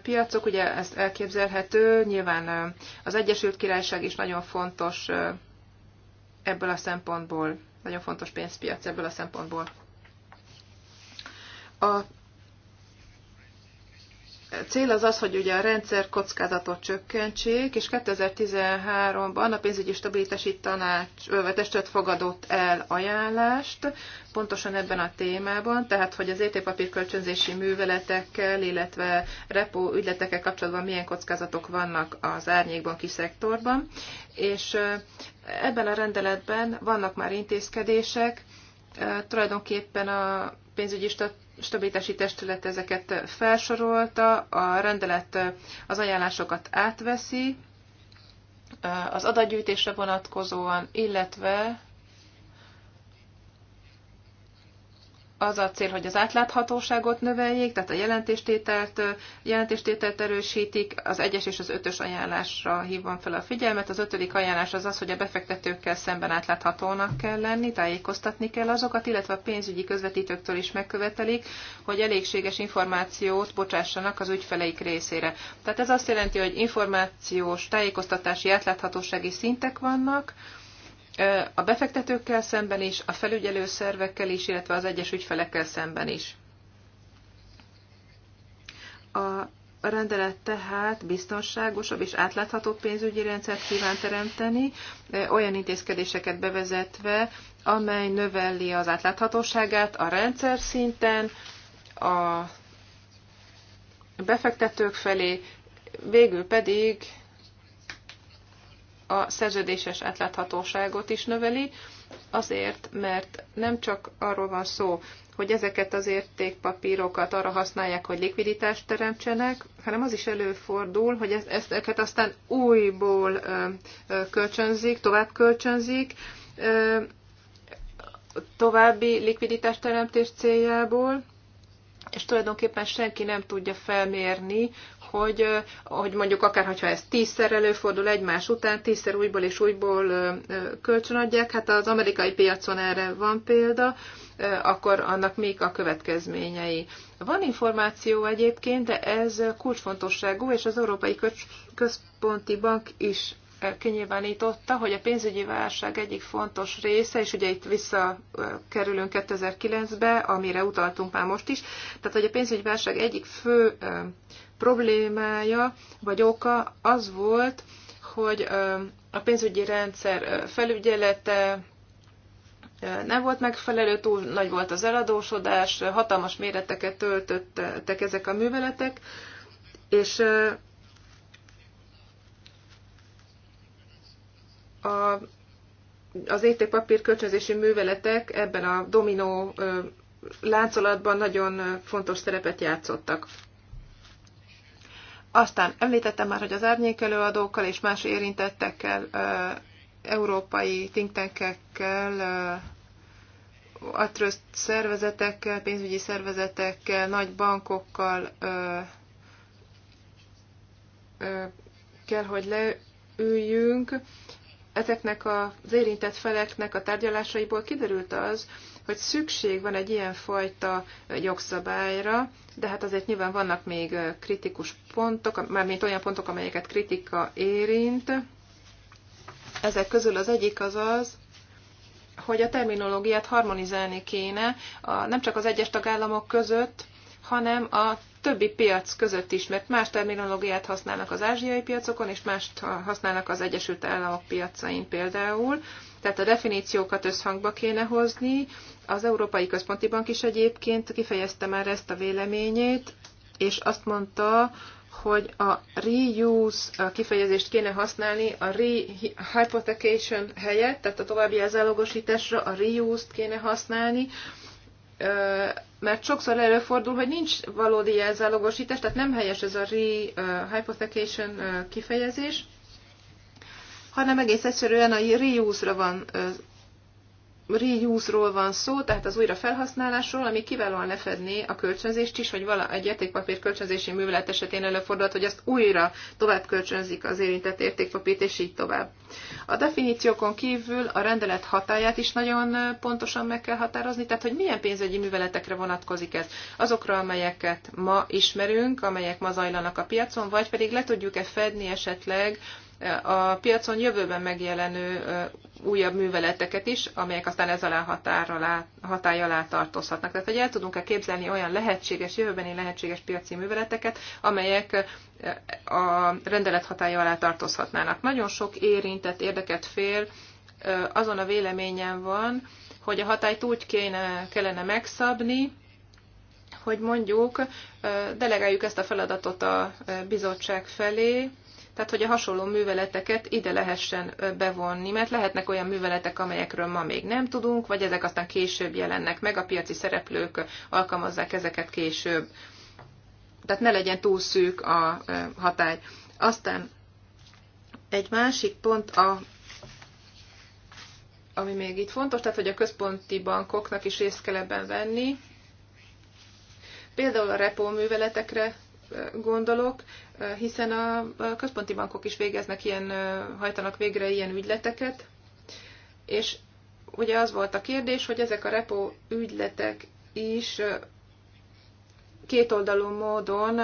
[SPEAKER 2] piacok, ugye ez elképzelhető, nyilván az Egyesült Királyság is nagyon fontos ebből a szempontból, nagyon fontos pénzpiac ebből a szempontból. A cél az az, hogy ugye a rendszer kockázatot csökkentsék, és 2013-ban a pénzügyi stabilitási tanács vagy testület fogadott el ajánlást, pontosan ebben a témában, tehát hogy az et kölcsönzési műveletekkel, illetve repo ügyletekkel kapcsolatban milyen kockázatok vannak az kis szektorban, és ebben a rendeletben vannak már intézkedések, tulajdonképpen a pénzügyi stabilitási testület ezeket felsorolta, a rendelet az ajánlásokat átveszi, az adatgyűjtésre vonatkozóan, illetve az a cél, hogy az átláthatóságot növeljék, tehát a jelentéstételt, jelentéstételt erősítik, az egyes és az ötös ajánlásra hívom fel a figyelmet. Az ötödik ajánlás az az, hogy a befektetőkkel szemben átláthatónak kell lenni, tájékoztatni kell azokat, illetve a pénzügyi közvetítőktől is megkövetelik, hogy elégséges információt bocsássanak az ügyfeleik részére. Tehát ez azt jelenti, hogy információs, tájékoztatási, átláthatósági szintek vannak, a befektetőkkel szemben is, a felügyelő szervekkel is, illetve az egyes ügyfelekkel szemben is. A rendelet tehát biztonságosabb és átláthatóbb pénzügyi rendszert kíván teremteni, olyan intézkedéseket bevezetve, amely növeli az átláthatóságát a rendszer szinten, a befektetők felé, végül pedig a szerződéses átláthatóságot is növeli, azért, mert nem csak arról van szó, hogy ezeket az értékpapírokat arra használják, hogy likviditást teremtsenek, hanem az is előfordul, hogy ezt, ezeket aztán újból kölcsönzik, tovább kölcsönzik, további likviditás teremtés céljából, és tulajdonképpen senki nem tudja felmérni, hogy, hogy mondjuk akár, hogyha ez tízszer előfordul egymás után, tízszer újból és újból kölcsönadják, hát az amerikai piacon erre van példa, akkor annak még a következményei. Van információ egyébként, de ez kulcsfontosságú, és az Európai Központi Bank is kinyilvánította, hogy a pénzügyi válság egyik fontos része, és ugye itt visszakerülünk 2009-be, amire utaltunk már most is, tehát hogy a pénzügyi válság egyik fő problémája vagy oka az volt, hogy a pénzügyi rendszer felügyelete nem volt megfelelő, túl nagy volt az eladósodás, hatalmas méreteket töltöttek ezek a műveletek, és a, az értékpapír kölcsönzési műveletek ebben a dominó láncolatban nagyon fontos szerepet játszottak. Aztán említettem már, hogy az árnyékelőadókkal és más érintettekkel, európai think tankekkel, a trust szervezetekkel, pénzügyi szervezetekkel, nagy bankokkal ö, ö, kell, hogy leüljünk. Ezeknek az érintett feleknek a tárgyalásaiból kiderült az, hogy szükség van egy ilyen fajta jogszabályra, de hát azért nyilván vannak még kritikus pontok, mármint olyan pontok, amelyeket kritika érint. Ezek közül az egyik az az, hogy a terminológiát harmonizálni kéne a, nem csak az egyes tagállamok között, hanem a többi piac között is, mert más terminológiát használnak az ázsiai piacokon, és mást használnak az Egyesült Államok piacain például. Tehát a definíciókat összhangba kéne hozni. Az Európai Központi Bank is egyébként kifejezte már ezt a véleményét, és azt mondta, hogy a reuse kifejezést kéne használni a rehypothecation helyett, tehát a további elzálogosításra a reuse-t kéne használni, mert sokszor előfordul, hogy nincs valódi elzálogosítás, tehát nem helyes ez a rehypothecation kifejezés, hanem egész egyszerűen a reuse-ra van reuse-ról van szó, tehát az újrafelhasználásról, ami kiválóan lefedné a kölcsönzést is, hogy vala, egy értékpapír kölcsönzési művelet esetén előfordulhat, hogy azt újra tovább kölcsönzik az érintett értékpapírt, és így tovább. A definíciókon kívül a rendelet hatáját is nagyon pontosan meg kell határozni, tehát hogy milyen pénzügyi műveletekre vonatkozik ez. Azokra, amelyeket ma ismerünk, amelyek ma zajlanak a piacon, vagy pedig le tudjuk-e fedni esetleg a piacon jövőben megjelenő újabb műveleteket is, amelyek aztán ez alá határ hatály alá tartozhatnak. Tehát, hogy el tudunk-e képzelni olyan lehetséges, jövőbeni lehetséges piaci műveleteket, amelyek a rendelet hatája alá tartozhatnának. Nagyon sok érintett, érdeket fél azon a véleményen van, hogy a hatályt úgy kéne, kellene megszabni, hogy mondjuk delegáljuk ezt a feladatot a bizottság felé, tehát hogy a hasonló műveleteket ide lehessen bevonni, mert lehetnek olyan műveletek, amelyekről ma még nem tudunk, vagy ezek aztán később jelennek meg, a piaci szereplők alkalmazzák ezeket később. Tehát ne legyen túl szűk a hatály. Aztán egy másik pont a ami még itt fontos, tehát hogy a központi bankoknak is részt kell ebben venni. Például a repo műveletekre gondolok, hiszen a központi bankok is végeznek ilyen, hajtanak végre ilyen ügyleteket, és ugye az volt a kérdés, hogy ezek a repo ügyletek is kétoldalú módon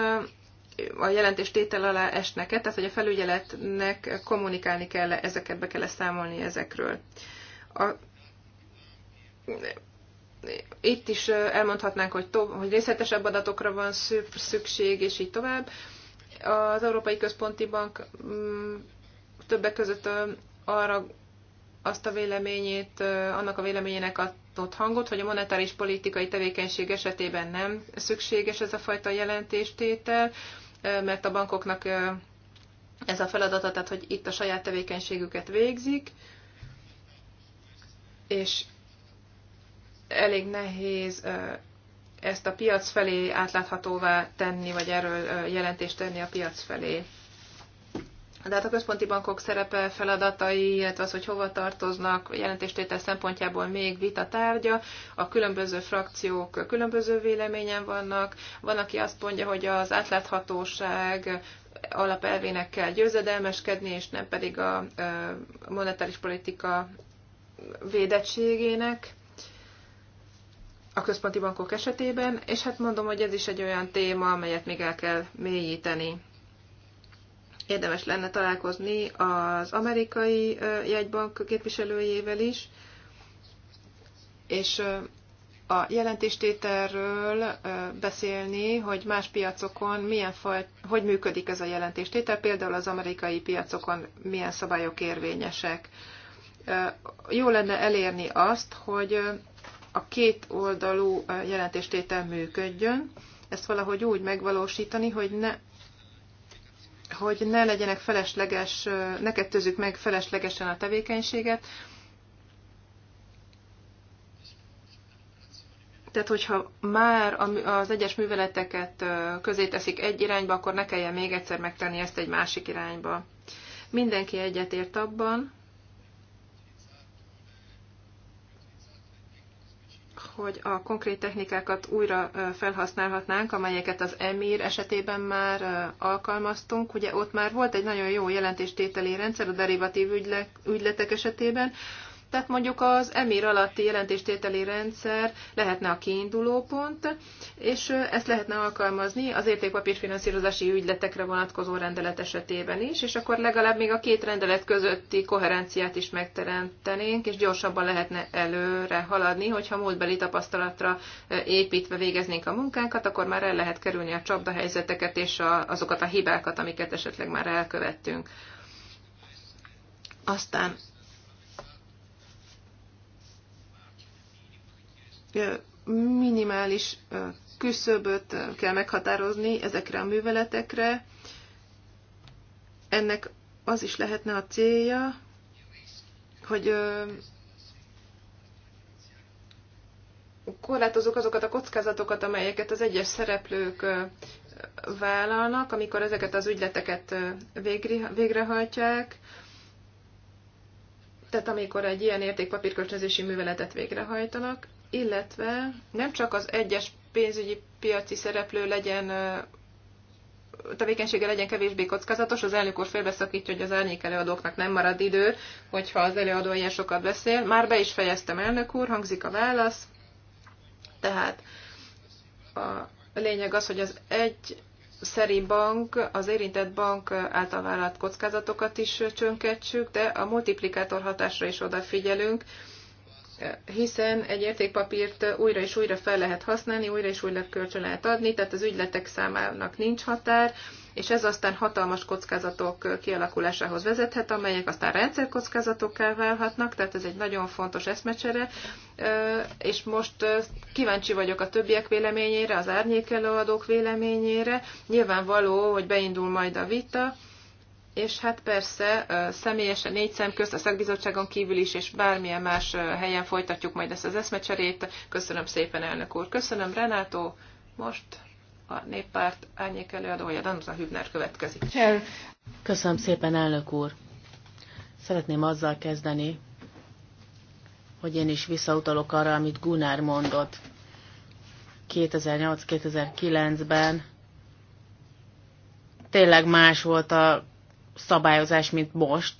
[SPEAKER 2] a jelentés tétel alá esnek-e, tehát hogy a felügyeletnek kommunikálni kell -e, ezeket be kell -e számolni ezekről. A, itt is elmondhatnánk, hogy, to, hogy részletesebb adatokra van szükség, és így tovább. Az Európai Központi Bank mm, többek között arra azt a véleményét, annak a véleményének adott hangot, hogy a monetáris politikai tevékenység esetében nem szükséges ez a fajta jelentéstétel, mert a bankoknak ez a feladata, tehát hogy itt a saját tevékenységüket végzik, és elég nehéz ezt a piac felé átláthatóvá tenni, vagy erről jelentést tenni a piac felé. De hát a központi bankok szerepe, feladatai, illetve az, hogy hova tartoznak, jelentéstétel szempontjából még vita tárgya, a különböző frakciók különböző véleményen vannak, van, aki azt mondja, hogy az átláthatóság alapelvének kell győzedelmeskedni, és nem pedig a monetáris politika védettségének a központi bankok esetében, és hát mondom, hogy ez is egy olyan téma, amelyet még el kell mélyíteni. Érdemes lenne találkozni az amerikai jegybank képviselőjével is, és a jelentéstételről beszélni, hogy más piacokon milyen faj, hogy működik ez a jelentéstétel, például az amerikai piacokon milyen szabályok érvényesek. Jó lenne elérni azt, hogy a két oldalú jelentéstétel működjön, ezt valahogy úgy megvalósítani, hogy ne hogy ne legyenek felesleges, ne kettőzzük meg feleslegesen a tevékenységet. Tehát, hogyha már az egyes műveleteket közé teszik egy irányba, akkor ne kelljen még egyszer megtenni ezt egy másik irányba. Mindenki egyetért abban, hogy a konkrét technikákat újra felhasználhatnánk, amelyeket az EMIR esetében már alkalmaztunk. Ugye ott már volt egy nagyon jó jelentéstételi rendszer a derivatív ügyletek esetében, tehát mondjuk az emír alatti jelentéstételi rendszer lehetne a kiinduló pont, és ezt lehetne alkalmazni az értékpapírfinanszírozási ügyletekre vonatkozó rendelet esetében is, és akkor legalább még a két rendelet közötti koherenciát is megteremtenénk, és gyorsabban lehetne előre haladni, hogyha múltbeli tapasztalatra e, építve végeznénk a munkánkat, akkor már el lehet kerülni a csapdahelyzeteket és azokat a hibákat, amiket esetleg már elkövettünk. Aztán minimális küszöböt kell meghatározni ezekre a műveletekre. Ennek az is lehetne a célja, hogy korlátozzuk azokat a kockázatokat, amelyeket az egyes szereplők vállalnak, amikor ezeket az ügyleteket végre, végrehajtják. Tehát amikor egy ilyen értékpapírkölcsönzési műveletet végrehajtanak, illetve nem csak az egyes pénzügyi piaci szereplő legyen tevékenysége legyen kevésbé kockázatos. Az elnök úr félbeszakítja, hogy az árnyék előadóknak nem marad idő, hogyha az előadó ilyen sokat beszél. Már be is fejeztem, elnök úr, hangzik a válasz. Tehát a lényeg az, hogy az egy szeri bank, az érintett bank által vállalt kockázatokat is csönkedtsük, de a multiplikátor hatásra is odafigyelünk, hiszen egy értékpapírt újra és újra fel lehet használni, újra és újra kölcsön lehet adni, tehát az ügyletek számának nincs határ, és ez aztán hatalmas kockázatok kialakulásához vezethet, amelyek aztán rendszerkockázatokká válhatnak, tehát ez egy nagyon fontos eszmecsere, és most kíváncsi vagyok a többiek véleményére, az árnyékelőadók véleményére. Nyilvánvaló, hogy beindul majd a vita, és hát persze személyesen négy szem közt a szakbizottságon kívül is, és bármilyen más helyen folytatjuk majd ezt az eszmecserét. Köszönöm szépen, elnök úr. Köszönöm, Renátó. Most a néppárt árnyék előadója Danuta Hübner következik.
[SPEAKER 1] Köszönöm szépen, elnök úr. Szeretném azzal kezdeni, hogy én is visszautalok arra, amit Gunár mondott. 2008-2009-ben tényleg más volt a szabályozás, mint most,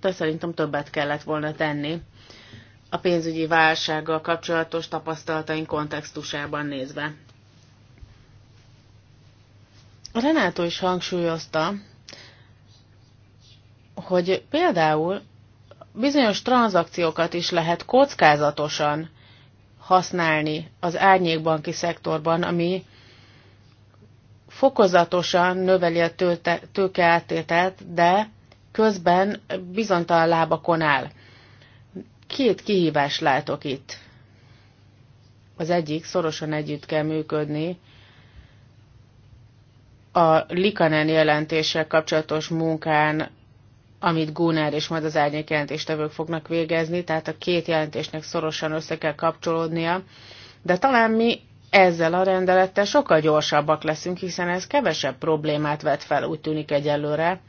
[SPEAKER 1] de szerintem többet kellett volna tenni a pénzügyi válsággal kapcsolatos tapasztalataink kontextusában nézve. Renátó is hangsúlyozta, hogy például bizonyos tranzakciókat is lehet kockázatosan használni az árnyékbanki szektorban, ami fokozatosan növeli a tőkeáttételt, de közben bizonytalan lábakon áll. Két kihívást látok itt. Az egyik, szorosan együtt kell működni a Likanen jelentéssel kapcsolatos munkán, amit Gunnar és majd az árnyék jelentéstevők fognak végezni, tehát a két jelentésnek szorosan össze kell kapcsolódnia, de talán mi ezzel a rendelettel sokkal gyorsabbak leszünk, hiszen ez kevesebb problémát vet fel, úgy tűnik egyelőre,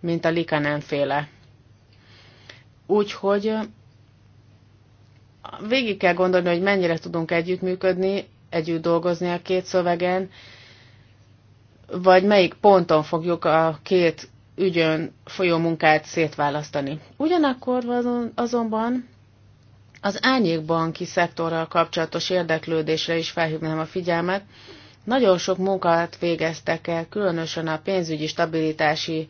[SPEAKER 1] mint a nem féle. Úgyhogy végig kell gondolni, hogy mennyire tudunk együttműködni, együtt dolgozni a két szövegen, vagy melyik ponton fogjuk a két ügyön folyó munkát szétválasztani. Ugyanakkor azonban az árnyékbanki szektorral kapcsolatos érdeklődésre is felhívnám a figyelmet. Nagyon sok munkát végeztek el, különösen a pénzügyi stabilitási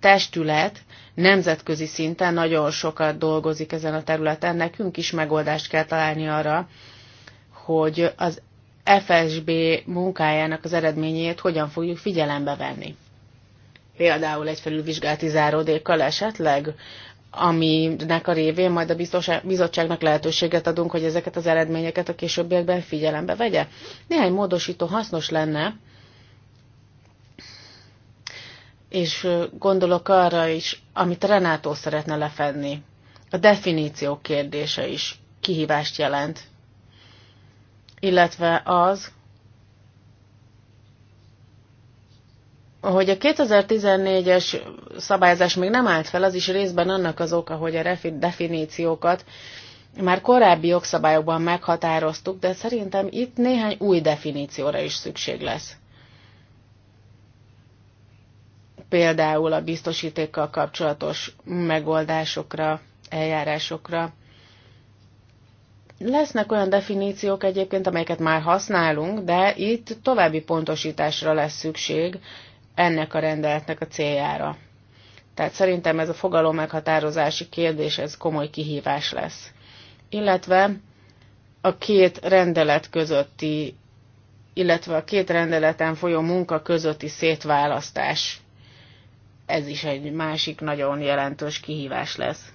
[SPEAKER 1] testület nemzetközi szinten nagyon sokat dolgozik ezen a területen. Nekünk is megoldást kell találni arra, hogy az FSB munkájának az eredményét hogyan fogjuk figyelembe venni. Például egy felülvizsgálati záródékkal esetleg aminek a révén majd a bizottságnak lehetőséget adunk, hogy ezeket az eredményeket a későbbiekben figyelembe vegye. Néhány módosító hasznos lenne, és gondolok arra is, amit Renátó szeretne lefedni. A definíció kérdése is kihívást jelent, illetve az, hogy a 2014-es szabályozás még nem állt fel, az is részben annak az oka, hogy a definíciókat már korábbi jogszabályokban meghatároztuk, de szerintem itt néhány új definícióra is szükség lesz. Például a biztosítékkal kapcsolatos megoldásokra, eljárásokra. Lesznek olyan definíciók egyébként, amelyeket már használunk, de itt további pontosításra lesz szükség, ennek a rendeletnek a céljára. Tehát szerintem ez a fogalom meghatározási kérdés, ez komoly kihívás lesz. Illetve a két rendelet közötti, illetve a két rendeleten folyó munka közötti szétválasztás. Ez is egy másik nagyon jelentős kihívás lesz.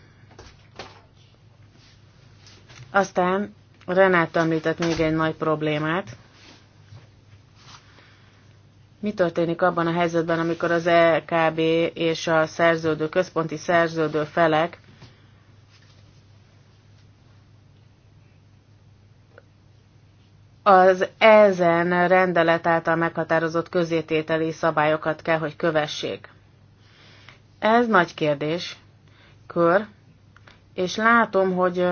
[SPEAKER 1] Aztán Renát említett még egy nagy problémát, mi történik abban a helyzetben, amikor az LKB e és a szerződő, központi szerződő felek az ezen rendelet által meghatározott közétételi szabályokat kell, hogy kövessék. Ez nagy kérdés, kör, és látom, hogy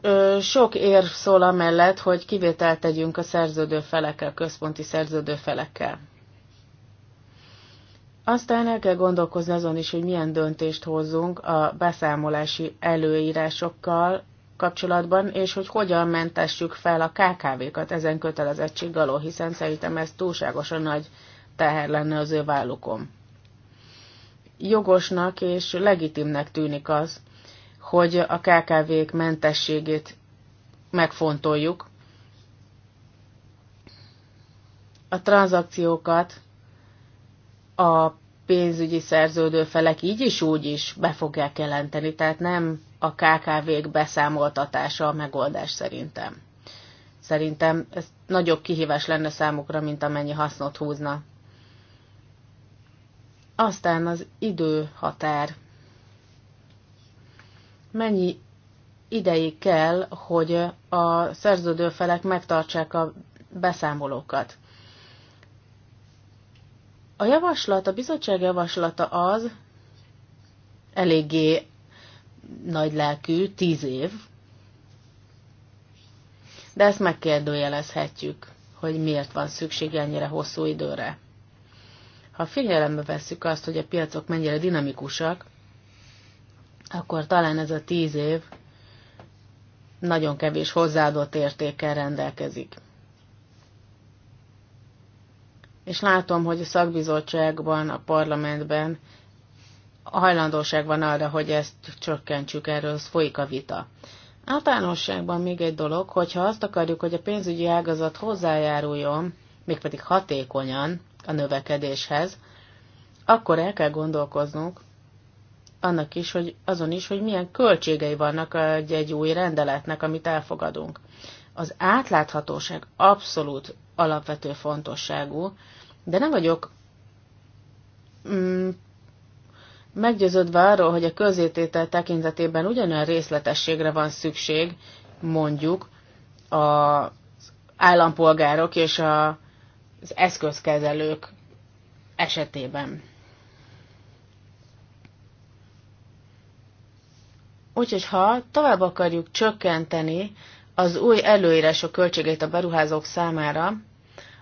[SPEAKER 1] ö, sok érv szól amellett, hogy kivételt tegyünk a szerződő felekkel, központi szerződő felekkel. Aztán el kell gondolkozni azon is, hogy milyen döntést hozzunk a beszámolási előírásokkal kapcsolatban, és hogy hogyan mentessük fel a KKV-kat ezen kötelezettség alól, hiszen szerintem ez túlságosan nagy teher lenne az ő vállukon. Jogosnak és legitimnek tűnik az, hogy a KKV-k mentességét megfontoljuk. A tranzakciókat a pénzügyi szerződő felek így is úgy is be fogják jelenteni, tehát nem a KKV-k beszámoltatása a megoldás szerintem. Szerintem ez nagyobb kihívás lenne számukra, mint amennyi hasznot húzna. Aztán az időhatár mennyi ideig kell, hogy a szerződő felek megtartsák a beszámolókat. A javaslat, a bizottság javaslata az eléggé nagy lelkű, tíz év, de ezt megkérdőjelezhetjük, hogy miért van szükség ennyire hosszú időre. Ha figyelembe vesszük azt, hogy a piacok mennyire dinamikusak, akkor talán ez a tíz év nagyon kevés hozzáadott értékkel rendelkezik. És látom, hogy a szakbizottságban, a parlamentben a hajlandóság van arra, hogy ezt csökkentsük, erről folyik a vita. Általánosságban még egy dolog, hogyha azt akarjuk, hogy a pénzügyi ágazat hozzájáruljon, mégpedig hatékonyan a növekedéshez, akkor el kell gondolkoznunk annak is, hogy azon is, hogy milyen költségei vannak egy, egy új rendeletnek, amit elfogadunk. Az átláthatóság abszolút alapvető fontosságú, de nem vagyok mm, meggyőződve arról, hogy a közététel tekintetében ugyanolyan részletességre van szükség, mondjuk az állampolgárok és a, az eszközkezelők esetében. Úgyhogy ha tovább akarjuk csökkenteni az új előírások költségeit a beruházók számára,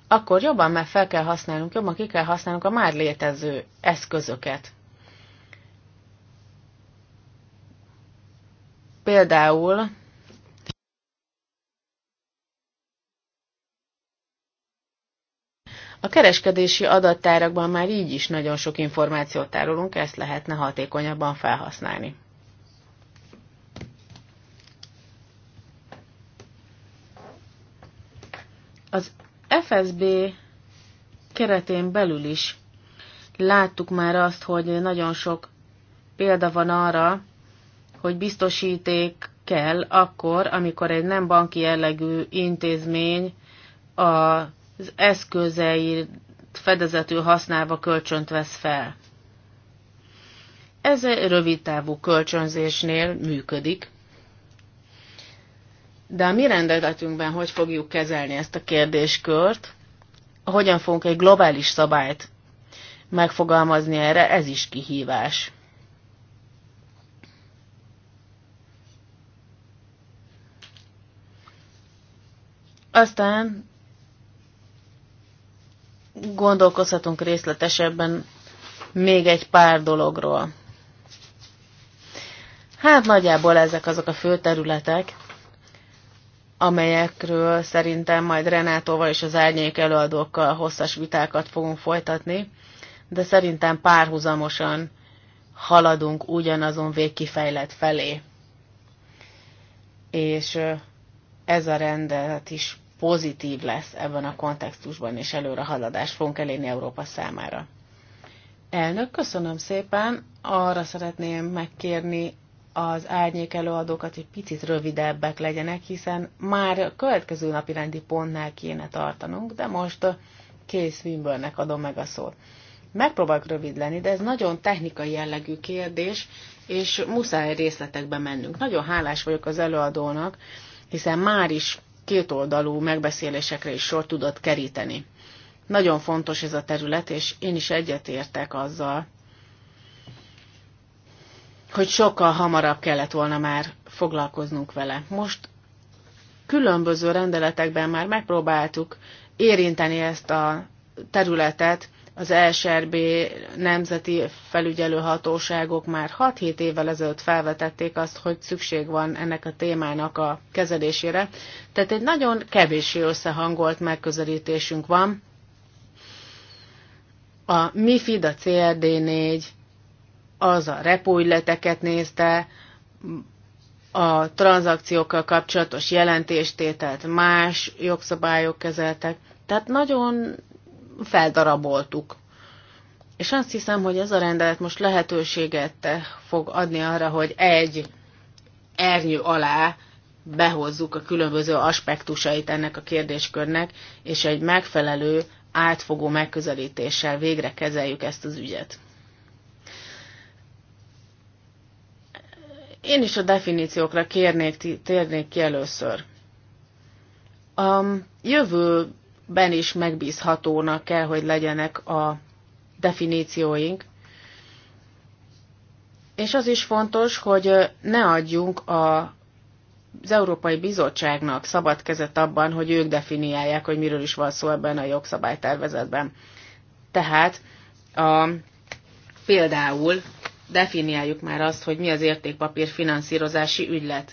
[SPEAKER 1] akkor jobban meg fel kell használnunk, jobban ki kell használnunk a már létező eszközöket. Például A kereskedési adattárakban már így is nagyon sok információt tárolunk, ezt lehetne hatékonyabban felhasználni. Az FSB keretén belül is láttuk már azt, hogy nagyon sok példa van arra, hogy biztosíték kell akkor, amikor egy nem banki jellegű intézmény az eszközeit fedezetül használva kölcsönt vesz fel. Ez rövid távú kölcsönzésnél működik, de a mi rendeletünkben hogy fogjuk kezelni ezt a kérdéskört? Hogyan fogunk egy globális szabályt megfogalmazni erre? Ez is kihívás. Aztán gondolkozhatunk részletesebben még egy pár dologról. Hát nagyjából ezek azok a fő területek, amelyekről szerintem majd Renátóval és az árnyék előadókkal hosszas vitákat fogunk folytatni, de szerintem párhuzamosan haladunk ugyanazon végkifejlet felé. És ez a rendelet is pozitív lesz ebben a kontextusban, és előre haladás fogunk elérni Európa számára. Elnök, köszönöm szépen. Arra szeretném megkérni az árnyék előadókat egy picit rövidebbek legyenek, hiszen már a következő napi rendi pontnál kéne tartanunk, de most Kész Wimbörnek adom meg a szót. Megpróbálok rövid lenni, de ez nagyon technikai jellegű kérdés, és muszáj részletekbe mennünk. Nagyon hálás vagyok az előadónak, hiszen már is kétoldalú megbeszélésekre is sor tudott keríteni. Nagyon fontos ez a terület, és én is egyetértek azzal, hogy sokkal hamarabb kellett volna már foglalkoznunk vele. Most különböző rendeletekben már megpróbáltuk érinteni ezt a területet, az e SRB nemzeti felügyelőhatóságok már 6-7 évvel ezelőtt felvetették azt, hogy szükség van ennek a témának a kezelésére. Tehát egy nagyon kevéssé összehangolt megközelítésünk van. A MIFID, a CRD4, az a repóügyleteket nézte, a tranzakciókkal kapcsolatos jelentéstételt más jogszabályok kezeltek. Tehát nagyon feldaraboltuk. És azt hiszem, hogy ez a rendelet most lehetőséget fog adni arra, hogy egy ernyő alá behozzuk a különböző aspektusait ennek a kérdéskörnek, és egy megfelelő, átfogó megközelítéssel végre kezeljük ezt az ügyet. Én is a definíciókra kérnék, térnék ki először. A jövőben is megbízhatónak kell, hogy legyenek a definícióink, és az is fontos, hogy ne adjunk a, az Európai Bizottságnak szabad kezet abban, hogy ők definiálják, hogy miről is van szó ebben a jogszabálytervezetben. Tehát a, például definiáljuk már azt, hogy mi az értékpapír finanszírozási ügylet,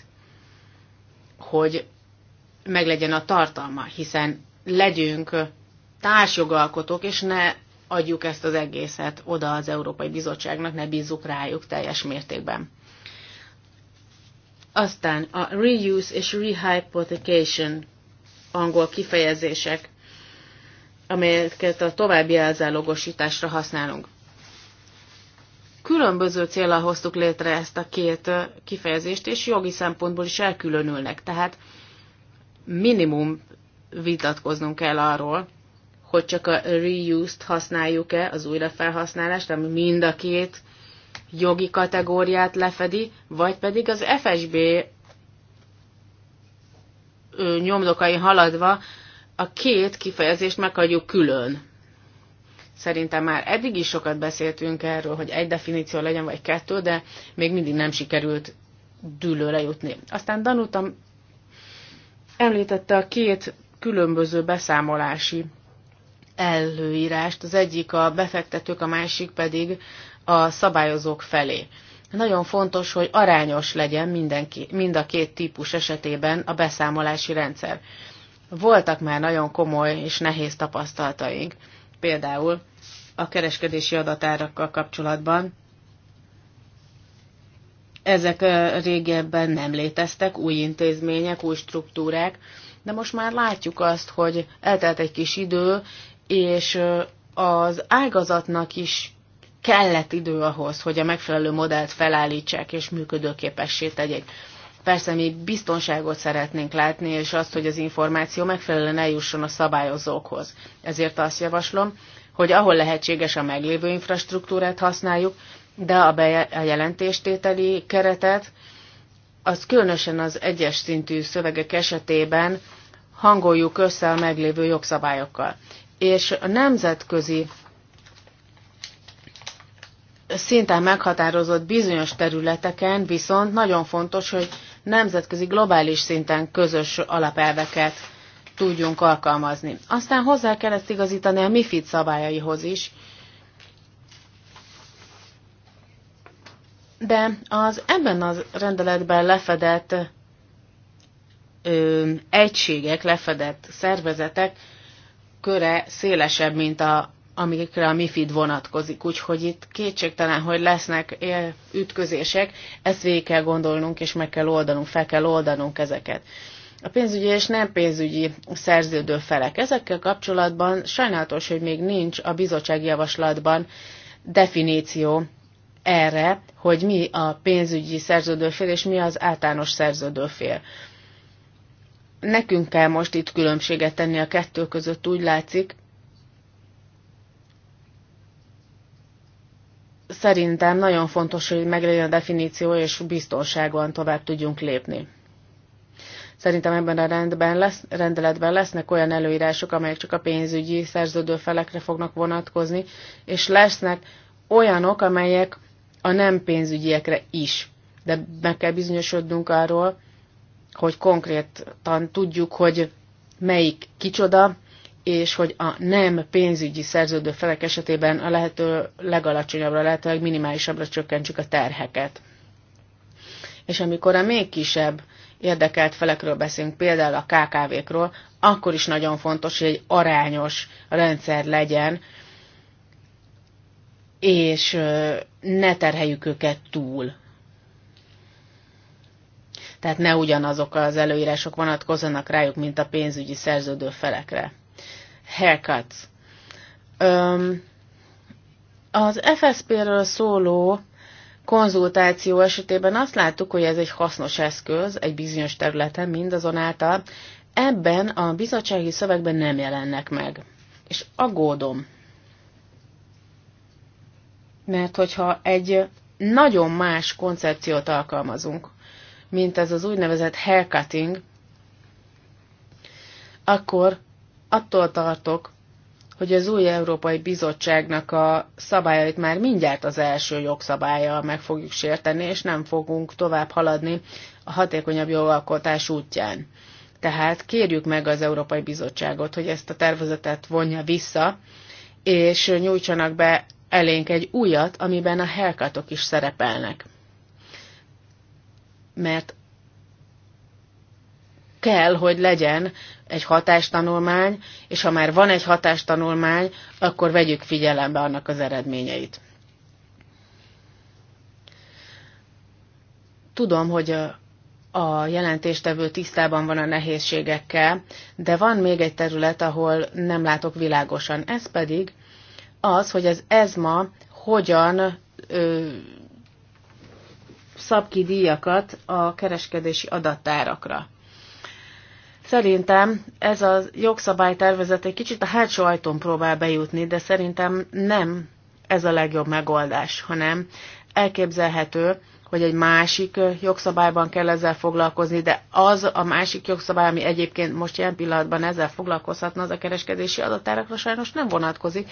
[SPEAKER 1] hogy meglegyen a tartalma, hiszen legyünk társjogalkotók, és ne adjuk ezt az egészet oda az Európai Bizottságnak, ne bízzuk rájuk teljes mértékben. Aztán a reuse és rehypothecation angol kifejezések, amelyeket a további elzálogosításra használunk különböző célra hoztuk létre ezt a két kifejezést, és jogi szempontból is elkülönülnek. Tehát minimum vitatkoznunk kell arról, hogy csak a reused használjuk-e, az újrafelhasználást, ami mind a két jogi kategóriát lefedi, vagy pedig az FSB nyomdokai haladva a két kifejezést meghagyjuk külön. Szerintem már eddig is sokat beszéltünk erről, hogy egy definíció legyen, vagy kettő, de még mindig nem sikerült dűlőre jutni. Aztán Danutam említette a két különböző beszámolási előírást, az egyik a befektetők, a másik pedig a szabályozók felé. Nagyon fontos, hogy arányos legyen mindenki, mind a két típus esetében a beszámolási rendszer. Voltak már nagyon komoly és nehéz tapasztalataink, például a kereskedési adatárakkal kapcsolatban. Ezek régebben nem léteztek, új intézmények, új struktúrák, de most már látjuk azt, hogy eltelt egy kis idő, és az ágazatnak is kellett idő ahhoz, hogy a megfelelő modellt felállítsák és működőképessé tegyék. Persze mi biztonságot szeretnénk látni, és azt, hogy az információ megfelelően eljusson a szabályozókhoz. Ezért azt javaslom, hogy ahol lehetséges a meglévő infrastruktúrát használjuk, de a, a jelentéstételi keretet, az különösen az egyes szintű szövegek esetében hangoljuk össze a meglévő jogszabályokkal. És a nemzetközi szinten meghatározott bizonyos területeken viszont nagyon fontos, hogy nemzetközi globális szinten közös alapelveket tudjunk alkalmazni. Aztán hozzá kell ezt igazítani a MIFID szabályaihoz is, de az ebben a rendeletben lefedett ö, egységek, lefedett szervezetek köre szélesebb, mint a, amikre a MIFID vonatkozik. Úgyhogy itt kétségtelen, hogy lesznek ütközések, ezt végig kell gondolnunk, és meg kell oldanunk, fel kell oldanunk ezeket a pénzügyi és nem pénzügyi szerződő felek. Ezekkel kapcsolatban sajnálatos, hogy még nincs a bizottsági javaslatban definíció erre, hogy mi a pénzügyi szerződőfél és mi az általános szerződőfél. Nekünk kell most itt különbséget tenni a kettő között, úgy látszik. Szerintem nagyon fontos, hogy meglegyen a definíció, és biztonságban tovább tudjunk lépni. Szerintem ebben a rendben lesz, rendeletben lesznek olyan előírások, amelyek csak a pénzügyi szerződő felekre fognak vonatkozni, és lesznek olyanok, amelyek a nem pénzügyiekre is. De meg kell bizonyosodnunk arról, hogy konkrétan tudjuk, hogy melyik kicsoda, és hogy a nem pénzügyi szerződő felek esetében a lehető legalacsonyabbra, lehetőleg minimálisabbra csökkentsük a terheket. És amikor a még kisebb érdekelt felekről beszélünk, például a KKV-król, akkor is nagyon fontos, hogy egy arányos rendszer legyen, és ne terheljük őket túl. Tehát ne ugyanazok az előírások vonatkozzanak rájuk, mint a pénzügyi szerződő felekre. Haircuts. Öm, az FSP-ről szóló konzultáció esetében azt láttuk, hogy ez egy hasznos eszköz egy bizonyos területen mindazonáltal, ebben a bizottsági szövegben nem jelennek meg. És aggódom. Mert hogyha egy nagyon más koncepciót alkalmazunk, mint ez az úgynevezett haircutting, akkor attól tartok, hogy az új Európai Bizottságnak a szabályait már mindjárt az első jogszabálya meg fogjuk sérteni, és nem fogunk tovább haladni a hatékonyabb jogalkotás útján. Tehát kérjük meg az Európai Bizottságot, hogy ezt a tervezetet vonja vissza, és nyújtsanak be elénk egy újat, amiben a helkatok is szerepelnek. Mert kell, hogy legyen egy hatástanulmány, és ha már van egy hatástanulmány, akkor vegyük figyelembe annak az eredményeit. Tudom, hogy a, a jelentéstevő tisztában van a nehézségekkel, de van még egy terület, ahol nem látok világosan. Ez pedig az, hogy az ESMA hogyan ö, szab ki díjakat a kereskedési adattárakra. Szerintem ez a jogszabálytervezet egy kicsit a hátsó ajtón próbál bejutni, de szerintem nem ez a legjobb megoldás, hanem elképzelhető, hogy egy másik jogszabályban kell ezzel foglalkozni, de az a másik jogszabály, ami egyébként most ilyen pillanatban ezzel foglalkozhatna, az a kereskedési adatárakra sajnos nem vonatkozik.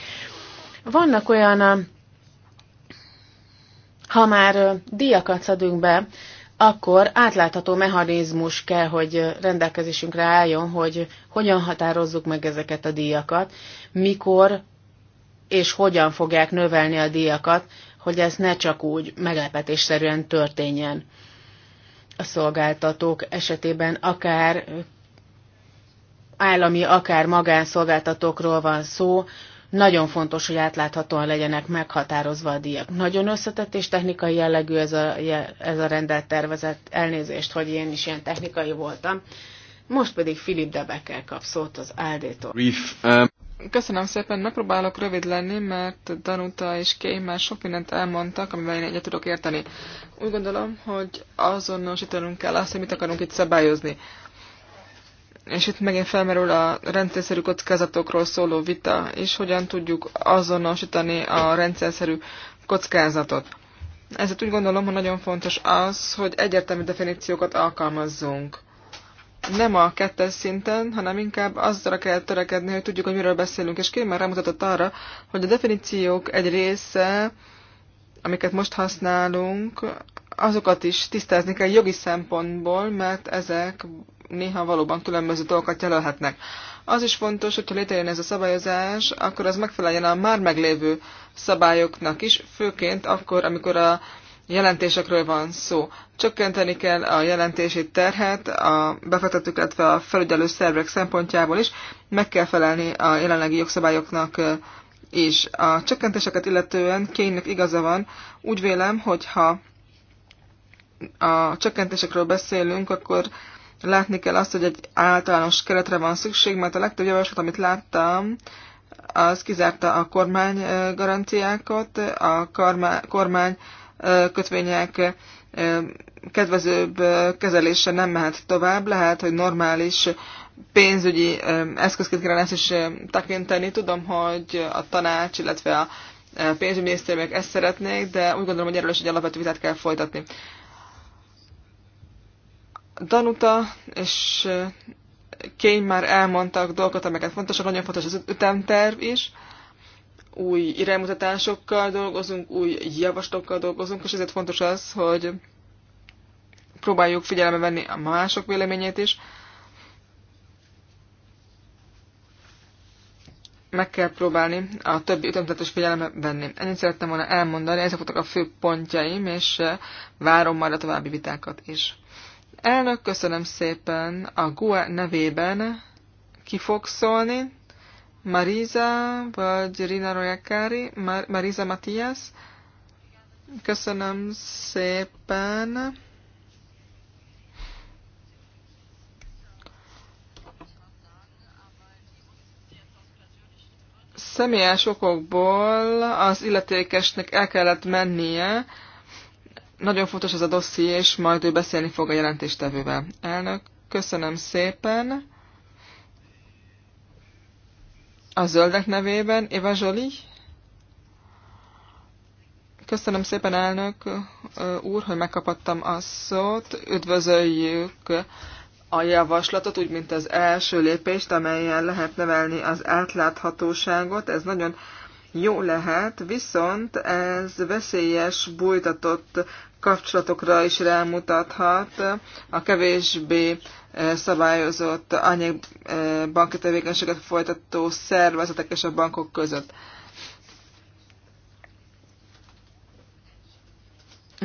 [SPEAKER 1] Vannak olyan, ha már díjakat szedünk be, akkor átlátható mechanizmus kell, hogy rendelkezésünkre álljon, hogy hogyan határozzuk meg ezeket a díjakat, mikor és hogyan fogják növelni a díjakat, hogy ez ne csak úgy meglepetésszerűen történjen. A szolgáltatók esetében akár állami, akár magánszolgáltatókról van szó, nagyon fontos, hogy átláthatóan legyenek meghatározva a díjak. Nagyon összetett és technikai jellegű ez a, ez a rendelt tervezett Elnézést, hogy én is ilyen technikai voltam. Most pedig Filip Debekkel kap szót az Áldétól. Um, Köszönöm szépen, megpróbálok rövid lenni,
[SPEAKER 3] mert Danuta és Kay már sok mindent elmondtak, amivel én egyet tudok érteni. Úgy gondolom, hogy azonosítanunk kell azt, hogy mit akarunk itt szabályozni és itt megint felmerül a rendszerszerű kockázatokról szóló vita, és hogyan tudjuk azonosítani a rendszerszerű kockázatot. Ezért úgy gondolom, hogy nagyon fontos az, hogy egyértelmű definíciókat alkalmazzunk. Nem a kettes szinten, hanem inkább azzal kell törekedni, hogy tudjuk, hogy miről beszélünk. És Kim már rámutatott arra, hogy a definíciók egy része, amiket most használunk, azokat is tisztázni kell jogi szempontból, mert ezek néha valóban különböző dolgokat jelölhetnek. Az is fontos, hogyha létrejön ez a szabályozás, akkor az megfeleljen a már meglévő szabályoknak is, főként akkor, amikor a jelentésekről van szó. Csökkenteni kell a jelentési terhet a befektetők, illetve a felügyelő szervek szempontjából is, meg kell felelni a jelenlegi jogszabályoknak is. A csökkentéseket illetően kénynek igaza van, úgy vélem, hogyha a csökkentésekről beszélünk, akkor Látni kell azt, hogy egy általános keretre van szükség, mert a legtöbb javaslat, amit láttam, az kizárta a kormány garanciákat, a kormány kötvények kedvezőbb kezelése nem mehet tovább. Lehet, hogy normális pénzügyi eszközként kellene ezt is tekinteni. Tudom, hogy a tanács, illetve a pénzügyminisztériumok ezt szeretnék, de úgy gondolom, hogy erről is egy alapvető vitát kell folytatni. Danuta és Kény már elmondtak dolgokat, amelyeket fontosak, nagyon fontos az ütemterv is. Új iránymutatásokkal dolgozunk, új javaslatokkal dolgozunk, és ezért fontos az, hogy próbáljuk figyelembe venni a mások véleményét is. Meg kell próbálni a többi ütemtetős figyelembe venni. Ennyit szerettem volna elmondani, ezek voltak a fő pontjaim, és várom majd a további vitákat is. Elnök, köszönöm szépen a GUE nevében. Ki fog szólni? Marisa vagy Rina Royakári? Mar Marisa Matias? Köszönöm szépen. Személyes okokból az illetékesnek el kellett mennie, nagyon fontos ez a dosszi, és majd ő beszélni fog a jelentéstevővel. Elnök, köszönöm szépen. A zöldek nevében, Eva Zsoli. Köszönöm szépen, elnök úr, hogy megkapattam a szót. Üdvözöljük a javaslatot, úgy mint az első lépést, amelyen lehet nevelni az átláthatóságot. Ez nagyon jó lehet, viszont ez veszélyes, bújtatott kapcsolatokra is rámutathat a kevésbé eh, szabályozott anyagbanki eh, tevékenységet folytató szervezetek és a bankok között.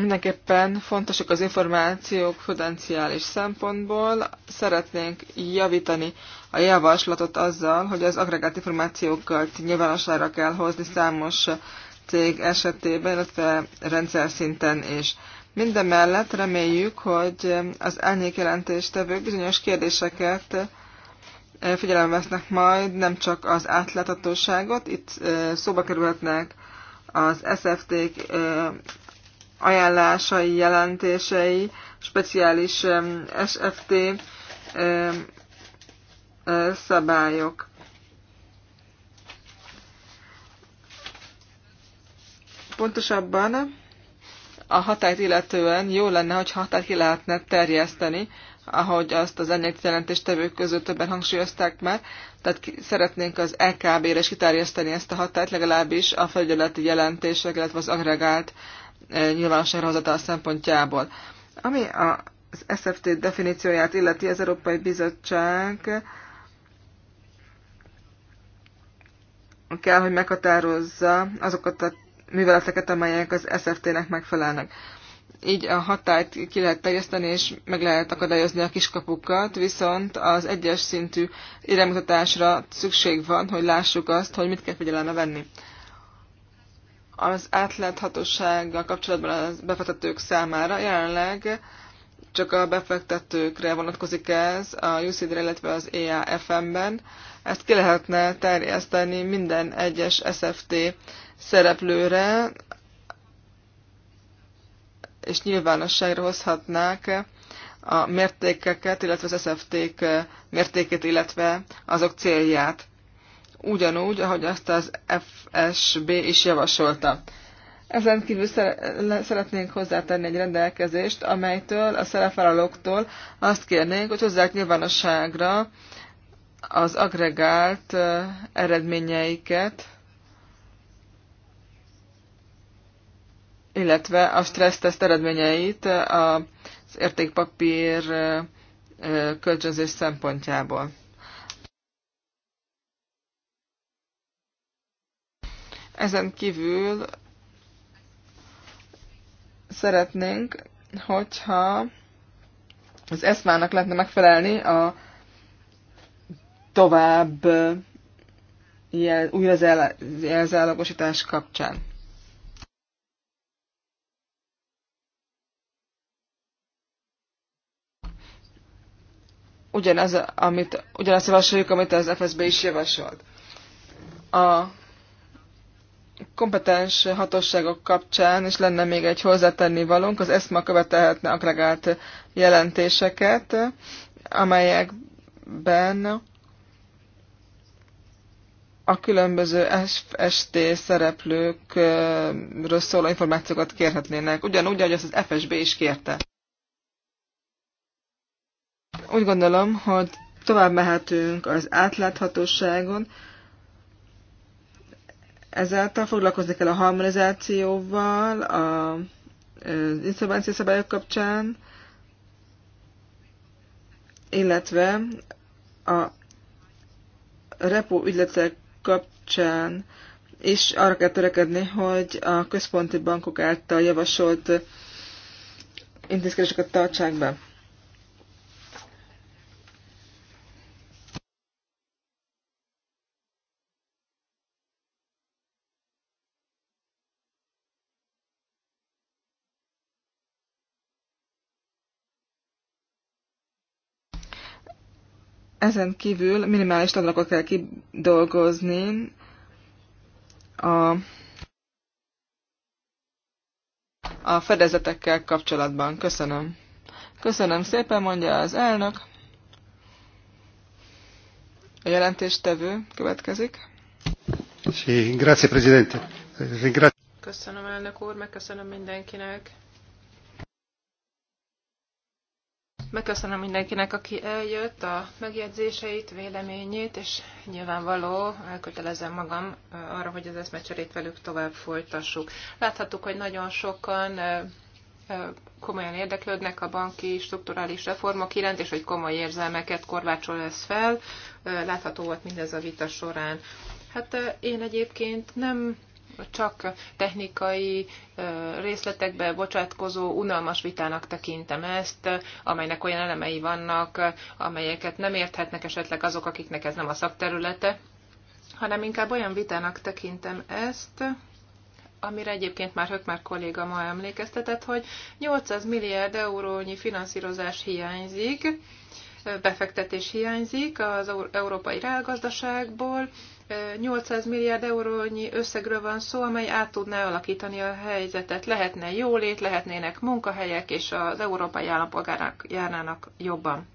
[SPEAKER 3] Mindenképpen fontosak az információk prudenciális szempontból. Szeretnénk javítani a javaslatot azzal, hogy az agregált információkat nyilvánosságra kell hozni számos cég esetében, illetve rendszer szinten is. Mindemellett reméljük, hogy az elnyék jelentéstevők bizonyos kérdéseket eh, figyelembe vesznek majd, nem csak az átláthatóságot, itt eh, szóba kerülhetnek az SFT ajánlásai, jelentései, speciális SFT szabályok. Pontosabban a hatályt illetően jó lenne, hogy hatályt ki lehetne terjeszteni, ahogy azt az ennél jelentéstevők között többen hangsúlyozták már, tehát szeretnénk az EKB-re is kiterjeszteni ezt a hatályt, legalábbis a felügyeleti jelentések, illetve az agregált nyilvánosságra hozatal szempontjából. Ami az SFT definícióját illeti, az Európai Bizottság kell, hogy meghatározza azokat a műveleteket, amelyek az SFT-nek megfelelnek. Így a hatályt ki lehet terjeszteni, és meg lehet akadályozni a kiskapukat, viszont az egyes szintű iránymutatásra szükség van, hogy lássuk azt, hogy mit kell figyelembe venni az átláthatósággal kapcsolatban a befektetők számára. Jelenleg csak a befektetőkre vonatkozik ez a UCD-re, illetve az EAFM-ben. Ezt ki lehetne terjeszteni minden egyes SFT szereplőre, és nyilvánosságra hozhatnák a mértékeket, illetve az SFT-k mértékét, illetve azok célját ugyanúgy, ahogy azt az FSB is javasolta. Ezen kívül szeretnénk hozzátenni egy rendelkezést, amelytől a szerepvállalóktól azt kérnénk, hogy hozzák nyilvánosságra az agregált eredményeiket, illetve a stresszteszt eredményeit az értékpapír kölcsönzés szempontjából. Ezen kívül szeretnénk, hogyha az eszmának lehetne megfelelni a tovább jel, újra jelzállagosítás kapcsán. Ugyanaz, amit, ugyanazt javasoljuk, amit az FSB is javasolt. A kompetens hatóságok kapcsán is lenne még egy hozzátenni valónk, az ESMA követelhetne agregált jelentéseket, amelyekben a különböző FST szereplőkről szóló információkat kérhetnének, ugyanúgy, ahogy azt az FSB is kérte. Úgy gondolom, hogy tovább mehetünk az átláthatóságon, Ezáltal foglalkozni kell a harmonizációval, a inszolvencia szabályok kapcsán, illetve a repo ügyletek kapcsán és arra kell törekedni, hogy a központi bankok által javasolt intézkedéseket tartsák be. Ezen kívül minimális standardokat kell kidolgozni a, a fedezetekkel kapcsolatban. Köszönöm. Köszönöm szépen, mondja az elnök. A jelentéstevő következik.
[SPEAKER 2] Köszönöm, elnök úr, megköszönöm mindenkinek. Megköszönöm mindenkinek, aki eljött a megjegyzéseit, véleményét, és nyilvánvaló, elkötelezem magam arra, hogy az eszmecserét velük tovább folytassuk. Láthattuk, hogy nagyon sokan komolyan érdeklődnek a banki strukturális reformok iránt, és hogy komoly érzelmeket korvácsol ez fel. Látható volt mindez a vita során. Hát én egyébként nem csak technikai részletekbe bocsátkozó unalmas vitának tekintem ezt, amelynek olyan elemei vannak, amelyeket nem érthetnek esetleg azok, akiknek ez nem a szakterülete, hanem inkább olyan vitának tekintem ezt, amire egyébként már Hökmer kolléga ma emlékeztetett, hogy 800 milliárd eurónyi finanszírozás hiányzik, befektetés hiányzik az európai reálgazdaságból, 800 milliárd eurónyi összegről van szó, amely át tudná alakítani a helyzetet. Lehetne jólét, lehetnének munkahelyek, és az európai állampolgárok járnának jobban.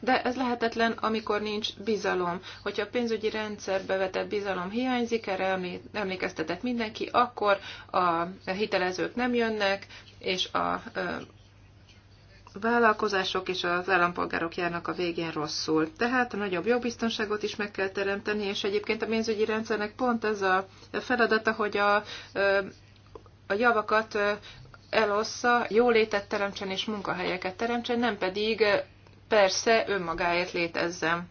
[SPEAKER 2] De ez lehetetlen, amikor nincs bizalom. Hogyha a pénzügyi rendszerbe vetett bizalom hiányzik, erre emlékeztetett mindenki, akkor a hitelezők nem jönnek, és a vállalkozások és az állampolgárok járnak a végén rosszul. Tehát a nagyobb jogbiztonságot is meg kell teremteni, és egyébként a pénzügyi rendszernek pont ez a feladata, hogy a, a javakat elossza, jólétet teremtsen és munkahelyeket teremtsen, nem pedig persze önmagáért létezzen.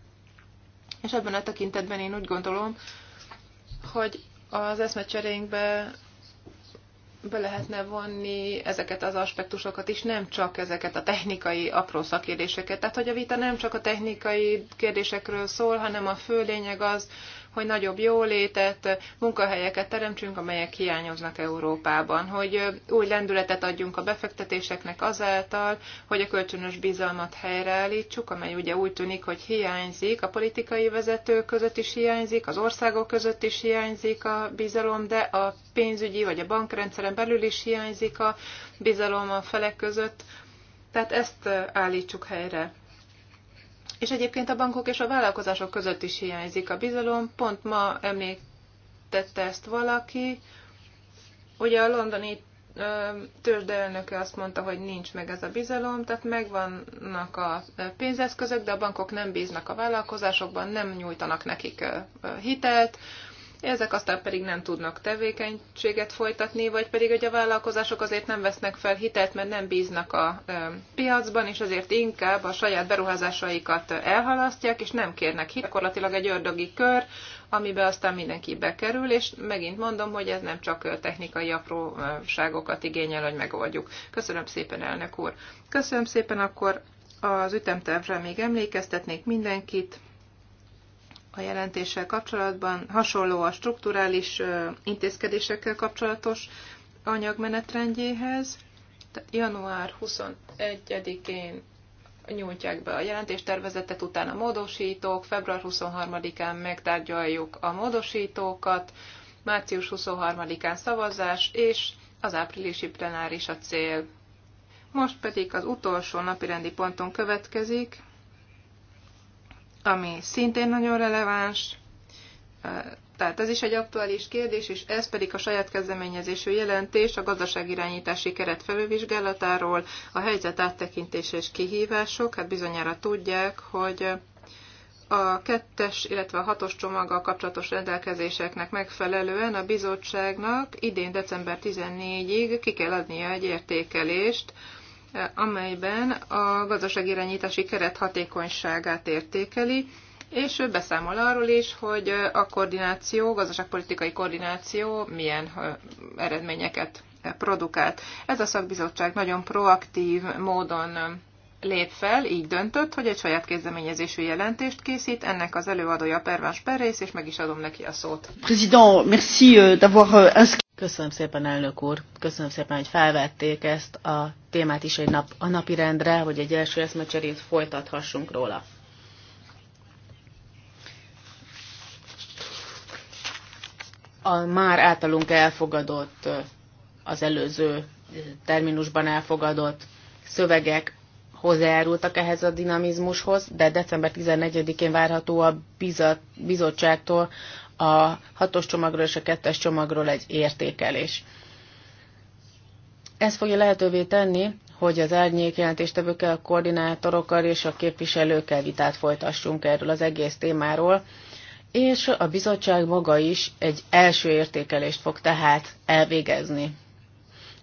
[SPEAKER 2] És ebben a tekintetben én úgy gondolom, hogy az eszmecserénkben be lehetne vonni ezeket az aspektusokat is, nem csak ezeket a technikai apró szakérdéseket. Tehát, hogy a vita nem csak a technikai kérdésekről szól, hanem a fő lényeg az, hogy nagyobb jólétet, munkahelyeket teremtsünk, amelyek hiányoznak Európában, hogy új lendületet adjunk a befektetéseknek azáltal, hogy a kölcsönös bizalmat helyreállítsuk, amely ugye úgy tűnik, hogy hiányzik, a politikai vezetők között is hiányzik, az országok között is hiányzik a bizalom, de a pénzügyi vagy a bankrendszeren belül is hiányzik a bizalom a felek között. Tehát ezt állítsuk helyre. És egyébként a bankok és a vállalkozások között is hiányzik a bizalom. Pont ma említette ezt valaki. Ugye a londoni tőzsdeelnöke azt mondta, hogy nincs meg ez a bizalom, tehát megvannak a pénzeszközök, de a bankok nem bíznak a vállalkozásokban, nem nyújtanak nekik hitelt, ezek aztán pedig nem tudnak tevékenységet folytatni, vagy pedig hogy a vállalkozások azért nem vesznek fel hitelt, mert nem bíznak a piacban, és azért inkább a saját beruházásaikat elhalasztják, és nem kérnek hitelt. Gyakorlatilag egy ördögi kör, amibe aztán mindenki bekerül, és megint mondom, hogy ez nem csak technikai apróságokat igényel, hogy megoldjuk. Köszönöm szépen, elnök úr. Köszönöm szépen, akkor az ütemtervre még emlékeztetnék mindenkit a jelentéssel kapcsolatban, hasonló a strukturális intézkedésekkel kapcsolatos anyagmenetrendjéhez. Tehát január 21-én nyújtják be a jelentéstervezetet, utána módosítók, február 23-án megtárgyaljuk a módosítókat, március 23-án szavazás, és az áprilisi plenáris a cél. Most pedig az utolsó napirendi ponton következik, ami szintén nagyon releváns, tehát ez is egy aktuális kérdés, és ez pedig a saját kezdeményezésű jelentés a gazdaságirányítási keret felülvizsgálatáról, a helyzet áttekintése és kihívások. Hát bizonyára tudják, hogy a kettes, illetve a hatos csomaggal kapcsolatos rendelkezéseknek megfelelően a bizottságnak idén december 14-ig ki kell adnia egy értékelést amelyben a gazdasági irányítási keret hatékonyságát értékeli, és ő beszámol arról is, hogy a koordináció, gazdaságpolitikai koordináció milyen eredményeket produkált. Ez a szakbizottság nagyon proaktív módon lép fel, így döntött, hogy egy saját kezdeményezésű jelentést készít, ennek az előadója Pervans Perész, és meg is adom neki a szót.
[SPEAKER 1] Président, merci euh, d'avoir euh, Köszönöm szépen, elnök úr. Köszönöm szépen, hogy felvették ezt a témát is egy nap, a napi rendre, hogy egy első eszmecserét folytathassunk róla. A már általunk elfogadott, az előző terminusban elfogadott szövegek hozzájárultak ehhez a dinamizmushoz, de december 14-én várható a bizottságtól a hatos csomagról és a kettes csomagról egy értékelés. Ez fogja lehetővé tenni, hogy az árnyék jelentéstevőkkel, a koordinátorokkal és a képviselőkkel vitát folytassunk erről az egész témáról, és a bizottság maga is egy első értékelést fog tehát elvégezni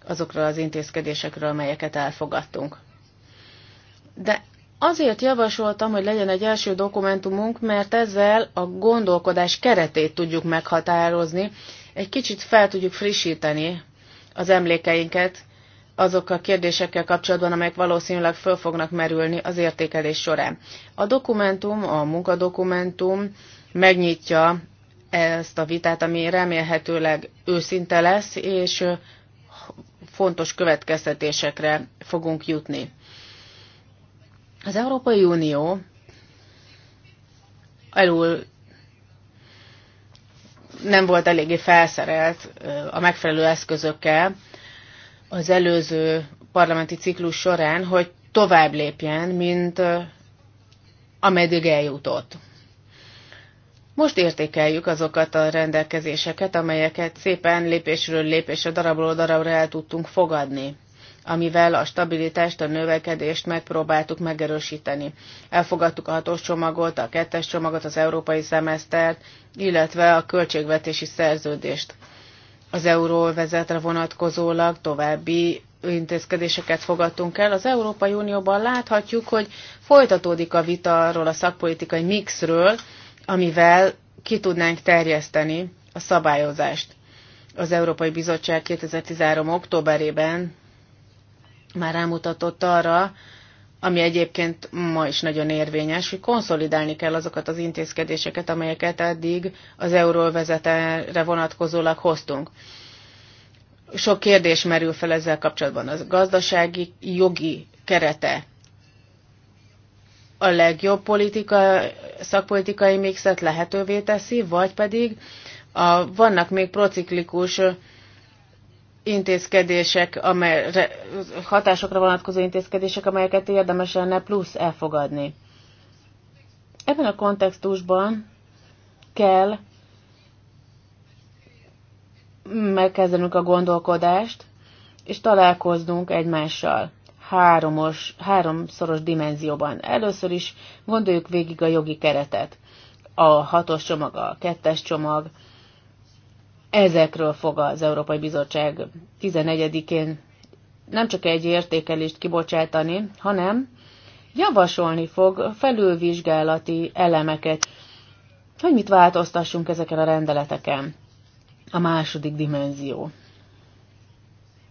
[SPEAKER 1] azokról az intézkedésekről, amelyeket elfogadtunk. De azért javasoltam, hogy legyen egy első dokumentumunk, mert ezzel a gondolkodás keretét tudjuk meghatározni, egy kicsit fel tudjuk frissíteni az emlékeinket azok a kérdésekkel kapcsolatban, amelyek valószínűleg föl fognak merülni az értékelés során. A dokumentum, a munkadokumentum megnyitja ezt a vitát, ami remélhetőleg őszinte lesz, és fontos következtetésekre fogunk jutni. Az Európai Unió elul nem volt eléggé felszerelt a megfelelő eszközökkel az előző parlamenti ciklus során, hogy tovább lépjen, mint ameddig eljutott. Most értékeljük azokat a rendelkezéseket, amelyeket szépen lépésről lépésre, darabról darabra el tudtunk fogadni amivel a stabilitást, a növekedést megpróbáltuk megerősíteni. Elfogadtuk a hatós csomagot, a kettes csomagot, az európai szemesztert, illetve a költségvetési szerződést. Az euróvezetre vonatkozólag további intézkedéseket fogadtunk el. Az Európai Unióban láthatjuk, hogy folytatódik a vita arról a szakpolitikai mixről, amivel ki tudnánk terjeszteni a szabályozást. Az Európai Bizottság 2013. októberében már rámutatott arra, ami egyébként ma is nagyon érvényes, hogy konszolidálni kell azokat az intézkedéseket, amelyeket eddig az euróvezetre vonatkozólag hoztunk. Sok kérdés merül fel ezzel kapcsolatban. Az gazdasági jogi kerete a legjobb politika, szakpolitikai mixet lehetővé teszi, vagy pedig a, vannak még prociklikus intézkedések, amely, hatásokra vonatkozó intézkedések, amelyeket érdemes lenne plusz elfogadni. Ebben a kontextusban kell megkezdenünk a gondolkodást, és találkoznunk egymással háromos, háromszoros dimenzióban. Először is gondoljuk végig a jogi keretet. A hatos csomag, a kettes csomag, Ezekről fog az Európai Bizottság 14-én nem csak egy értékelést kibocsátani, hanem javasolni fog felülvizsgálati elemeket, hogy mit változtassunk ezeken a rendeleteken. A második dimenzió.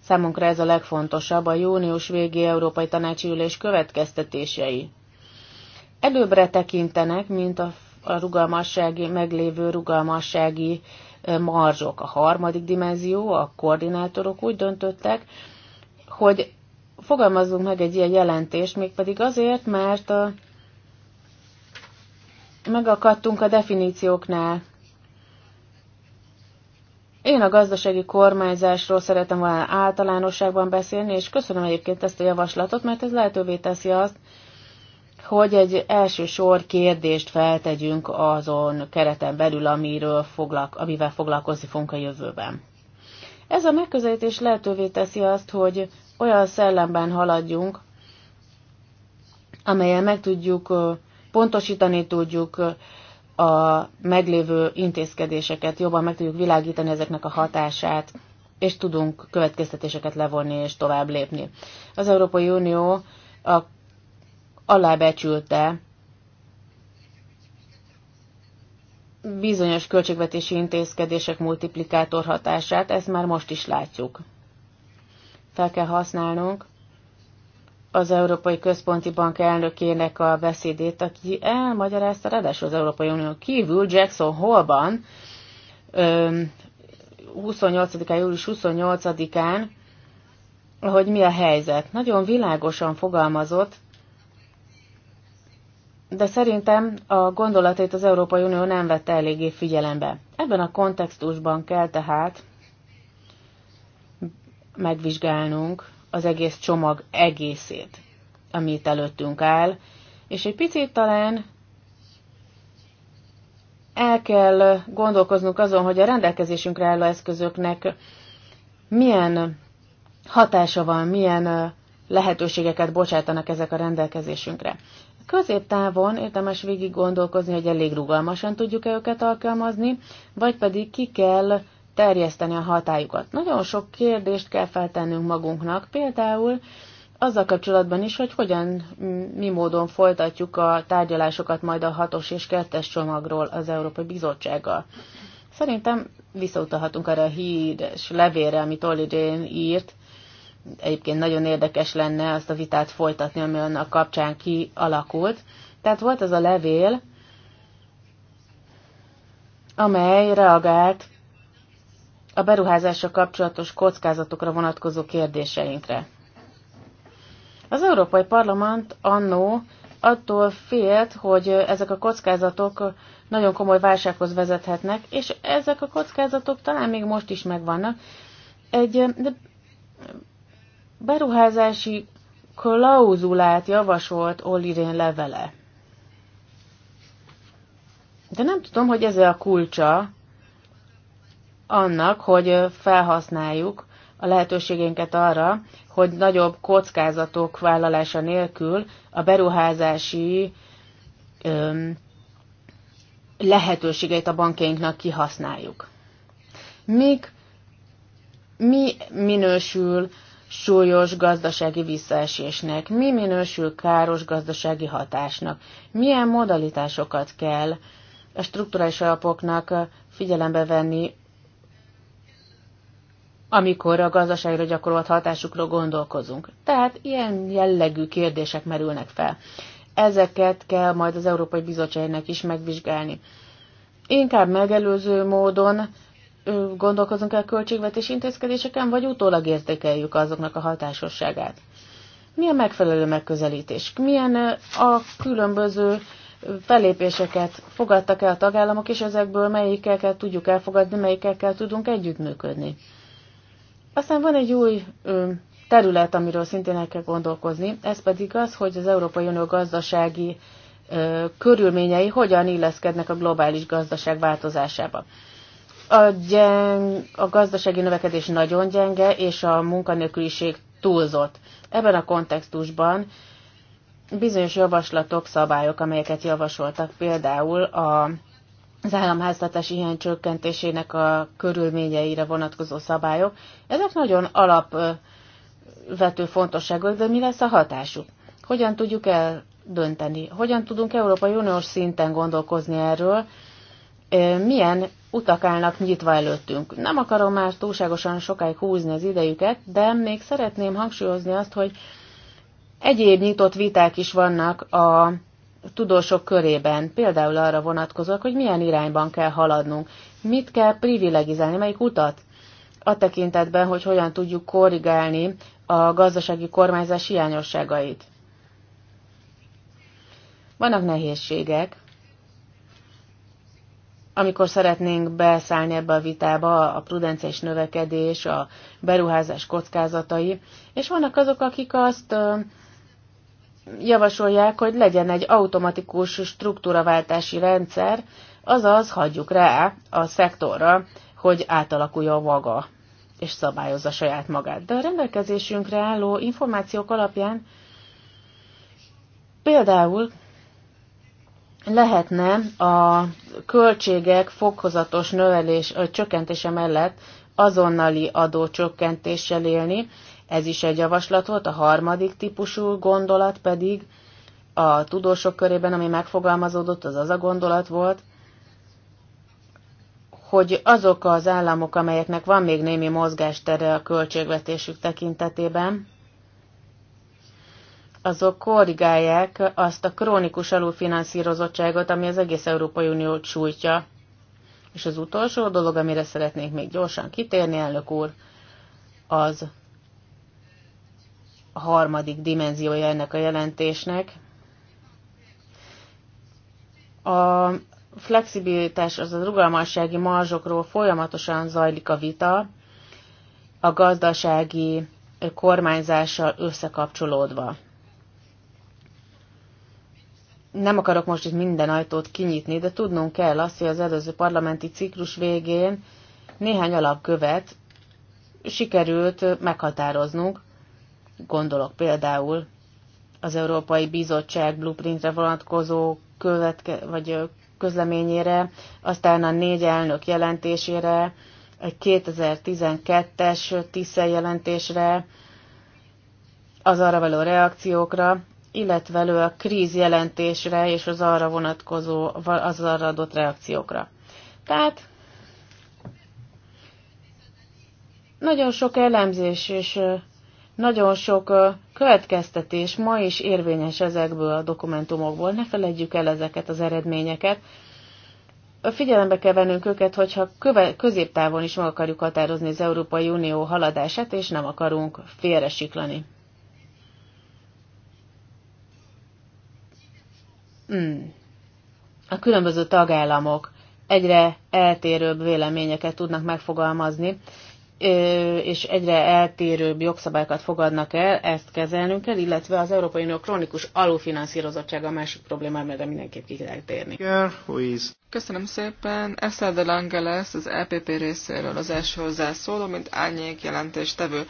[SPEAKER 1] Számunkra ez a legfontosabb a június végi Európai Tanácsi Ülés következtetései. Előbbre tekintenek, mint a, a rugalmassági, meglévő rugalmassági marzsok. A harmadik dimenzió, a koordinátorok úgy döntöttek, hogy fogalmazzunk meg egy ilyen jelentést, mégpedig azért, mert a, megakadtunk a definícióknál. Én a gazdasági kormányzásról szeretem volna általánosságban beszélni, és köszönöm egyébként ezt a javaslatot, mert ez lehetővé teszi azt, hogy egy első sor kérdést feltegyünk azon kereten belül, amiről foglak, amivel foglalkozni fogunk a jövőben. Ez a megközelítés lehetővé teszi azt, hogy olyan szellemben haladjunk, amelyen meg tudjuk pontosítani tudjuk a meglévő intézkedéseket, jobban meg tudjuk világítani ezeknek a hatását, és tudunk következtetéseket levonni és tovább lépni. Az Európai Unió a alábecsülte bizonyos költségvetési intézkedések multiplikátor hatását, ezt már most is látjuk. Fel kell használnunk az Európai Központi Bank elnökének a beszédét, aki elmagyarázta, ráadásul az Európai Unió kívül Jackson Hallban, 28-án, július 28-án, hogy mi a helyzet. Nagyon világosan fogalmazott de szerintem a gondolatait az Európai Unió nem vette eléggé figyelembe. Ebben a kontextusban kell tehát megvizsgálnunk az egész csomag egészét, amit előttünk áll, és egy picit talán el kell gondolkoznunk azon, hogy a rendelkezésünkre álló eszközöknek milyen hatása van, milyen lehetőségeket bocsátanak ezek a rendelkezésünkre. Középtávon érdemes végig gondolkozni, hogy elég rugalmasan tudjuk-e őket alkalmazni, vagy pedig ki kell terjeszteni a hatályukat. Nagyon sok kérdést kell feltennünk magunknak, például azzal kapcsolatban is, hogy hogyan, mi módon folytatjuk a tárgyalásokat majd a hatos és kettes csomagról az Európai Bizottsággal. Szerintem visszautalhatunk arra a híres levélre, amit Oli írt, egyébként nagyon érdekes lenne azt a vitát folytatni, ami annak kapcsán kialakult. Tehát volt az a levél, amely reagált a beruházásra kapcsolatos kockázatokra vonatkozó kérdéseinkre. Az Európai Parlament annó attól félt, hogy ezek a kockázatok nagyon komoly válsághoz vezethetnek, és ezek a kockázatok talán még most is megvannak. Egy de beruházási klauzulát javasolt Olirén levele. De nem tudom, hogy ez a kulcsa annak, hogy felhasználjuk a lehetőségénket arra, hogy nagyobb kockázatok vállalása nélkül a beruházási öm, lehetőségeit a bankjainknak kihasználjuk. Míg mi minősül súlyos gazdasági visszaesésnek, mi minősül káros gazdasági hatásnak, milyen modalitásokat kell a strukturális alapoknak figyelembe venni, amikor a gazdaságra gyakorolt hatásukról gondolkozunk. Tehát ilyen jellegű kérdések merülnek fel. Ezeket kell majd az Európai Bizottságnak is megvizsgálni. Inkább megelőző módon gondolkozunk el költségvetés intézkedéseken, vagy utólag értékeljük azoknak a hatásosságát. Milyen megfelelő megközelítés? Milyen a különböző felépéseket fogadtak el a tagállamok, és ezekből melyikekkel tudjuk elfogadni, melyikekkel tudunk együttműködni. Aztán van egy új terület, amiről szintén el kell gondolkozni, ez pedig az, hogy az Európai Unió gazdasági körülményei hogyan illeszkednek a globális gazdaság változásába. A, gyeng, a gazdasági növekedés nagyon gyenge, és a munkanélküliség túlzott. Ebben a kontextusban bizonyos javaslatok, szabályok, amelyeket javasoltak, például a az államháztartási hiány csökkentésének a körülményeire vonatkozó szabályok, ezek nagyon alapvető fontosságok, de mi lesz a hatásuk? Hogyan tudjuk eldönteni? Hogyan tudunk Európai Uniós szinten gondolkozni erről? Milyen utak állnak nyitva előttünk. Nem akarom már túlságosan sokáig húzni az idejüket, de még szeretném hangsúlyozni azt, hogy egyéb nyitott viták is vannak a tudósok körében, például arra vonatkozóak, hogy milyen irányban kell haladnunk, mit kell privilegizálni, melyik utat, a tekintetben, hogy hogyan tudjuk korrigálni a gazdasági kormányzás hiányosságait. Vannak nehézségek, amikor szeretnénk beszállni ebbe a vitába, a prudenciás növekedés, a beruházás kockázatai, és vannak azok, akik azt javasolják, hogy legyen egy automatikus struktúraváltási rendszer, azaz hagyjuk rá a szektorra, hogy átalakulja vaga és szabályozza saját magát. De a rendelkezésünkre álló információk alapján például lehetne a költségek fokozatos növelés, a csökkentése mellett azonnali adócsökkentéssel élni. Ez is egy javaslat volt. A harmadik típusú gondolat pedig a tudósok körében, ami megfogalmazódott, az az a gondolat volt, hogy azok az államok, amelyeknek van még némi mozgástere a költségvetésük tekintetében, azok korrigálják azt a krónikus alulfinanszírozottságot, ami az egész Európai Uniót sújtja. És az utolsó dolog, amire szeretnék még gyorsan kitérni, elnök úr, az a harmadik dimenziója ennek a jelentésnek. A flexibilitás, az a rugalmassági marzsokról folyamatosan zajlik a vita, a gazdasági kormányzással összekapcsolódva nem akarok most itt minden ajtót kinyitni, de tudnunk kell azt, hogy az előző parlamenti ciklus végén néhány alapkövet sikerült meghatároznunk. Gondolok például az Európai Bizottság blueprintre vonatkozó követke, vagy közleményére, aztán a négy elnök jelentésére, egy 2012-es TISZE jelentésre, az arra való reakciókra, illetve elő a jelentésre és az arra vonatkozó, az arra adott reakciókra. Tehát nagyon sok elemzés és nagyon sok következtetés ma is érvényes ezekből a dokumentumokból. Ne felejtjük el ezeket az eredményeket. Figyelembe kell vennünk őket, hogyha köve, középtávon is meg akarjuk határozni az Európai Unió haladását, és nem akarunk félresiklani. Hmm. a különböző tagállamok egyre eltérőbb véleményeket tudnak megfogalmazni, és egyre eltérőbb jogszabályokat fogadnak el, ezt kezelnünk kell, illetve az Európai Unió krónikus alulfinanszírozottsága a másik probléma, amire mindenképp ki kell térni.
[SPEAKER 3] Köszönöm szépen.
[SPEAKER 1] Eszel de Lange lesz az EPP részéről az első
[SPEAKER 3] hozzászóló, mint árnyék jelentéstevő.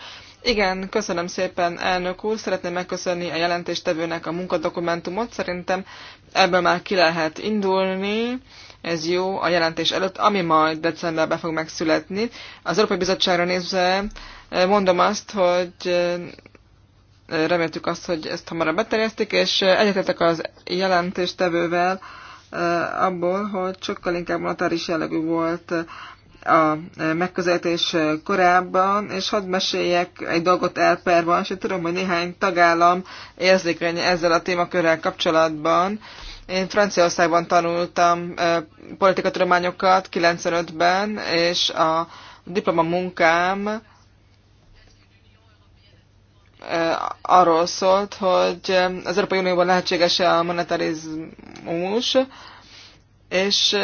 [SPEAKER 3] Igen, köszönöm szépen, elnök úr. Szeretném megköszönni a jelentéstevőnek a munkadokumentumot. Szerintem ebből már ki lehet indulni. Ez jó a jelentés előtt, ami majd decemberben fog megszületni. Az Európai Bizottságra nézve eh, mondom azt, hogy eh, reméltük azt, hogy ezt hamarabb beterjesztik, és eh, egyetetek az jelentéstevővel abból, hogy sokkal inkább monetáris jellegű volt a megközelítés korábban, és hadd meséljek egy dolgot elperban, és tudom, hogy néhány tagállam érzékeny ezzel a témakörrel kapcsolatban. Én Franciaországban tanultam politikatudományokat 95-ben, és a diplomamunkám arról szólt, hogy az Európai Unióban lehetséges a monetarizmus, és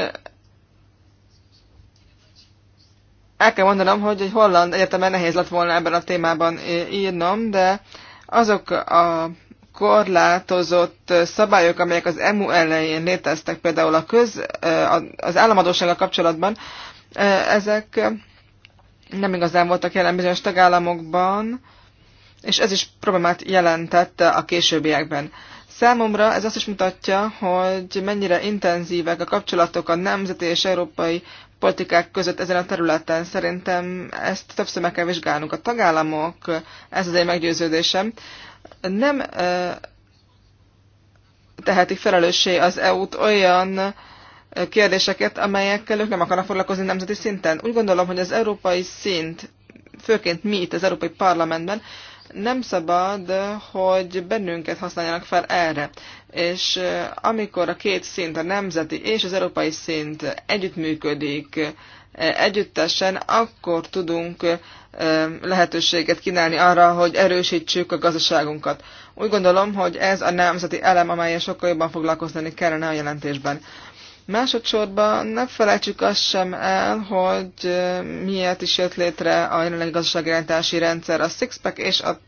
[SPEAKER 3] el kell mondanom, hogy egy holland egyetemen nehéz lett volna ebben a témában eh, írnom, de azok a korlátozott szabályok, amelyek az EMU elején léteztek, például a köz, eh, az államadósággal kapcsolatban, eh, ezek nem igazán voltak jelen bizonyos tagállamokban, és ez is problémát jelentette a későbbiekben. Számomra ez azt is mutatja, hogy mennyire intenzívek a kapcsolatok a nemzeti és európai politikák között ezen a területen. Szerintem ezt többször meg kell vizsgálnunk. A tagállamok, ez az én meggyőződésem, nem tehetik felelőssé az EU-t olyan kérdéseket, amelyekkel ők nem akarnak foglalkozni nemzeti szinten. Úgy gondolom, hogy az európai szint, főként mi itt az Európai Parlamentben, nem szabad, hogy bennünket használjanak fel erre. És amikor a két szint, a nemzeti és az európai szint együttműködik együttesen, akkor tudunk lehetőséget kínálni arra, hogy erősítsük a gazdaságunkat. Úgy gondolom, hogy ez a nemzeti elem, amelyen sokkal jobban foglalkozni kellene a jelentésben. Másodszorban ne felejtsük azt sem el, hogy miért is jött létre a jelenlegi gazdaságirányítási rendszer. A Sixpack és a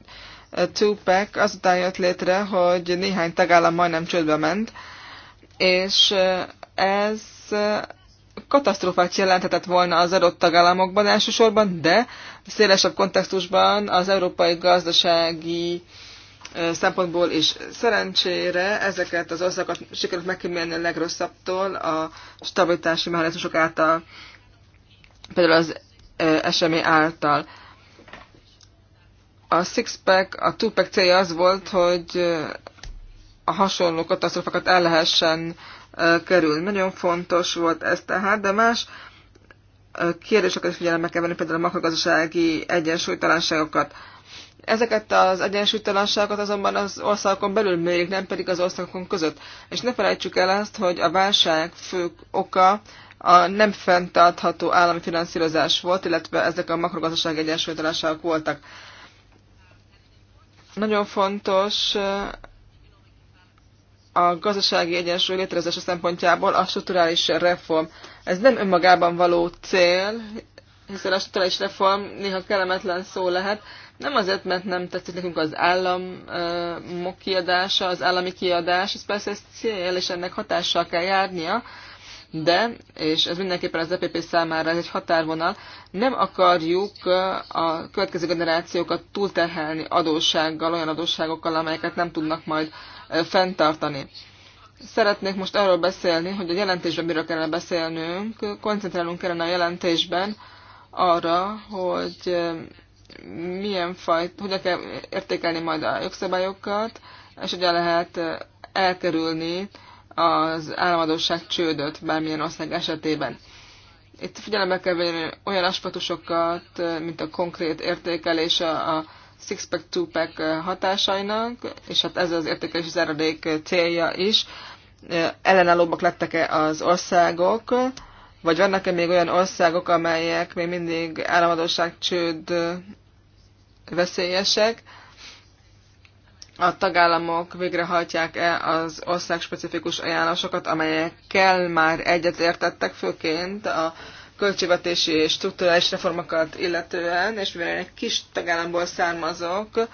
[SPEAKER 3] Two-Pack azután jött létre, hogy néhány tagállam majdnem csődbe ment, és ez katasztrófát jelenthetett volna az adott tagállamokban elsősorban, de szélesebb kontextusban az európai gazdasági szempontból is. Szerencsére ezeket az országokat sikerült megkímélni a legrosszabbtól a stabilitási mechanizmusok által, például az SME által. A Sixpack, a two-pack célja az volt, hogy a hasonló katasztrofákat el lehessen kerülni. Nagyon fontos volt ez tehát, de más kérdéseket figyelembe kell venni, például a makrogazdasági egyensúlytalanságokat. Ezeket az egyensúlytalanságot azonban az országokon belül mérik, nem pedig az országokon között. És ne felejtsük el azt, hogy a válság fő oka a nem fenntartható állami finanszírozás volt, illetve ezek a makrogazdaság egyensúlytalanságok voltak. Nagyon fontos eh, a gazdasági egyensúly létrehozása szempontjából a strukturális reform. Ez nem önmagában való cél, hiszen a strukturális reform néha kellemetlen szó lehet, nem azért, mert nem tetszik nekünk az uh, kiadása, az állami kiadás, ez persze ez cél, és ennek hatással kell járnia, de, és ez mindenképpen az EPP számára ez egy határvonal, nem akarjuk a következő generációkat túlterhelni adóssággal, olyan adósságokkal, amelyeket nem tudnak majd fenntartani. Szeretnék most arról beszélni, hogy a jelentésben miről kellene beszélnünk, koncentrálunk kellene a jelentésben arra, hogy milyen fajt, hogyan kell értékelni majd a jogszabályokat, és hogyan lehet elkerülni az államadóság csődöt bármilyen ország esetében. Itt figyelembe kell venni olyan aspektusokat, mint a konkrét értékelés a Sixpack Two-Pack hatásainak, és hát ez az értékelési záradék célja is. Ellenállóbbak lettek-e az országok, vagy vannak-e még olyan országok, amelyek még mindig államadóság csőd veszélyesek. A tagállamok végrehajtják-e az országspecifikus ajánlásokat, amelyekkel már egyetértettek, főként a költségvetési és struktúrális reformokat illetően, és mivel egy kis tagállamból származok,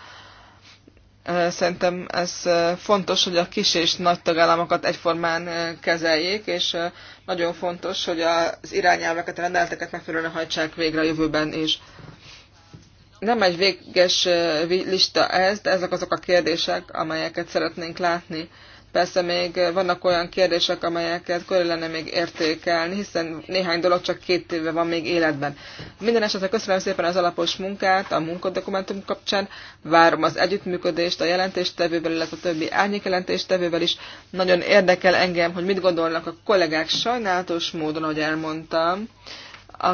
[SPEAKER 3] szerintem ez fontos, hogy a kis és nagy tagállamokat egyformán kezeljék, és nagyon fontos, hogy az irányelveket, a rendeleteket megfelelően hajtsák végre a jövőben is. És nem egy véges lista ez, de ezek azok a kérdések, amelyeket szeretnénk látni. Persze még vannak olyan kérdések, amelyeket körül lenne még értékelni, hiszen néhány dolog csak két éve van még életben. Minden esetre köszönöm szépen az alapos munkát a munkadokumentum kapcsán, várom az együttműködést a jelentéstevővel, illetve a többi árnyék jelentéstevővel is. Nagyon érdekel engem, hogy mit gondolnak a kollégák sajnálatos módon, ahogy elmondtam. A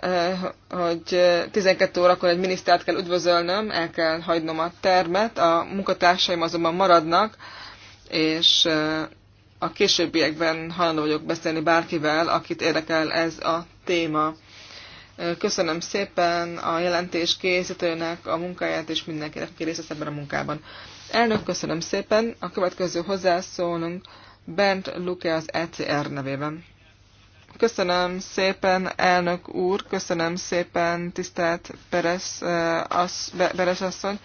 [SPEAKER 3] Eh, hogy 12 eh, órakor egy minisztert kell üdvözölnöm, el kell hagynom a termet, a munkatársaim azonban maradnak, és eh, a későbbiekben hajlandó vagyok beszélni bárkivel, akit érdekel ez a téma. Köszönöm szépen a jelentés készítőnek a munkáját, és mindenkinek, aki részt ebben a munkában. Elnök, köszönöm szépen. A következő hozzászólunk Bent Luke az ECR nevében. Köszönöm szépen, elnök úr, köszönöm szépen, tisztelt Beres, eh, az, Beres asszony,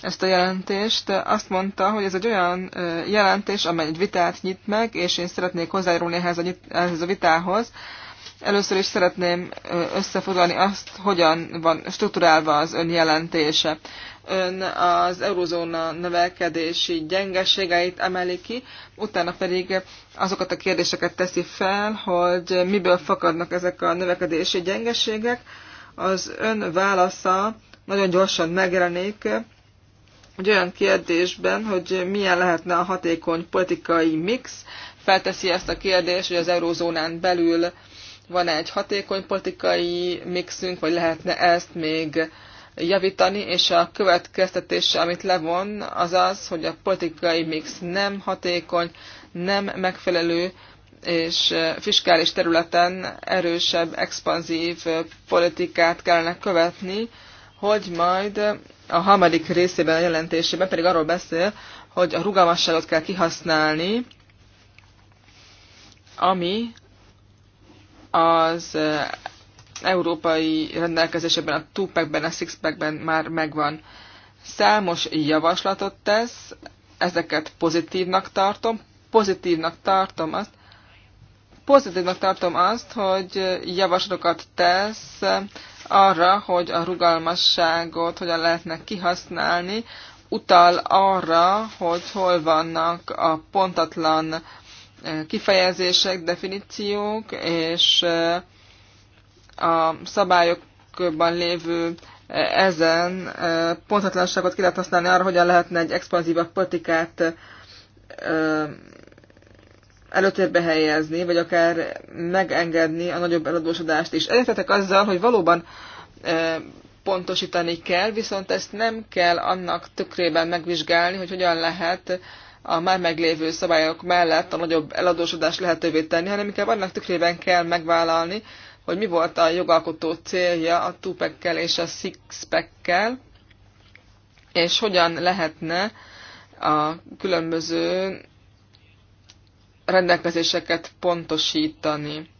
[SPEAKER 3] ezt a jelentést. Azt mondta, hogy ez egy olyan eh, jelentés, amely egy vitát nyit meg, és én szeretnék hozzájárulni ehhez a, ehhez a vitához. Először is szeretném eh, összefoglalni azt, hogyan van strukturálva az ön jelentése ön az eurozóna növelkedési gyengeségeit emeli ki, utána pedig azokat a kérdéseket teszi fel, hogy miből fakadnak ezek a növekedési gyengeségek. Az ön válasza nagyon gyorsan megjelenik egy olyan kérdésben, hogy milyen lehetne a hatékony politikai mix. Felteszi ezt a kérdést, hogy az eurozónán belül van -e egy hatékony politikai mixünk, vagy lehetne ezt még javítani, és a következtetése, amit levon, az az, hogy a politikai mix nem hatékony, nem megfelelő, és fiskális területen erősebb, expanzív politikát kellene követni, hogy majd a harmadik részében a jelentésében pedig arról beszél, hogy a rugalmasságot kell kihasználni, ami az európai rendelkezésében, a tupekben, a sixpackben már megvan. Számos javaslatot tesz, ezeket pozitívnak tartom, pozitívnak tartom azt, pozitívnak tartom azt, hogy javaslatokat tesz arra, hogy a rugalmasságot hogyan lehetne kihasználni, utal arra, hogy hol vannak a pontatlan kifejezések, definíciók, és a szabályokban lévő e, ezen e, pontatlanságot ki lehet használni arra, hogyan lehetne egy expanzívabb politikát e, előtérbe helyezni, vagy akár megengedni a nagyobb eladósodást is. Egyetetek azzal, hogy valóban pontosítani kell, viszont ezt nem kell annak tükrében megvizsgálni, hogy hogyan lehet a már meglévő szabályok mellett a nagyobb eladósodást lehetővé tenni, hanem inkább annak tükrében kell megvállalni, hogy mi volt a jogalkotó célja a tupekkel és a sixpekkel, és hogyan lehetne a különböző rendelkezéseket pontosítani.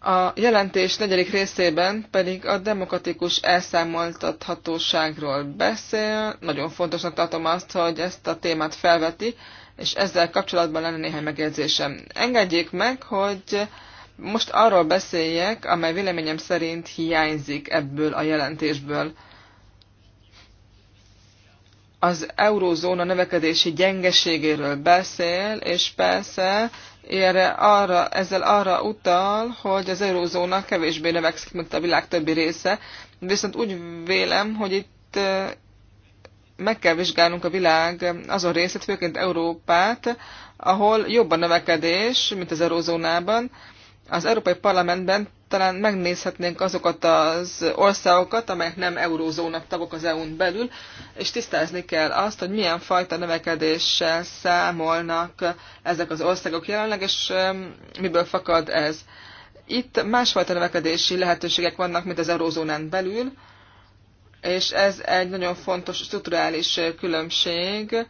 [SPEAKER 3] A jelentés negyedik részében pedig a demokratikus elszámoltathatóságról beszél. Nagyon fontosnak tartom azt, hogy ezt a témát felveti, és ezzel kapcsolatban lenne néhány megjegyzésem. Engedjék meg, hogy most arról beszéljek, amely véleményem szerint hiányzik ebből a jelentésből. Az eurózóna növekedési gyengeségéről beszél, és persze erre arra, ezzel arra utal, hogy az eurózóna kevésbé növekszik, mint a világ többi része, viszont úgy vélem, hogy itt meg kell vizsgálnunk a világ azon részét, főként Európát, ahol jobb a növekedés, mint az eurózónában, az Európai Parlamentben talán megnézhetnénk azokat az országokat, amelyek nem eurózónak tagok az EU-n belül, és tisztázni kell azt, hogy milyen fajta növekedéssel számolnak ezek az országok jelenleg, és miből fakad ez. Itt másfajta növekedési lehetőségek vannak, mint az eurózónán belül, és ez egy nagyon fontos strukturális különbség,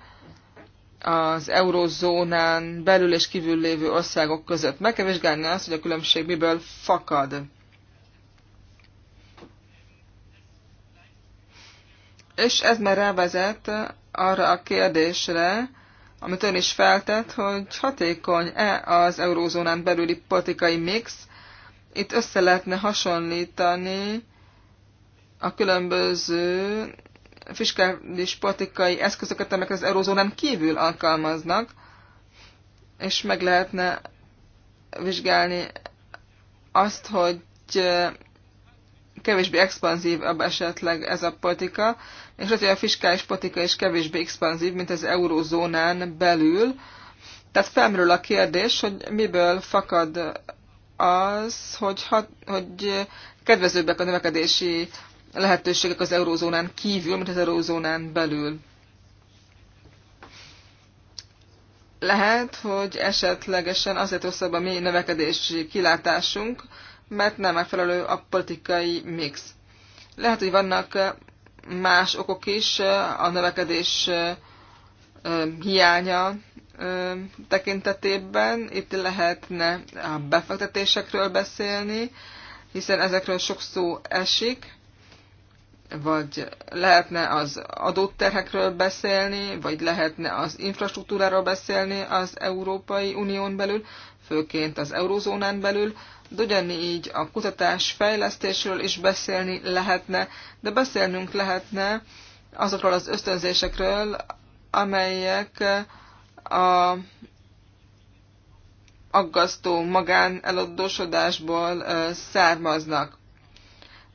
[SPEAKER 3] az eurózónán belül és kívül lévő országok között. Meg kell vizsgálni azt, hogy a különbség miből fakad. És ez már rávezet arra a kérdésre, amit ön is feltett, hogy hatékony-e az eurózónán belüli politikai mix. Itt össze lehetne hasonlítani a különböző fiskális politikai eszközöket, amelyeket az eurózónán kívül alkalmaznak, és meg lehetne vizsgálni azt, hogy kevésbé expanzívabb esetleg ez a politika, és lehet, hogy a fiskális politika is kevésbé expanzív, mint az eurózónán belül. Tehát felmerül a kérdés, hogy miből fakad az, hogy, ha, hogy kedvezőbbek a növekedési lehetőségek az eurózónán kívül, mint az eurózónán belül. Lehet, hogy esetlegesen azért rosszabb a mi növekedési kilátásunk, mert nem megfelelő a politikai mix. Lehet, hogy vannak más okok is a növekedés hiánya tekintetében. Itt lehetne a befektetésekről beszélni, hiszen ezekről sok szó esik vagy lehetne az adott terhekről beszélni, vagy lehetne az infrastruktúráról beszélni az Európai Unión belül, főként az eurozónán belül, de ugyanígy a kutatás fejlesztésről is beszélni lehetne, de beszélnünk lehetne azokról az ösztönzésekről, amelyek a aggasztó magáneladósodásból származnak.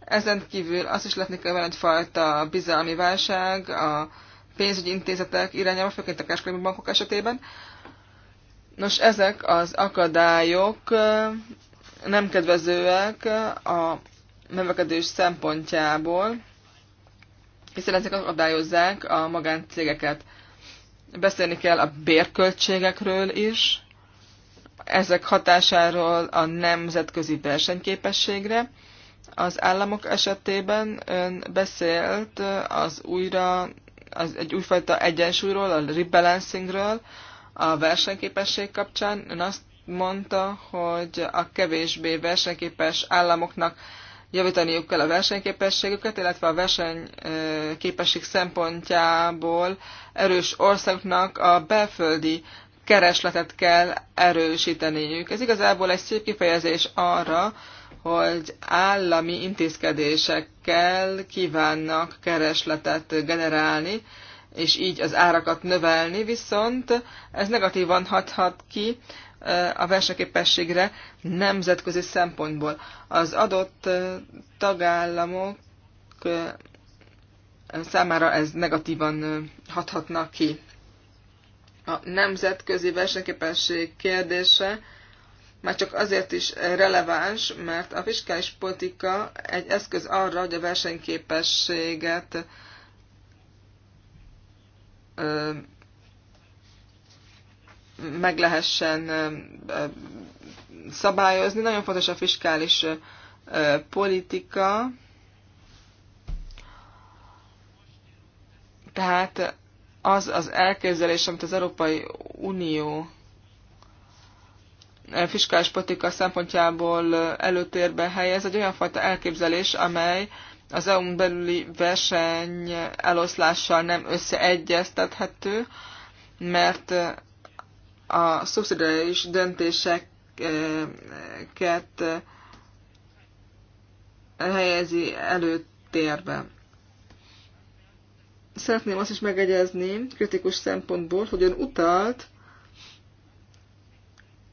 [SPEAKER 3] Ezen kívül azt is látni kell, van egyfajta bizalmi válság a pénzügyi intézetek irányába, főként a kereskedelmi bankok esetében. Nos, ezek az akadályok nem kedvezőek a növekedés szempontjából, hiszen ezek akadályozzák a magáncégeket. Beszélni kell a bérköltségekről is, ezek hatásáról a nemzetközi versenyképességre, az államok esetében ön beszélt az újra, az egy újfajta egyensúlyról, a rebalancingről, a versenyképesség kapcsán. Ön azt mondta, hogy a kevésbé versenyképes államoknak javítaniuk kell a versenyképességüket, illetve a versenyképesség szempontjából erős országoknak a belföldi keresletet kell erősíteniük. Ez igazából egy szép kifejezés arra, hogy állami intézkedésekkel kívánnak keresletet generálni, és így az árakat növelni, viszont ez negatívan hathat ki a versenyképességre nemzetközi szempontból. Az adott tagállamok számára ez negatívan hathatna ki. A nemzetközi versenyképesség kérdése már csak azért is releváns, mert a fiskális politika egy eszköz arra, hogy a versenyképességet meg lehessen szabályozni. Nagyon fontos a fiskális politika. Tehát az az elképzelés, amit az Európai Unió fiskális politika szempontjából előtérbe helyez, egy olyan fajta elképzelés, amely az EU-n belüli verseny eloszlással nem összeegyeztethető, mert a szubszidális döntéseket helyezi előtérbe. Szeretném azt is megegyezni kritikus szempontból, hogy ön utalt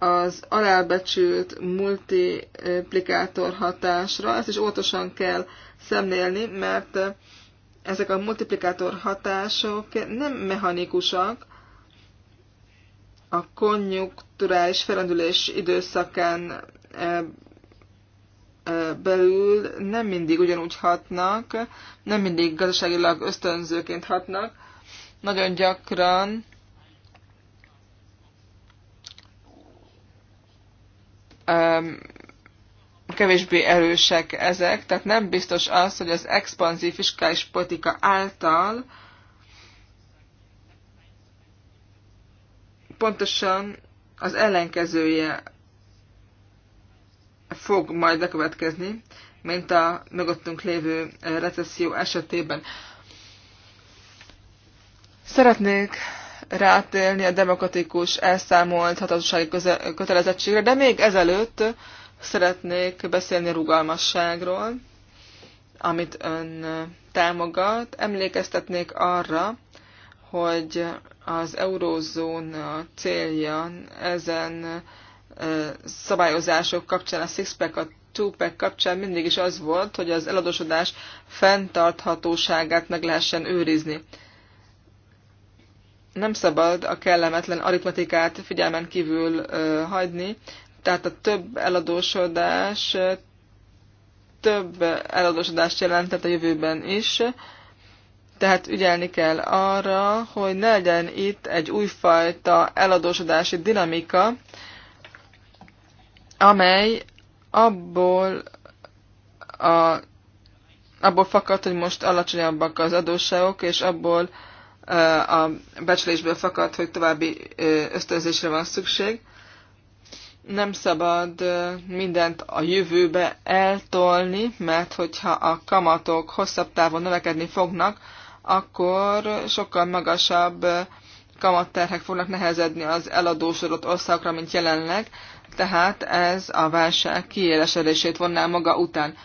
[SPEAKER 3] az alábecsült multiplikátor hatásra. Ezt is óvatosan kell szemlélni, mert ezek a multiplikátor hatások nem mechanikusak. A konjunkturális felendülés időszakán e, e, belül nem mindig ugyanúgy hatnak, nem mindig gazdaságilag ösztönzőként hatnak. Nagyon gyakran kevésbé erősek ezek, tehát nem biztos az, hogy az expanzív fiskális politika által pontosan az ellenkezője fog majd bekövetkezni, mint a mögöttünk lévő recesszió esetében. Szeretnék rátélni a demokratikus elszámolthatósági kötelezettségre, de még ezelőtt szeretnék beszélni a rugalmasságról, amit ön támogat. Emlékeztetnék arra, hogy az eurózóna célja ezen szabályozások kapcsán, a six-pack, a two-pack kapcsán mindig is az volt, hogy az eladósodás fenntarthatóságát meg lehessen őrizni nem szabad a kellemetlen aritmetikát figyelmen kívül hagyni, tehát a több eladósodás több eladósodást jelentett a jövőben is, tehát ügyelni kell arra, hogy ne legyen itt egy újfajta eladósodási dinamika, amely abból, a, abból fakad, hogy most alacsonyabbak az adósságok, és abból a becslésből fakad, hogy további ösztönzésre van szükség. Nem szabad mindent a jövőbe eltolni, mert hogyha a kamatok hosszabb távon növekedni fognak, akkor sokkal magasabb kamatterhek fognak nehezedni az eladósodott országra, mint jelenleg, tehát ez a válság kiélesedését vonná maga után.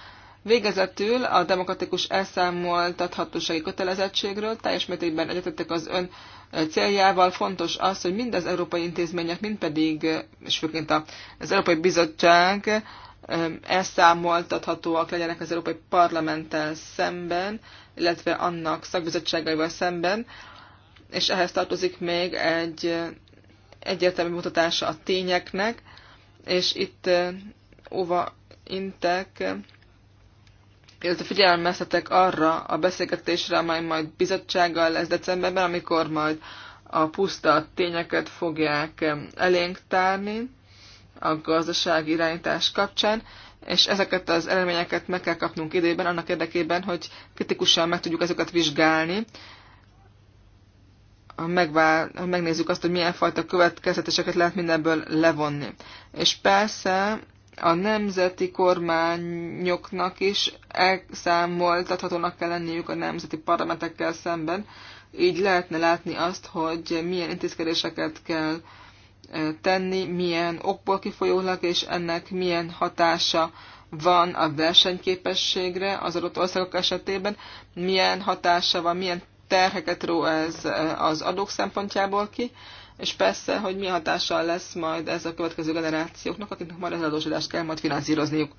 [SPEAKER 3] Végezetül a demokratikus elszámoltathatósági kötelezettségről teljes mértékben egyetettek az ön céljával. Fontos az, hogy mind az európai intézmények, mind pedig, és főként az Európai Bizottság elszámoltathatóak legyenek az Európai Parlamenttel szemben, illetve annak szakbizottságaival szemben, és ehhez tartozik még egy egyértelmű mutatása a tényeknek, és itt óva intek, illetve figyelmeztetek arra a beszélgetésre, amely majd bizottsággal lesz decemberben, amikor majd a puszta tényeket fogják elénk tárni a gazdaság irányítás kapcsán, és ezeket az eredményeket meg kell kapnunk időben, annak érdekében, hogy kritikusan meg tudjuk ezeket vizsgálni, megvál, megnézzük azt, hogy milyen fajta következtetéseket lehet mindenből levonni. És persze a nemzeti kormányoknak is elszámoltathatónak kell lenniük a nemzeti parlamentekkel szemben, így lehetne látni azt, hogy milyen intézkedéseket kell e, tenni, milyen okból kifolyólag, és ennek milyen hatása van a versenyképességre az adott országok esetében, milyen hatása van, milyen terheket ró ez e, az adók szempontjából ki, és persze, hogy mi hatással lesz majd ez a következő generációknak, akiknek majd az adósodást kell majd finanszírozniuk.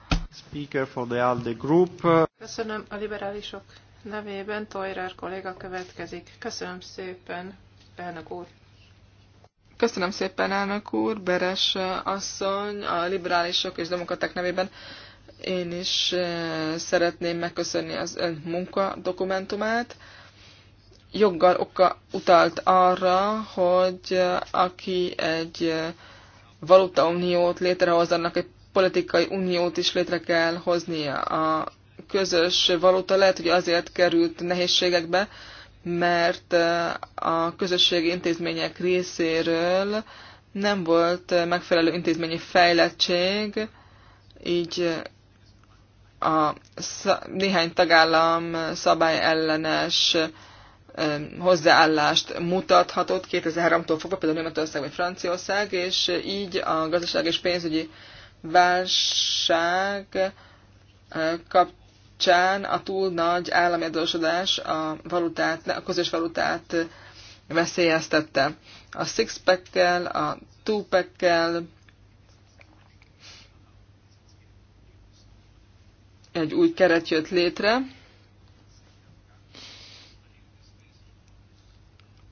[SPEAKER 3] Speaker for the ALDE Group.
[SPEAKER 2] Köszönöm a liberálisok nevében, Toirer kolléga következik. Köszönöm szépen, elnök úr.
[SPEAKER 3] Köszönöm szépen, elnök úr, Beres asszony, a liberálisok és demokraták nevében. Én is eh, szeretném megköszönni az ön munka dokumentumát joggal oka utalt arra, hogy aki egy valutauniót létrehoz, annak egy politikai uniót is létre kell hoznia. A közös valuta lehet, hogy azért került nehézségekbe, mert a közösségi intézmények részéről nem volt megfelelő intézményi fejlettség, így a néhány tagállam szabályellenes ellenes hozzáállást mutathatott 2003-tól fogva, például Németország vagy Franciaország, és így a gazdaság és pénzügyi válság kapcsán a túl nagy állami adósodás a, valutát, a közös valutát veszélyeztette. A six kel a two kel egy új keret jött létre,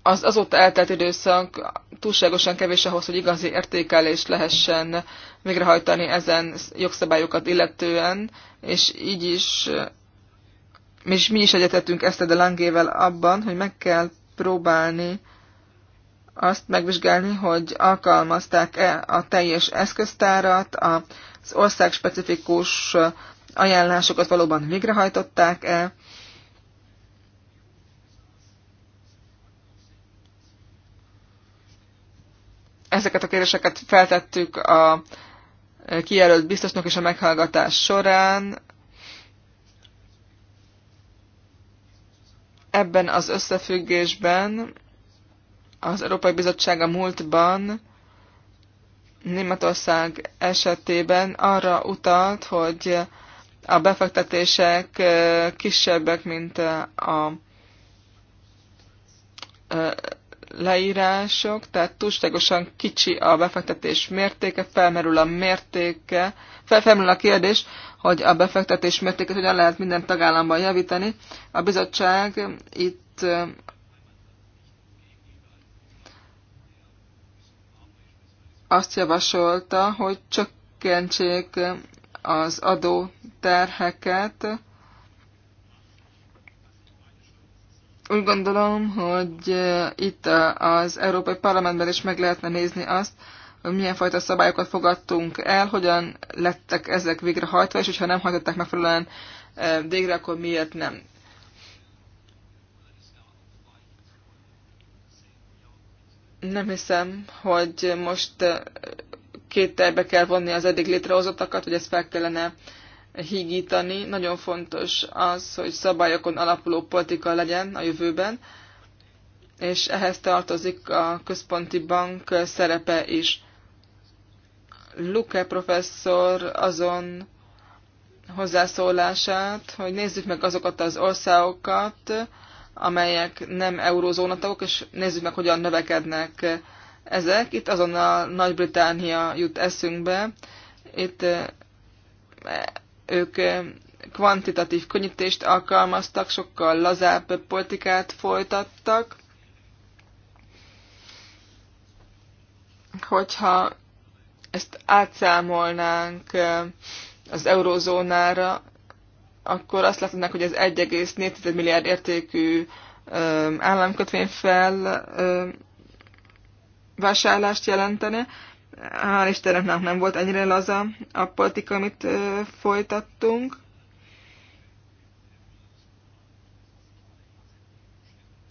[SPEAKER 3] az azóta eltelt időszak túlságosan kevés ahhoz, hogy igazi értékelést lehessen végrehajtani ezen jogszabályokat illetően, és így is és mi is egyetettünk ezt a Langével abban, hogy meg kell próbálni azt megvizsgálni, hogy alkalmazták-e a teljes eszköztárat, az országspecifikus ajánlásokat valóban végrehajtották-e, ezeket a kérdéseket feltettük a kijelölt biztosnak és a meghallgatás során. Ebben az összefüggésben az Európai Bizottság a múltban Németország esetében arra utalt, hogy a befektetések kisebbek, mint a leírások, tehát túlságosan kicsi a befektetés mértéke, felmerül a mértéke, felmerül a kérdés, hogy a befektetés mértéket hogyan lehet minden tagállamban javítani. A bizottság itt azt javasolta, hogy csökkentsék az adóterheket, Úgy gondolom, hogy itt az Európai Parlamentben is meg lehetne nézni azt, hogy milyen fajta szabályokat fogadtunk el, hogyan lettek ezek végrehajtva, és hogyha nem hajtották megfelelően végre, akkor miért nem. Nem hiszem, hogy most két terbe kell vonni az eddig létrehozottakat, hogy ezt fel kellene hígítani. Nagyon fontos az, hogy szabályokon alapuló politika legyen a jövőben, és ehhez tartozik a központi bank szerepe is. Luke professzor azon hozzászólását, hogy nézzük meg azokat az országokat, amelyek nem eurózóna tagok, és nézzük meg, hogyan növekednek ezek. Itt azonnal Nagy-Británia jut eszünkbe. Itt ők kvantitatív könnyítést alkalmaztak, sokkal lazább politikát folytattak. Hogyha ezt átszámolnánk az eurózónára, akkor azt látnánk, hogy ez 1,4 milliárd értékű államkötvény fel vásárlást jelentene, hál' Istennek nem volt ennyire laza a politika, amit folytattunk.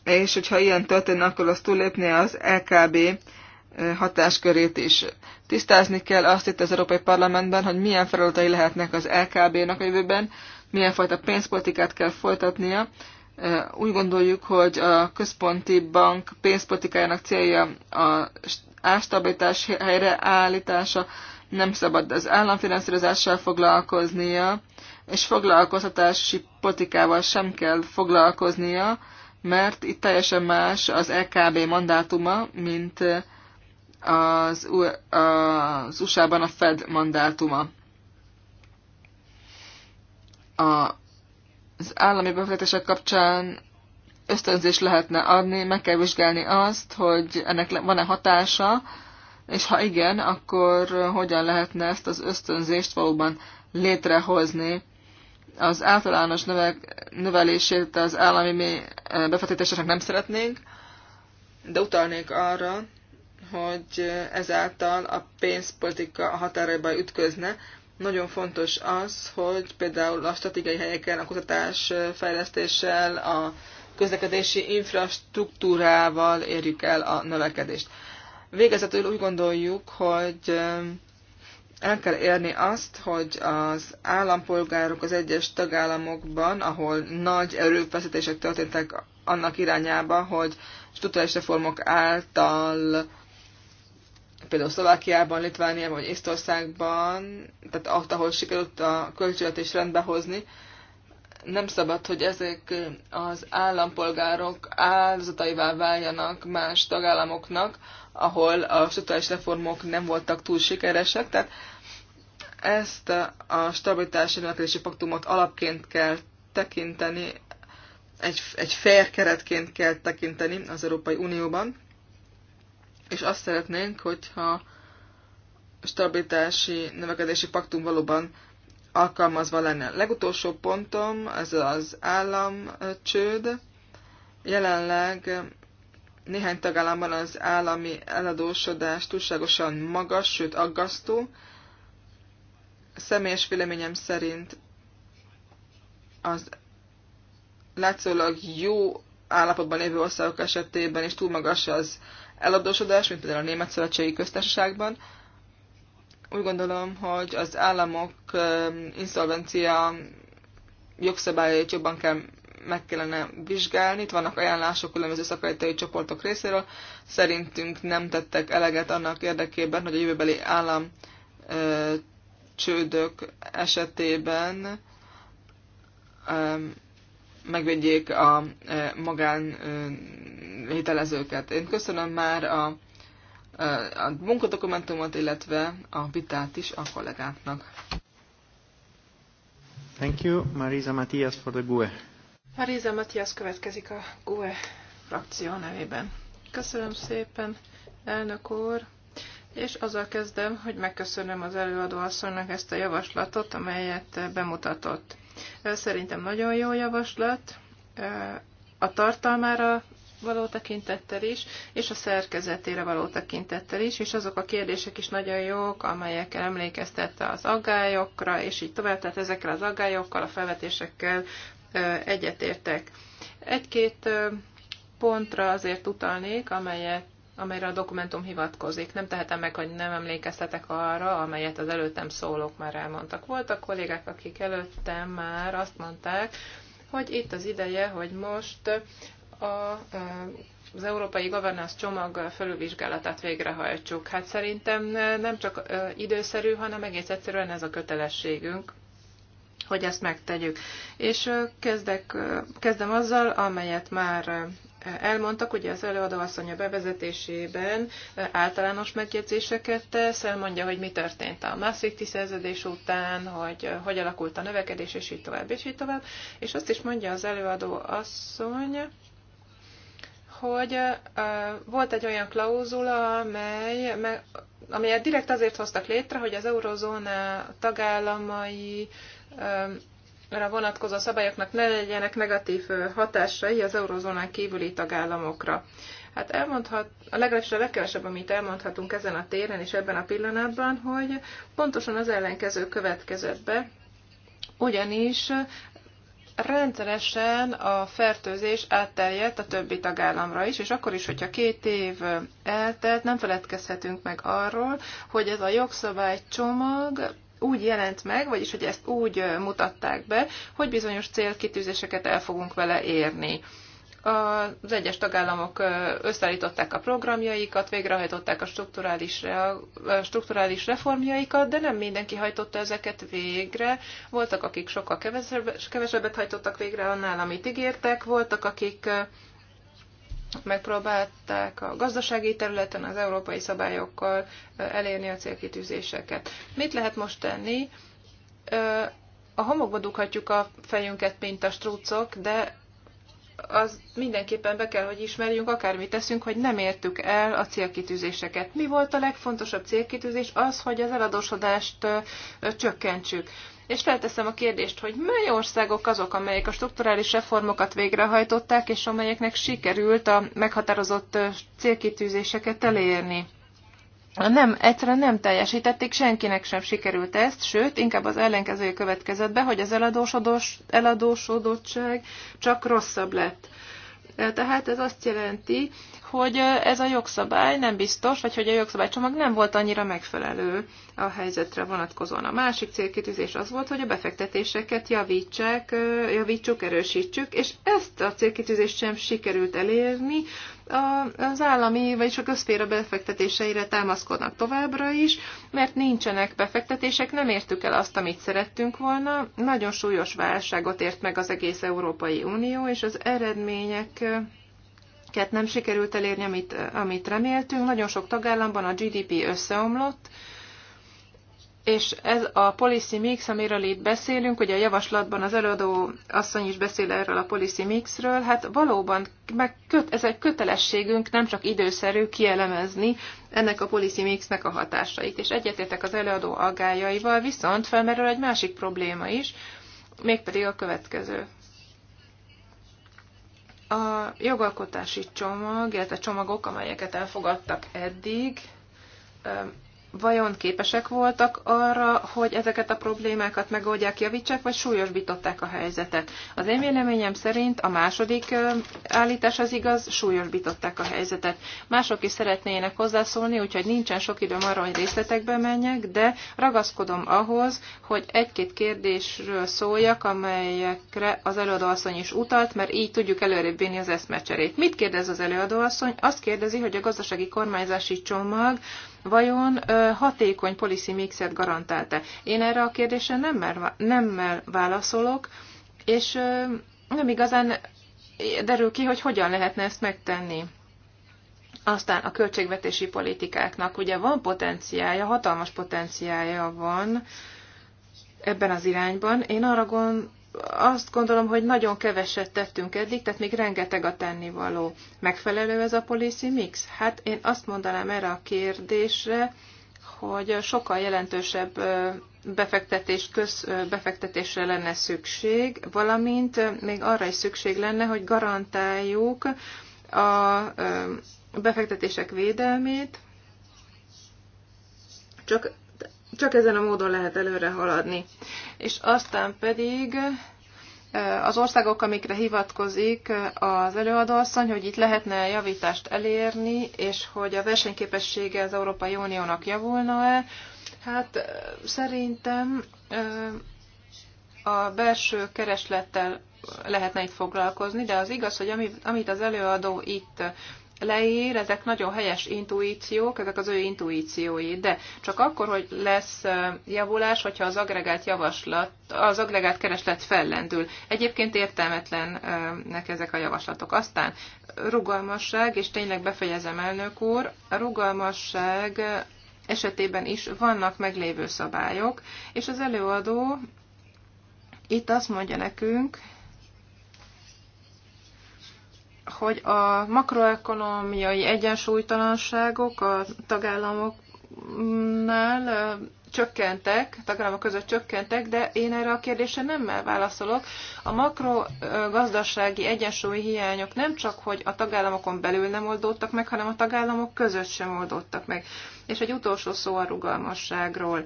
[SPEAKER 3] És hogyha ilyen történne, akkor az túllépné az LKB hatáskörét is. Tisztázni kell azt itt az Európai Parlamentben, hogy milyen feladatai lehetnek az LKB-nak a jövőben, milyen fajta pénzpolitikát kell folytatnia. Úgy gondoljuk, hogy a központi bank pénzpolitikájának célja a ástabilitás helyreállítása, nem szabad az államfinanszírozással foglalkoznia, és foglalkoztatási politikával sem kell foglalkoznia, mert itt teljesen más az LKB e mandátuma, mint az, az USA-ban a Fed mandátuma. A, az állami befektetések kapcsán ösztönzés lehetne adni, meg kell vizsgálni azt, hogy ennek van-e hatása, és ha igen, akkor hogyan lehetne ezt az ösztönzést valóban létrehozni. Az általános növelését az állami eh, befektetéseknek nem szeretnénk, de utalnék arra, hogy ezáltal a pénzpolitika a határaiba ütközne. Nagyon fontos az, hogy például a stratégiai helyeken a kutatás eh, fejlesztéssel, a közlekedési infrastruktúrával érjük el a növekedést. Végezetül úgy gondoljuk, hogy eh, el kell érni azt, hogy az állampolgárok az egyes tagállamokban, ahol nagy erőfeszítések történtek annak irányába, hogy struktúrális reformok által például Szlovákiában, Litvániában vagy Észtországban, tehát ott, ahol sikerült a költségvetést rendbe hozni, nem szabad, hogy ezek az állampolgárok áldozataivá váljanak más tagállamoknak, ahol a struktúrális reformok nem voltak túl sikeresek, tehát ezt a stabilitási növekedési paktumot alapként kell tekinteni, egy, egy fair keretként kell tekinteni az Európai Unióban, és azt szeretnénk, hogyha stabilitási növekedési paktum valóban alkalmazva lenne. Legutolsó pontom, ez az államcsőd. Jelenleg néhány tagállamban az állami eladósodás túlságosan magas, sőt aggasztó. Személyes véleményem szerint az látszólag jó állapotban lévő országok esetében is túl magas az eladósodás, mint például a Német Szövetségi Köztársaságban. Úgy gondolom, hogy az államok insolvencia jogszabályait jobban kell meg kellene vizsgálni. Itt vannak ajánlások különböző szakértői csoportok részéről. Szerintünk nem tettek eleget annak érdekében, hogy a jövőbeli állam ö, csődök esetében ö, megvédjék a ö, magán ö, hitelezőket. Én köszönöm már a a munkadokumentumot, illetve a vitát is a kollégáknak.
[SPEAKER 1] Thank you, Marisa Matias for the GUE.
[SPEAKER 2] Marisa Matias következik a GUE frakció nevében. Köszönöm szépen, elnök úr, és azzal kezdem, hogy megköszönöm az előadóasszonynak ezt a javaslatot, amelyet bemutatott. Szerintem nagyon jó javaslat, a tartalmára való tekintettel is, és a szerkezetére való tekintettel is, és azok a kérdések is nagyon jók, amelyekkel emlékeztette az aggályokra, és így tovább, tehát ezekkel az aggályokkal, a felvetésekkel egyetértek. Egy-két pontra azért utalnék, amelyet amelyre a dokumentum hivatkozik. Nem tehetem meg, hogy nem emlékeztetek arra, amelyet az előttem szólók már elmondtak. Voltak kollégák, akik előttem már azt mondták, hogy itt az ideje, hogy most a az európai governance csomag fölülvizsgálatát végrehajtsuk. Hát szerintem nem csak időszerű, hanem egész egyszerűen ez a kötelességünk, hogy ezt megtegyük. És kezdek, kezdem azzal, amelyet már elmondtak, ugye az előadó asszony a bevezetésében általános megjegyzéseket tesz, elmondja, hogy mi történt a másik tiszerződés után, hogy hogy alakult a növekedés, és így tovább, és így tovább. És azt is mondja az előadó asszony, hogy volt egy olyan klauzula, amely, amelyet direkt azért hoztak létre, hogy az eurozóna tagállamai uh, vonatkozó szabályoknak ne legyenek negatív hatásai az eurozónán kívüli tagállamokra. Hát elmondhat, a legalábbis a legkevesebb, amit elmondhatunk ezen a téren és ebben a pillanatban, hogy pontosan az ellenkező következett be, ugyanis rendszeresen a fertőzés átterjedt a többi tagállamra is, és akkor is, hogyha két év eltelt, nem feledkezhetünk meg arról, hogy ez a jogszabálycsomag úgy jelent meg, vagyis hogy ezt úgy mutatták be, hogy bizonyos célkitűzéseket el fogunk vele érni az egyes tagállamok összeállították a programjaikat, végrehajtották a strukturális, strukturális reformjaikat, de nem mindenki hajtotta ezeket végre. Voltak, akik sokkal kevesebbet hajtottak végre annál, amit ígértek, voltak, akik megpróbálták a gazdasági területen az európai szabályokkal elérni a célkitűzéseket. Mit lehet most tenni? A homokba dughatjuk a fejünket, mint a strúcok, de az mindenképpen be kell, hogy ismerjünk, akármit teszünk, hogy nem értük el a célkitűzéseket. Mi volt a legfontosabb célkitűzés? Az, hogy az eladósodást csökkentsük. És felteszem a kérdést, hogy mely országok azok, amelyek a strukturális reformokat végrehajtották, és amelyeknek sikerült a meghatározott célkitűzéseket elérni? nem, egyszerűen nem teljesítették, senkinek sem sikerült ezt, sőt, inkább az ellenkezője következett be, hogy az eladósodós, eladósodottság csak rosszabb lett. Tehát ez azt jelenti, hogy ez a jogszabály nem biztos, vagy hogy a jogszabálycsomag nem volt annyira megfelelő a helyzetre vonatkozóan. A másik célkitűzés az volt, hogy a befektetéseket javítsák, javítsuk, erősítsük, és ezt a célkitűzést sem sikerült elérni, az állami, vagy csak közféra befektetéseire támaszkodnak továbbra is, mert nincsenek befektetések, nem értük el azt, amit szerettünk volna. Nagyon súlyos válságot ért meg az egész Európai Unió, és az eredmények nem sikerült elérni, amit, amit reméltünk. Nagyon sok tagállamban a GDP összeomlott, és ez a policy mix, amiről itt beszélünk, ugye a javaslatban az előadó asszony is beszél erről a policy mixről, hát valóban meg köt, ez egy kötelességünk nem csak időszerű kielemezni ennek a policy mixnek a hatásait. És egyetértek az előadó aggájaival, viszont felmerül egy másik probléma is, mégpedig a következő. A jogalkotási csomag, illetve csomagok, amelyeket elfogadtak eddig, vajon képesek voltak arra, hogy ezeket a problémákat megoldják, javítsák, vagy súlyosbították a helyzetet. Az én véleményem szerint a második állítás az igaz, súlyosbították a helyzetet. Mások is szeretnének hozzászólni, úgyhogy nincsen sok időm arra, hogy részletekbe menjek, de ragaszkodom ahhoz, hogy egy-két kérdésről szóljak, amelyekre az előadóasszony is utalt, mert így tudjuk előrébb vinni az eszmecserét. Mit kérdez az előadóasszony? Azt kérdezi, hogy a gazdasági kormányzási csomag vajon hatékony policy mixet garantálta? Én erre a kérdésre nem nemmel válaszolok, és nem igazán derül ki, hogy hogyan lehetne ezt megtenni. Aztán a költségvetési politikáknak ugye van potenciája, hatalmas potenciája van ebben az irányban. Én arra gond, azt gondolom, hogy nagyon keveset tettünk eddig, tehát még rengeteg a tennivaló. Megfelelő ez a policy mix? Hát én azt mondanám erre a kérdésre, hogy sokkal jelentősebb befektetés, közbefektetésre lenne szükség, valamint még arra is szükség lenne, hogy garantáljuk a befektetések védelmét, csak csak ezen a módon lehet előre haladni. És aztán pedig az országok, amikre hivatkozik az előadóasszony, hogy itt lehetne javítást elérni, és hogy a versenyképessége az Európai Uniónak javulna-e. Hát szerintem a belső kereslettel lehetne itt foglalkozni, de az igaz, hogy amit az előadó itt leír, ezek nagyon helyes intuíciók, ezek az ő intuíciói, de csak akkor, hogy lesz javulás, hogyha az agregált javaslat, az agregált kereslet fellendül. Egyébként értelmetlennek ezek a javaslatok. Aztán rugalmasság, és tényleg befejezem, elnök úr, a rugalmasság esetében is vannak meglévő szabályok, és az előadó itt azt mondja nekünk, hogy a makroekonomiai egyensúlytalanságok a tagállamoknál csökkentek, tagállamok között csökkentek, de én erre a kérdésre nem válaszolok. A makrogazdasági egyensúly hiányok nem csak, hogy a tagállamokon belül nem oldódtak meg, hanem a tagállamok között sem oldódtak meg. És egy utolsó szó a rugalmasságról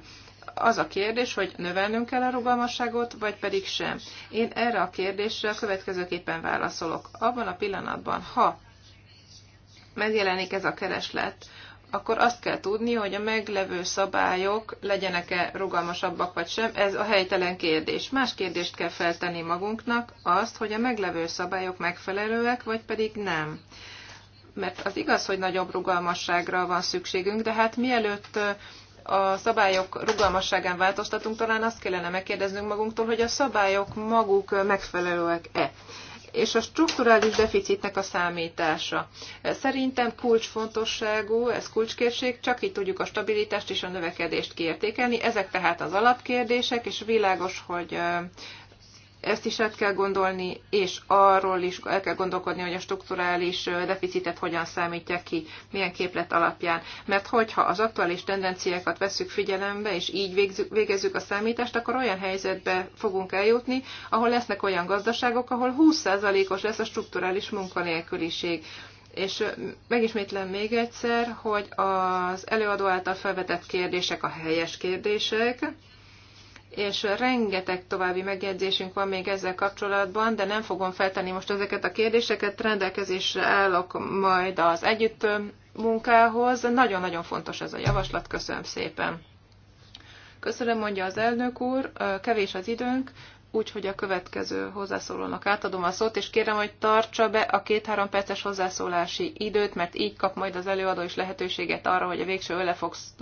[SPEAKER 2] az a kérdés, hogy növelnünk kell a rugalmasságot, vagy pedig sem. Én erre a kérdésre a következőképpen válaszolok. Abban a pillanatban, ha megjelenik ez a kereslet, akkor azt kell tudni, hogy a meglevő szabályok legyenek-e rugalmasabbak vagy sem, ez a helytelen kérdés. Más kérdést kell feltenni magunknak, azt, hogy a meglevő szabályok megfelelőek, vagy pedig nem. Mert az igaz, hogy nagyobb rugalmasságra van szükségünk, de hát mielőtt a szabályok rugalmasságán változtatunk, talán azt kellene megkérdeznünk magunktól, hogy a szabályok maguk megfelelőek-e és a strukturális deficitnek a számítása. Szerintem kulcsfontosságú, ez kulcskérség, csak így tudjuk a stabilitást és a növekedést kiértékelni. Ezek tehát az alapkérdések, és világos, hogy ezt is át kell gondolni, és arról is el kell gondolkodni, hogy a strukturális deficitet hogyan számítják ki, milyen képlet alapján. Mert hogyha az aktuális tendenciákat veszük figyelembe, és így végezzük a számítást, akkor olyan helyzetbe fogunk eljutni, ahol lesznek olyan gazdaságok, ahol 20%-os lesz a strukturális munkanélküliség. És megismétlem még egyszer, hogy az előadó által felvetett kérdések a helyes kérdések, és rengeteg további megjegyzésünk van még ezzel kapcsolatban, de nem fogom feltenni most ezeket a kérdéseket, rendelkezésre állok majd az együtt munkához. Nagyon-nagyon fontos ez a javaslat, köszönöm szépen. Köszönöm, mondja az elnök úr, kevés az időnk, úgyhogy a következő hozzászólónak átadom a szót, és kérem, hogy tartsa be a két-három perces hozzászólási időt, mert így kap majd az előadó is lehetőséget arra, hogy a végső, ölefogsz,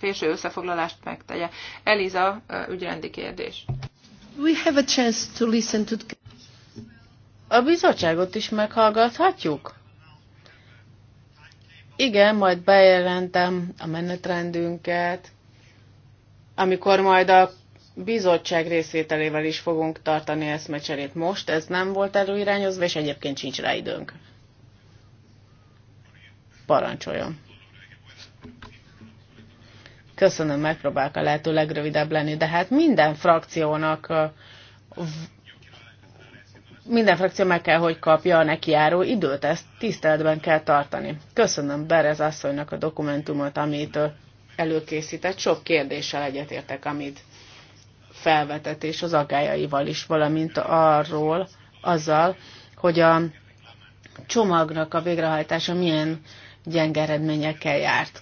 [SPEAKER 2] végső összefoglalást megtegye. Eliza, ügyrendi kérdés.
[SPEAKER 1] We have a chance to listen to... A bizottságot is meghallgathatjuk? Igen, majd bejelentem a menetrendünket, amikor majd a bizottság részvételével is fogunk tartani eszmecserét most, ez nem volt előirányozva, és egyébként sincs rá időnk. Parancsoljon. Köszönöm, megpróbálok a lehető legrövidebb lenni, de hát minden frakciónak minden frakció meg kell, hogy kapja a neki járó időt, ezt tiszteletben kell tartani. Köszönöm Berez asszonynak a dokumentumot, amit előkészített, sok kérdéssel egyetértek, amit felvetetés az agályaival is, valamint arról, azzal, hogy a csomagnak a végrehajtása milyen gyenge eredményekkel járt.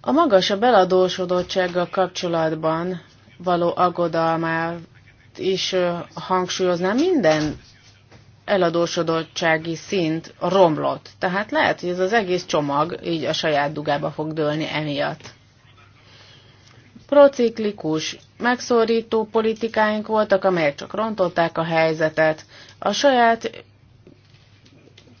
[SPEAKER 1] A magasabb eladósodottsággal kapcsolatban való aggodalmát is hangsúlyoznám, minden eladósodottsági szint romlott. Tehát lehet, hogy ez az egész csomag így a saját dugába fog dőlni emiatt. Prociklikus, megszorító politikáink voltak, amelyek csak rontották a helyzetet. A saját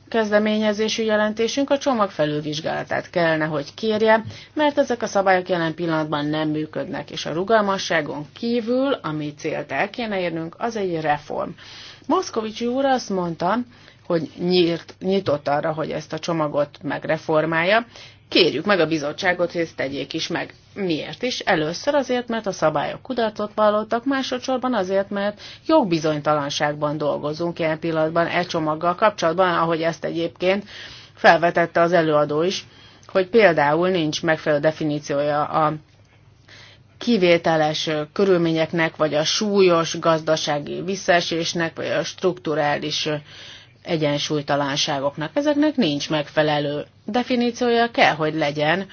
[SPEAKER 1] kezdeményezésű jelentésünk a csomag felülvizsgálatát kellene, hogy kérje, mert ezek a szabályok jelen pillanatban nem működnek, és a rugalmasságon kívül, ami célt el kéne érnünk, az egy reform. Moszkovicsi úr azt mondta, hogy nyírt, nyitott arra, hogy ezt a csomagot megreformálja, kérjük meg a bizottságot, hogy ezt tegyék is meg. Miért is? Először azért, mert a szabályok kudarcot vallottak, másodszorban azért, mert jogbizonytalanságban dolgozunk ilyen pillanatban e csomaggal kapcsolatban, ahogy ezt egyébként felvetette az előadó is, hogy például nincs megfelelő definíciója a kivételes körülményeknek, vagy a súlyos gazdasági visszaesésnek, vagy a strukturális egyensúlytalanságoknak. Ezeknek nincs megfelelő definíciója, kell, hogy legyen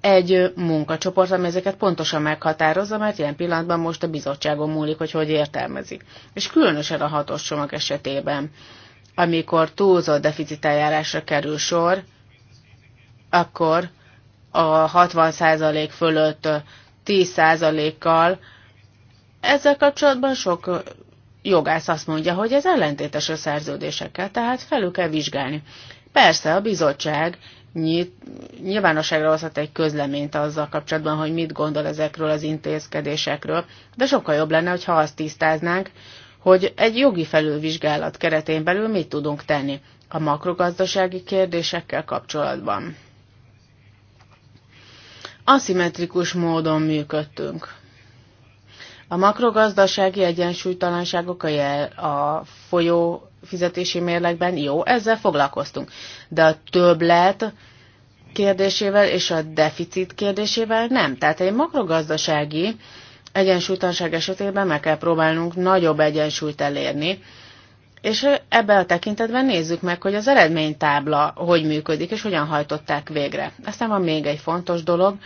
[SPEAKER 1] egy munkacsoport, ami ezeket pontosan meghatározza, mert ilyen pillanatban most a bizottságon múlik, hogy hogy értelmezik. És különösen a hatos csomag esetében, amikor túlzott deficiteljárásra kerül sor, akkor a 60% fölött 10%-kal ezzel kapcsolatban sok jogász azt mondja, hogy ez ellentétes a szerződésekkel, tehát felül kell vizsgálni. Persze a bizottság nyit, nyilvánosságra hozhat egy közleményt azzal kapcsolatban, hogy mit gondol ezekről az intézkedésekről, de sokkal jobb lenne, ha azt tisztáznánk, hogy egy jogi felülvizsgálat keretén belül mit tudunk tenni a makrogazdasági kérdésekkel kapcsolatban. Aszimmetrikus módon működtünk. A makrogazdasági egyensúlytalanságok a, jel, a folyó fizetési mérlekben, jó, ezzel foglalkoztunk. De a többlet kérdésével és a deficit kérdésével nem. Tehát egy makrogazdasági egyensúlytalanság esetében meg kell próbálnunk nagyobb egyensúlyt elérni, és ebben a tekintetben nézzük meg, hogy az eredménytábla hogy működik, és hogyan hajtották végre. Aztán van még egy fontos dolog,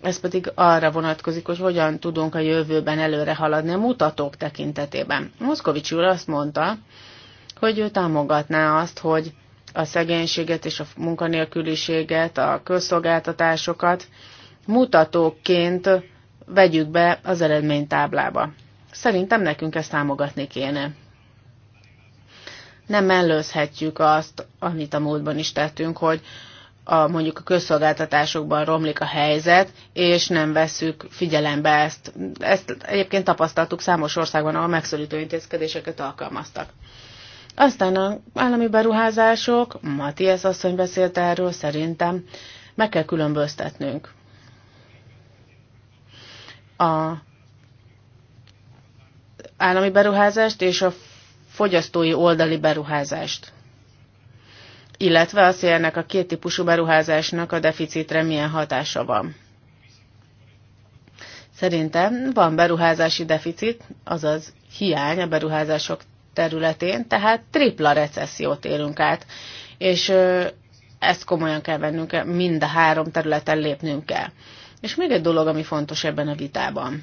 [SPEAKER 1] ez pedig arra vonatkozik, hogy hogyan tudunk a jövőben előre haladni a mutatók tekintetében. Moszkovics úr azt mondta, hogy ő támogatná azt, hogy a szegénységet és a munkanélküliséget, a közszolgáltatásokat mutatóként vegyük be az eredménytáblába. Szerintem nekünk ezt támogatni kéne. Nem mellőzhetjük azt, amit a múltban is tettünk, hogy a, mondjuk a közszolgáltatásokban romlik a helyzet, és nem vesszük figyelembe ezt. Ezt egyébként tapasztaltuk számos országban, ahol megszorító intézkedéseket alkalmaztak. Aztán a állami beruházások, Matthias asszony beszélt erről, szerintem meg kell különböztetnünk. A állami beruházást és a fogyasztói oldali beruházást illetve az, hogy a két típusú beruházásnak a deficitre milyen hatása van. Szerintem van beruházási deficit, azaz hiány a beruházások területén, tehát tripla recessziót élünk át, és ezt komolyan kell vennünk, mind a három területen lépnünk kell. És még egy dolog, ami fontos ebben a vitában.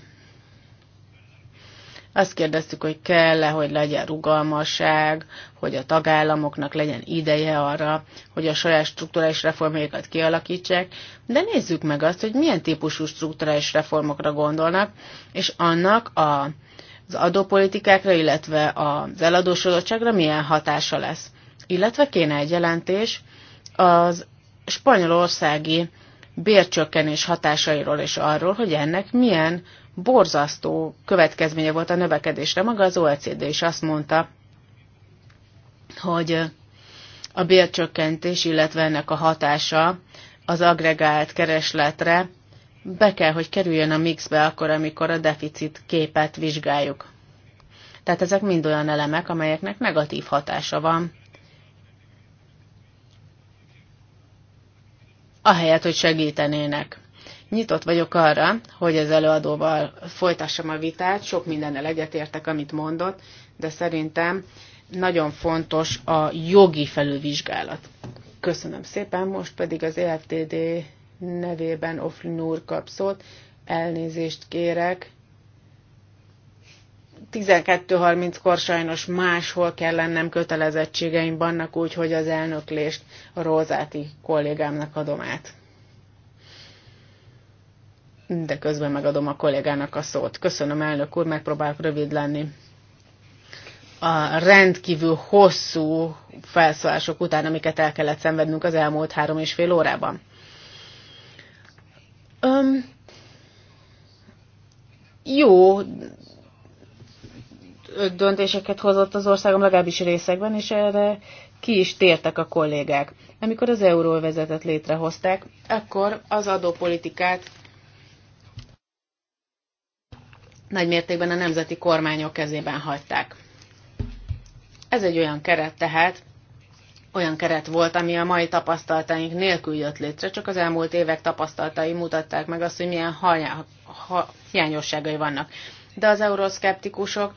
[SPEAKER 1] Azt kérdeztük, hogy kell-e, hogy legyen rugalmasság, hogy a tagállamoknak legyen ideje arra, hogy a saját strukturális reformjaikat kialakítsák, de nézzük meg azt, hogy milyen típusú strukturális reformokra gondolnak, és annak a, az adópolitikákra, illetve az eladósodottságra milyen hatása lesz. Illetve kéne egy jelentés az spanyolországi bércsökkenés hatásairól és arról, hogy ennek milyen borzasztó következménye volt a növekedésre. Maga az OECD is azt mondta, hogy a bércsökkentés, illetve ennek a hatása az agregált keresletre be kell, hogy kerüljön a mixbe akkor, amikor a deficit képet vizsgáljuk. Tehát ezek mind olyan elemek, amelyeknek negatív hatása van. Ahelyett, hogy segítenének. Nyitott vagyok arra, hogy az előadóval folytassam a vitát, sok mindennel egyetértek, amit mondott, de szerintem nagyon fontos a jogi felülvizsgálat. Köszönöm szépen, most pedig az EFTD nevében Oflin úr kap szót. Elnézést kérek. 12.30-kor sajnos máshol kell lennem kötelezettségeim vannak, úgyhogy az elnöklést a Rózáti kollégámnak adom át de közben megadom a kollégának a szót. Köszönöm, elnök úr, megpróbálok rövid lenni. A rendkívül hosszú felszólások után, amiket el kellett szenvednünk az elmúlt három és fél órában. Öm, jó döntéseket hozott az országom legalábbis részekben, és erre ki is tértek a kollégák. Amikor az euróvezetet létrehozták, akkor az adópolitikát Nagy mértékben a nemzeti kormányok kezében hagyták. Ez egy olyan keret tehát, olyan keret volt, ami a mai tapasztalataink nélkül jött létre, csak az elmúlt évek tapasztalatai mutatták meg azt, hogy milyen hiányosságai vannak. De az euroszkeptikusok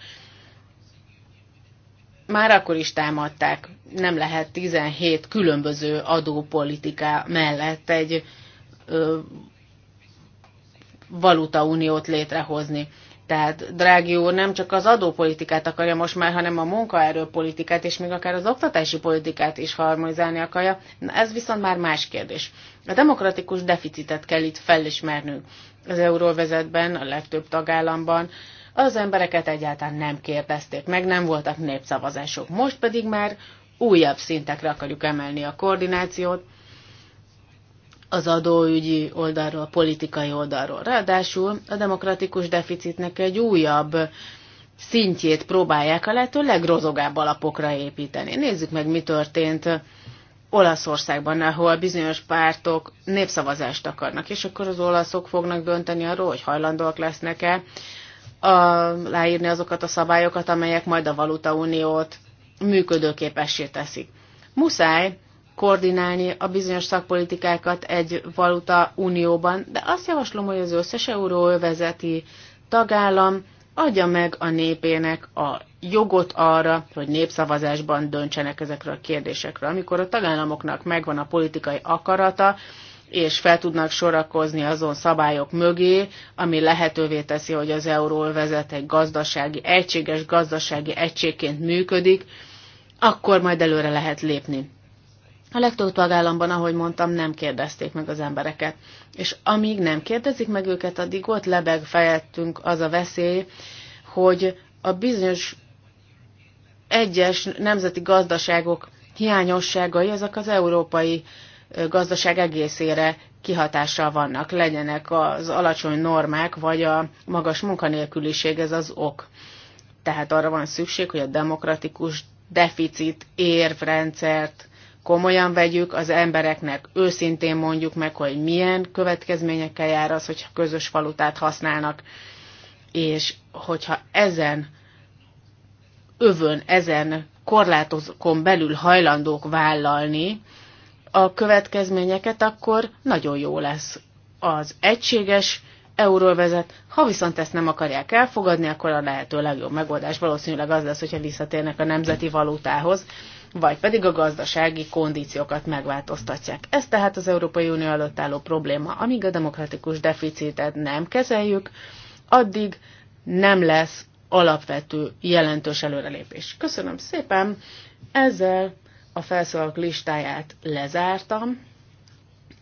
[SPEAKER 1] már akkor is támadták, nem lehet 17 különböző adópolitika mellett egy ö, valutauniót létrehozni. Tehát Drági úr nem csak az adópolitikát akarja most már, hanem a munkaerőpolitikát és még akár az oktatási politikát is harmonizálni akarja. Na, ez viszont már más kérdés. A demokratikus deficitet kell itt felismernünk. Az euróvezetben, a legtöbb tagállamban az embereket egyáltalán nem kérdezték, meg nem voltak népszavazások. Most pedig már újabb szintekre akarjuk emelni a koordinációt, az adóügyi oldalról, a politikai oldalról. Ráadásul a demokratikus deficitnek egy újabb szintjét próbálják a lehető legrozogább alapokra építeni. Nézzük meg, mi történt Olaszországban, ahol bizonyos pártok népszavazást akarnak, és akkor az olaszok fognak dönteni arról, hogy hajlandóak lesznek-e leírni azokat a szabályokat, amelyek majd a valutauniót működőképessé teszik. Muszáj koordinálni a bizonyos szakpolitikákat egy valuta unióban, de azt javaslom, hogy az összes euróövezeti tagállam adja meg a népének a jogot arra, hogy népszavazásban döntsenek ezekről a kérdésekről. Amikor a tagállamoknak megvan a politikai akarata, és fel tudnak sorakozni azon szabályok mögé, ami lehetővé teszi, hogy az euról vezet egy gazdasági, egységes gazdasági egységként működik, akkor majd előre lehet lépni. A legtöbb tagállamban, ahogy mondtam, nem kérdezték meg az embereket. És amíg nem kérdezik meg őket, addig ott lebeg fejettünk az a veszély, hogy a bizonyos egyes nemzeti gazdaságok hiányosságai, azok az európai gazdaság egészére kihatással vannak, legyenek az alacsony normák, vagy a magas munkanélküliség, ez az ok. Tehát arra van szükség, hogy a demokratikus deficit érvrendszert komolyan vegyük, az embereknek őszintén mondjuk meg, hogy milyen következményekkel jár az, hogyha közös valutát használnak, és hogyha ezen övön, ezen korlátozókon belül hajlandók vállalni a következményeket, akkor nagyon jó lesz az egységes euró vezet, ha viszont ezt nem akarják elfogadni, akkor a lehető legjobb megoldás valószínűleg az lesz, hogyha visszatérnek a nemzeti valutához, vagy pedig a gazdasági kondíciókat megváltoztatják. Ez tehát az Európai Unió előtt álló probléma. Amíg a demokratikus deficitet nem kezeljük, addig nem lesz alapvető jelentős előrelépés. Köszönöm szépen, ezzel a felszólalók listáját lezártam,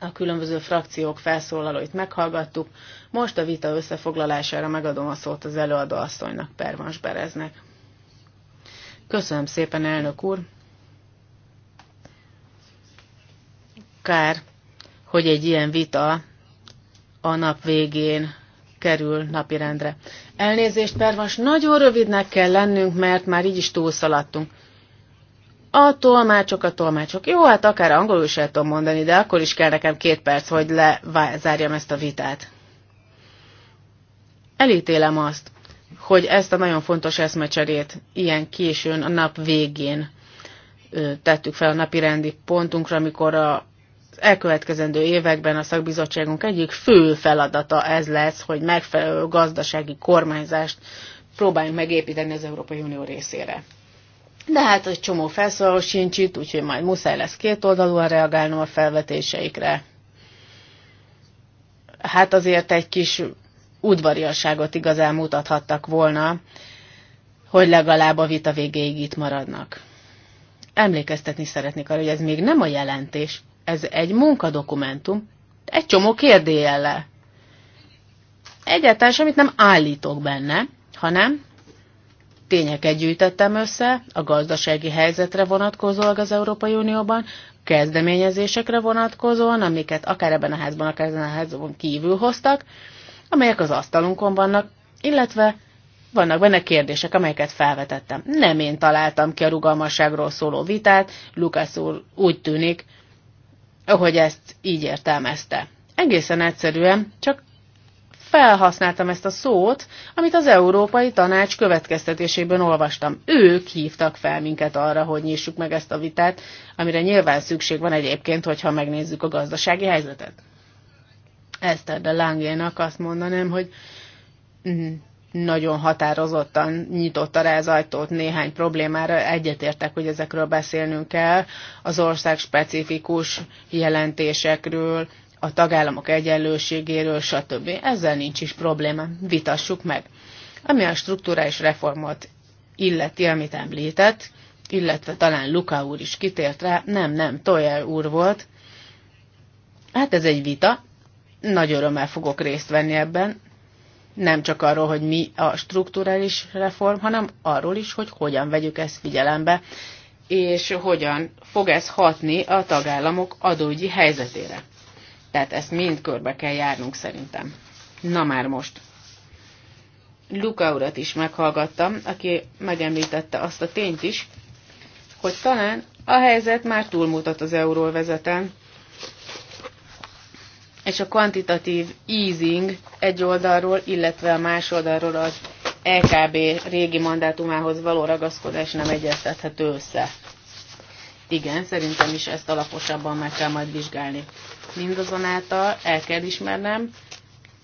[SPEAKER 1] a különböző frakciók felszólalóit meghallgattuk, most a vita összefoglalására megadom a szót az előadóasszonynak, Pervans Bereznek. Köszönöm szépen, elnök úr! Kár, hogy egy ilyen vita a nap végén kerül napirendre. Elnézést, Pervas, nagyon rövidnek kell lennünk, mert már így is túlszaladtunk. A tolmácsok, a tolmácsok. Jó, hát akár angolul is el tudom mondani, de akkor is kell nekem két perc, hogy lezárjam ezt a vitát. Elítélem azt, hogy ezt a nagyon fontos eszmecserét ilyen későn, a nap végén tettük fel a napi rendi pontunkra, amikor a elkövetkezendő években a szakbizottságunk egyik fő feladata ez lesz, hogy megfelelő gazdasági kormányzást próbáljunk megépíteni az Európai Unió részére. De hát egy csomó felszólaló sincs itt, úgyhogy majd muszáj lesz két oldalúan reagálnom a felvetéseikre. Hát azért egy kis udvariasságot igazán mutathattak volna, hogy legalább a vita végéig itt maradnak. Emlékeztetni szeretnék arra, hogy ez még nem a jelentés, ez egy munkadokumentum, egy csomó kérdéjellel. Egyáltalán semmit nem állítok benne, hanem tényeket gyűjtettem össze a gazdasági helyzetre vonatkozóan az Európai Unióban, kezdeményezésekre vonatkozóan, amiket akár ebben a házban, akár ebben a házban kívül hoztak, amelyek az asztalunkon vannak, illetve vannak benne kérdések, amelyeket felvetettem. Nem én találtam ki a rugalmasságról szóló vitát, Lukács úr úgy tűnik, ahogy ezt így értelmezte. Egészen egyszerűen csak felhasználtam ezt a szót, amit az Európai Tanács következtetésében olvastam. Ők hívtak fel minket arra, hogy nyissuk meg ezt a vitát, amire nyilván szükség van egyébként, hogyha megnézzük a gazdasági helyzetet. Eszter de Langénak azt mondanám, hogy mhm, nagyon határozottan nyitotta rá az ajtót néhány problémára. Egyetértek, hogy ezekről beszélnünk kell, az ország specifikus jelentésekről, a tagállamok egyenlőségéről, stb. Ezzel nincs is probléma, vitassuk meg. Ami a struktúrális reformot illeti, amit említett, illetve talán Luka úr is kitért rá, nem, nem, Toyer úr volt. Hát ez egy vita, nagy örömmel fogok részt venni ebben, nem csak arról, hogy mi a strukturális reform, hanem arról is, hogy hogyan vegyük ezt figyelembe, és hogyan fog ez hatni a tagállamok adógyi helyzetére. Tehát ezt mind körbe kell járnunk szerintem. Na már most. Luka urat is meghallgattam, aki megemlítette azt a tényt is, hogy talán a helyzet már túlmutat az euróvezeten, és a kvantitatív easing egy oldalról, illetve a más oldalról az LKB e régi mandátumához való ragaszkodás nem egyeztethető össze. Igen, szerintem is ezt alaposabban meg kell majd vizsgálni. Mindazonáltal el kell ismernem,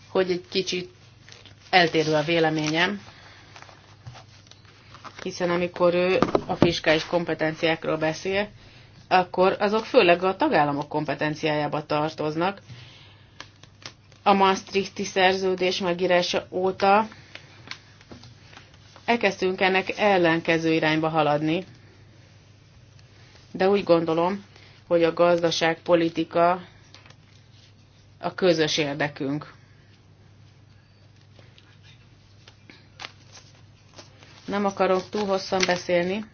[SPEAKER 1] hogy egy kicsit eltérő a véleményem, hiszen amikor ő a fiskális kompetenciákról beszél, akkor azok főleg a tagállamok kompetenciájába tartoznak, a Maastrichti szerződés megírása óta elkezdtünk ennek ellenkező irányba haladni, de úgy gondolom, hogy a gazdaságpolitika a közös érdekünk. Nem akarok túl hosszan beszélni,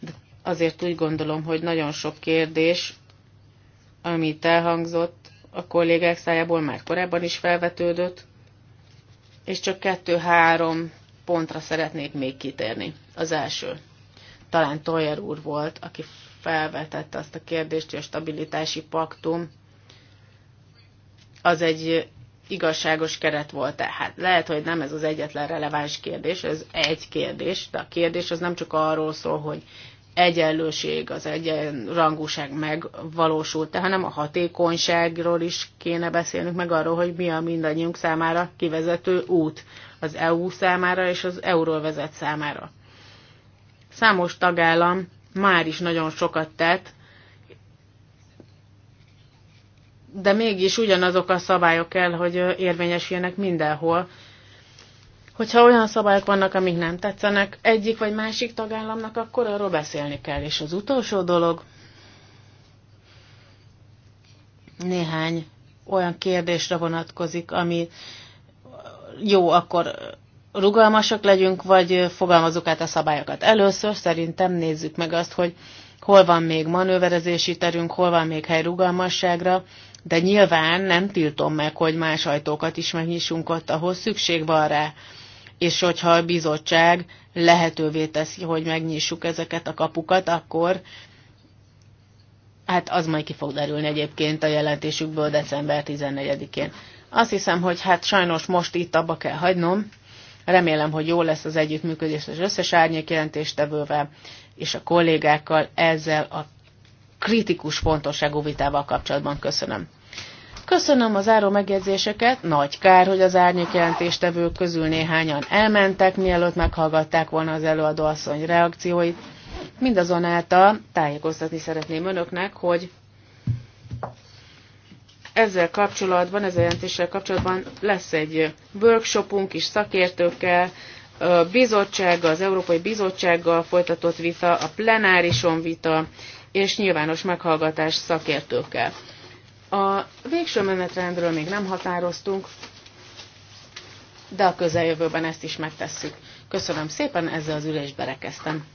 [SPEAKER 1] de azért úgy gondolom, hogy nagyon sok kérdés, amit elhangzott, a kollégák szájából már korábban is felvetődött, és csak kettő-három pontra szeretnék még kitérni. Az első. Talán Toyer úr volt, aki felvetette azt a kérdést, hogy a stabilitási paktum az egy igazságos keret volt tehát lehet, hogy nem ez az egyetlen releváns kérdés, ez egy kérdés, de a kérdés az nem csak arról szól, hogy egyenlőség, az egyenrangúság megvalósult-e, hanem a hatékonyságról is kéne beszélnünk meg arról, hogy mi a mindannyiunk számára kivezető út az EU számára és az euról vezet számára. Számos tagállam már is nagyon sokat tett, de mégis ugyanazok a szabályok kell, hogy érvényesüljenek mindenhol, hogyha olyan szabályok vannak, amik nem tetszenek egyik vagy másik tagállamnak, akkor arról beszélni kell. És az utolsó dolog, néhány olyan kérdésre vonatkozik, ami jó, akkor rugalmasak legyünk, vagy fogalmazunk át a szabályokat. Először szerintem nézzük meg azt, hogy hol van még manőverezési terünk, hol van még hely rugalmasságra, de nyilván nem tiltom meg, hogy más ajtókat is megnyissunk ott, ahol szükség van rá és hogyha a bizottság lehetővé teszi, hogy megnyissuk ezeket a kapukat, akkor hát az majd ki fog derülni egyébként a jelentésükből december 14-én. Azt hiszem, hogy hát sajnos most itt abba kell hagynom. Remélem, hogy jó lesz az együttműködés az összes árnyék jelentéstevővel és a kollégákkal ezzel a kritikus fontosságú vitával kapcsolatban. Köszönöm. Köszönöm az áró megjegyzéseket. Nagy kár, hogy az jelentéstevők közül néhányan elmentek, mielőtt meghallgatták volna az előadó asszony reakcióit. Mindazonáltal tájékoztatni szeretném önöknek, hogy ezzel kapcsolatban, ezzel jelentéssel kapcsolatban lesz egy workshopunk is szakértőkkel, a bizottsággal, az Európai Bizottsággal folytatott vita, a plenárison vita, és nyilvános meghallgatás szakértőkkel. A végső menetrendről még nem határoztunk, de a közeljövőben ezt is megtesszük. Köszönöm szépen, ezzel az ülést berekeztem.